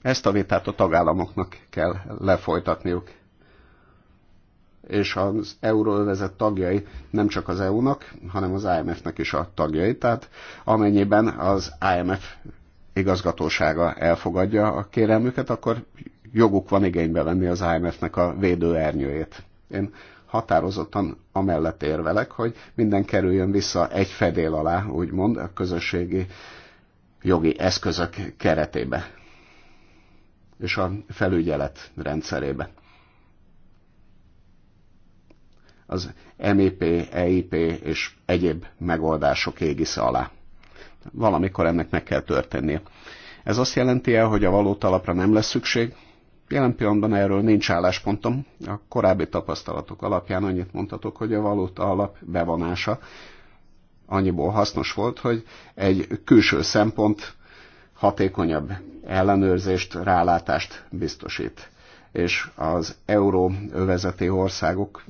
Ezt a vitát a tagállamoknak kell lefolytatniuk és az euróövezet tagjai nem csak az EU-nak, hanem az IMF-nek is a tagjai, tehát amennyiben az IMF igazgatósága elfogadja a kérelmüket, akkor joguk van igénybe venni az IMF-nek a védőernyőjét. Én határozottan amellett érvelek, hogy minden kerüljön vissza egy fedél alá, úgymond a közösségi jogi eszközök keretébe és a felügyelet rendszerébe. az MEP, EIP és egyéb megoldások égisze alá. Valamikor ennek meg kell történnie. Ez azt jelenti el, hogy a valótalapra nem lesz szükség? Jelen pillanatban erről nincs álláspontom. A korábbi tapasztalatok alapján annyit mondhatok, hogy a valóta alap bevonása annyiból hasznos volt, hogy egy külső szempont hatékonyabb ellenőrzést, rálátást biztosít. És az euróövezeti országok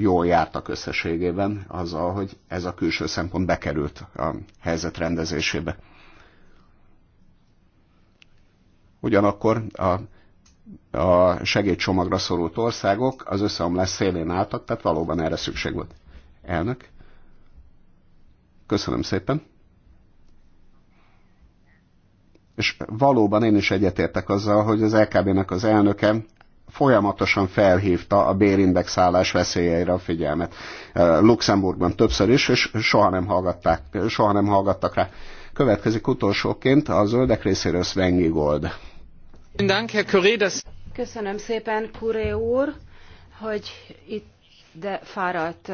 jól jártak összességében azzal, hogy ez a külső szempont bekerült a helyzet rendezésébe. Ugyanakkor a, a segédcsomagra szorult országok az összeomlás szélén álltak, tehát valóban erre szükség volt. Elnök, köszönöm szépen. És valóban én is egyetértek azzal, hogy az LKB-nek az elnöke folyamatosan felhívta a bérindex szállás veszélyeire a figyelmet. Luxemburgban többször is, és soha nem, hallgatták, soha nem hallgattak rá. Következik utolsóként a zöldek részéről Sven Gold. Köszönöm szépen, Kuré úr, hogy itt de fáradt.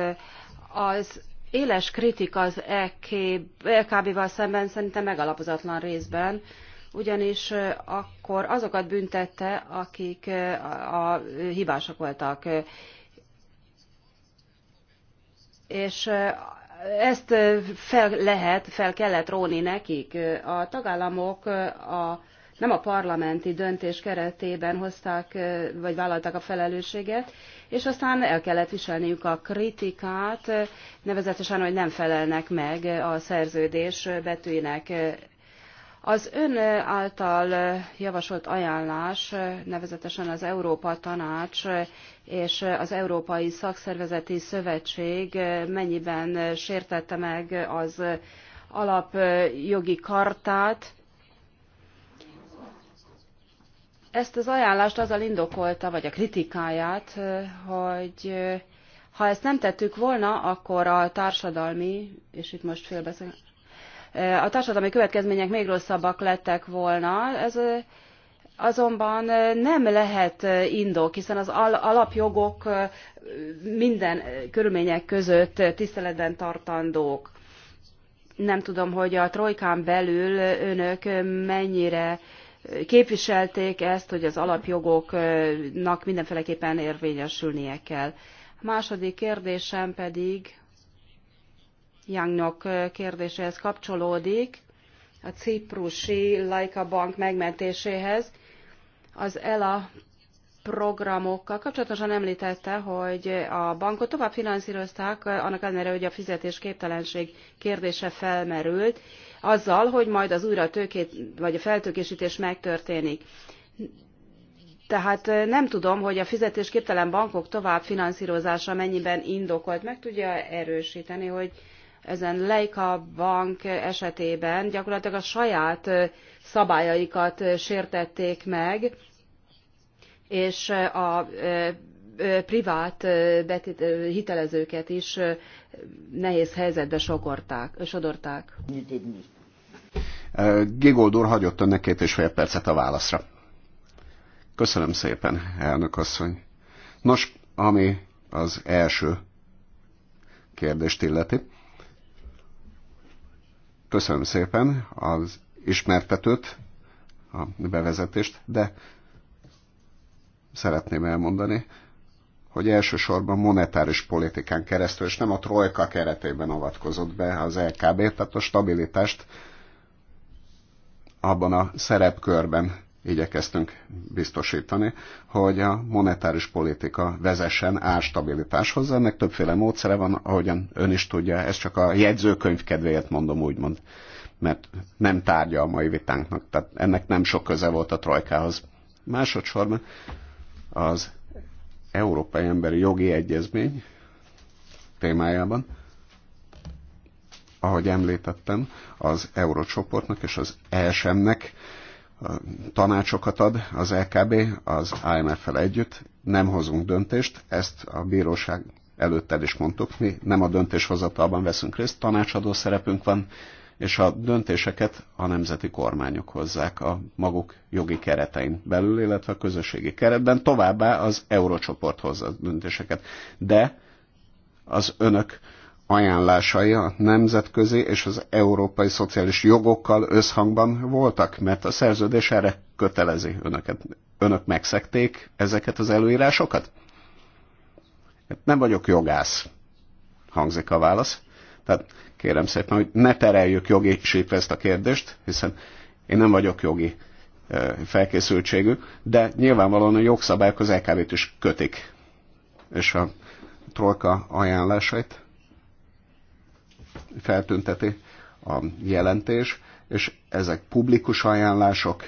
Az éles kritika az EKB-val e szemben szerintem megalapozatlan részben ugyanis akkor azokat büntette, akik a hibások voltak. És ezt fel lehet, fel kellett róni nekik. A tagállamok a, nem a parlamenti döntés keretében hozták, vagy vállalták a felelősséget, és aztán el kellett viselniük a kritikát, nevezetesen, hogy nem felelnek meg a szerződés betűinek az ön által javasolt ajánlás, nevezetesen az Európa Tanács és az Európai Szakszervezeti Szövetség mennyiben sértette meg az alapjogi kartát. Ezt az ajánlást azzal indokolta, vagy a kritikáját, hogy ha ezt nem tettük volna, akkor a társadalmi, és itt most félbeszélek, Eh, a társadalmi következmények még rosszabbak lettek volna. Ez eh, azonban eh, nem lehet indok, hiszen az alapjogok minden körülmények között tiszteletben tartandók. Nem tudom, hogy a trojkán belül önök mennyire képviselték ezt, hogy az alapjogoknak mindenféleképpen érvényesülnie kell. A második kérdésem pedig Youngnok kérdéséhez kapcsolódik, a ciprusi Laika Bank megmentéséhez. Az ELA programokkal kapcsolatosan említette, hogy a bankot tovább finanszírozták, annak ellenére, hogy a fizetés képtelenség kérdése felmerült, azzal, hogy majd az újra tőkét, vagy a feltőkésítés megtörténik. Tehát nem tudom, hogy a fizetésképtelen bankok tovább finanszírozása mennyiben indokolt. Meg tudja erősíteni, hogy ezen Leica bank esetében gyakorlatilag a saját szabályaikat sértették meg, és a privát hitelezőket is nehéz helyzetbe sokorták, sodorták. Gigold úr hagyott önnek két és fél percet a válaszra. Köszönöm szépen, elnök asszony. Nos, ami az első kérdést illeti, Köszönöm szépen az ismertetőt, a bevezetést, de szeretném elmondani, hogy elsősorban monetáris politikán keresztül, és nem a trojka keretében avatkozott be az LKB, tehát a stabilitást abban a szerepkörben igyekeztünk biztosítani, hogy a monetáris politika vezessen árstabilitáshoz. Ennek többféle módszere van, ahogyan ön is tudja, ez csak a jegyzőkönyv kedvéért mondom úgymond, mert nem tárgya a mai vitánknak, tehát ennek nem sok köze volt a trojkához. Másodszorban az Európai Emberi Jogi Egyezmény témájában, ahogy említettem, az Eurócsoportnak és az ESM-nek tanácsokat ad az LKB az IMF-fel együtt, nem hozunk döntést, ezt a bíróság előtt el is mondtuk, mi nem a döntéshozatalban veszünk részt, tanácsadó szerepünk van, és a döntéseket a nemzeti kormányok hozzák a maguk jogi keretein belül, illetve a közösségi keretben, továbbá az eurócsoport hozza a döntéseket. De az önök ajánlásai a nemzetközi és az európai szociális jogokkal összhangban voltak, mert a szerződés erre kötelezi önöket. Önök megszekték ezeket az előírásokat? Hát nem vagyok jogász, hangzik a válasz. Tehát kérem szépen, hogy ne tereljük jogi sípre ezt a kérdést, hiszen én nem vagyok jogi felkészültségű, de nyilvánvalóan a jogszabályok az lkv t is kötik. És a trojka ajánlásait feltünteti a jelentés, és ezek publikus ajánlások,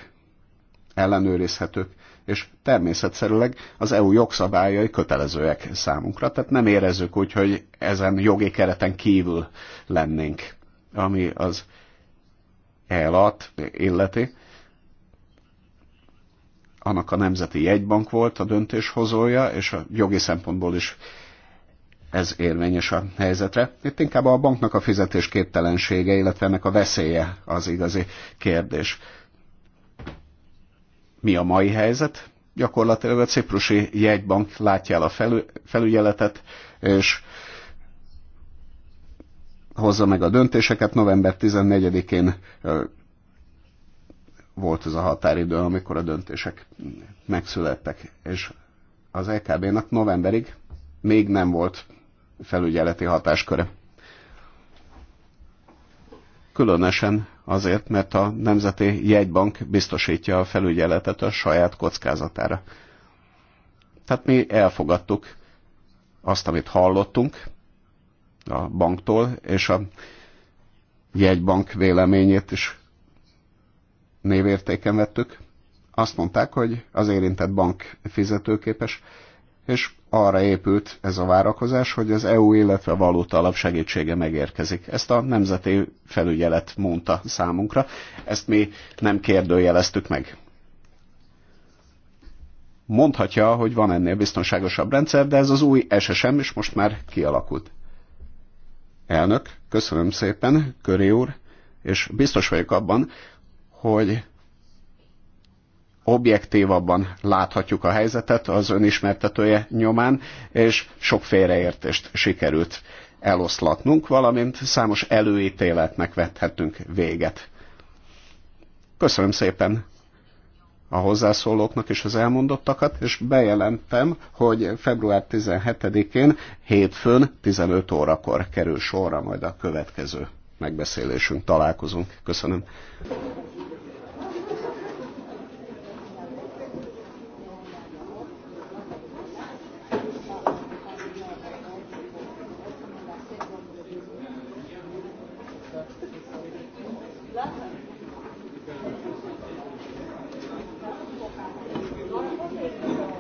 ellenőrizhetők, és természetszerűleg az EU jogszabályai kötelezőek számunkra, tehát nem érezzük úgy, hogy ezen jogi kereten kívül lennénk, ami az elat illeti. Annak a Nemzeti Jegybank volt a döntéshozója, és a jogi szempontból is ez érvényes a helyzetre. Itt inkább a banknak a fizetés képtelensége, illetve ennek a veszélye az igazi kérdés. Mi a mai helyzet? Gyakorlatilag a ciprusi jegybank látja el a felügyeletet, és hozza meg a döntéseket. November 14-én volt ez a határidő, amikor a döntések megszülettek, és az LKB-nak e novemberig még nem volt felügyeleti hatásköre. Különösen azért, mert a Nemzeti Jegybank biztosítja a felügyeletet a saját kockázatára. Tehát mi elfogadtuk azt, amit hallottunk a banktól, és a jegybank véleményét is névértéken vettük. Azt mondták, hogy az érintett bank fizetőképes, és arra épült ez a várakozás, hogy az EU, illetve a valóta alap segítsége megérkezik. Ezt a nemzeti felügyelet mondta számunkra, ezt mi nem kérdőjeleztük meg. Mondhatja, hogy van ennél biztonságosabb rendszer, de ez az új SSM is most már kialakult. Elnök, köszönöm szépen, Köré úr, és biztos vagyok abban, hogy objektívabban láthatjuk a helyzetet az önismertetője nyomán, és sok félreértést sikerült eloszlatnunk, valamint számos előítéletnek vethetünk véget. Köszönöm szépen a hozzászólóknak és az elmondottakat, és bejelentem, hogy február 17-én hétfőn 15 órakor kerül sorra majd a következő megbeszélésünk, találkozunk. Köszönöm.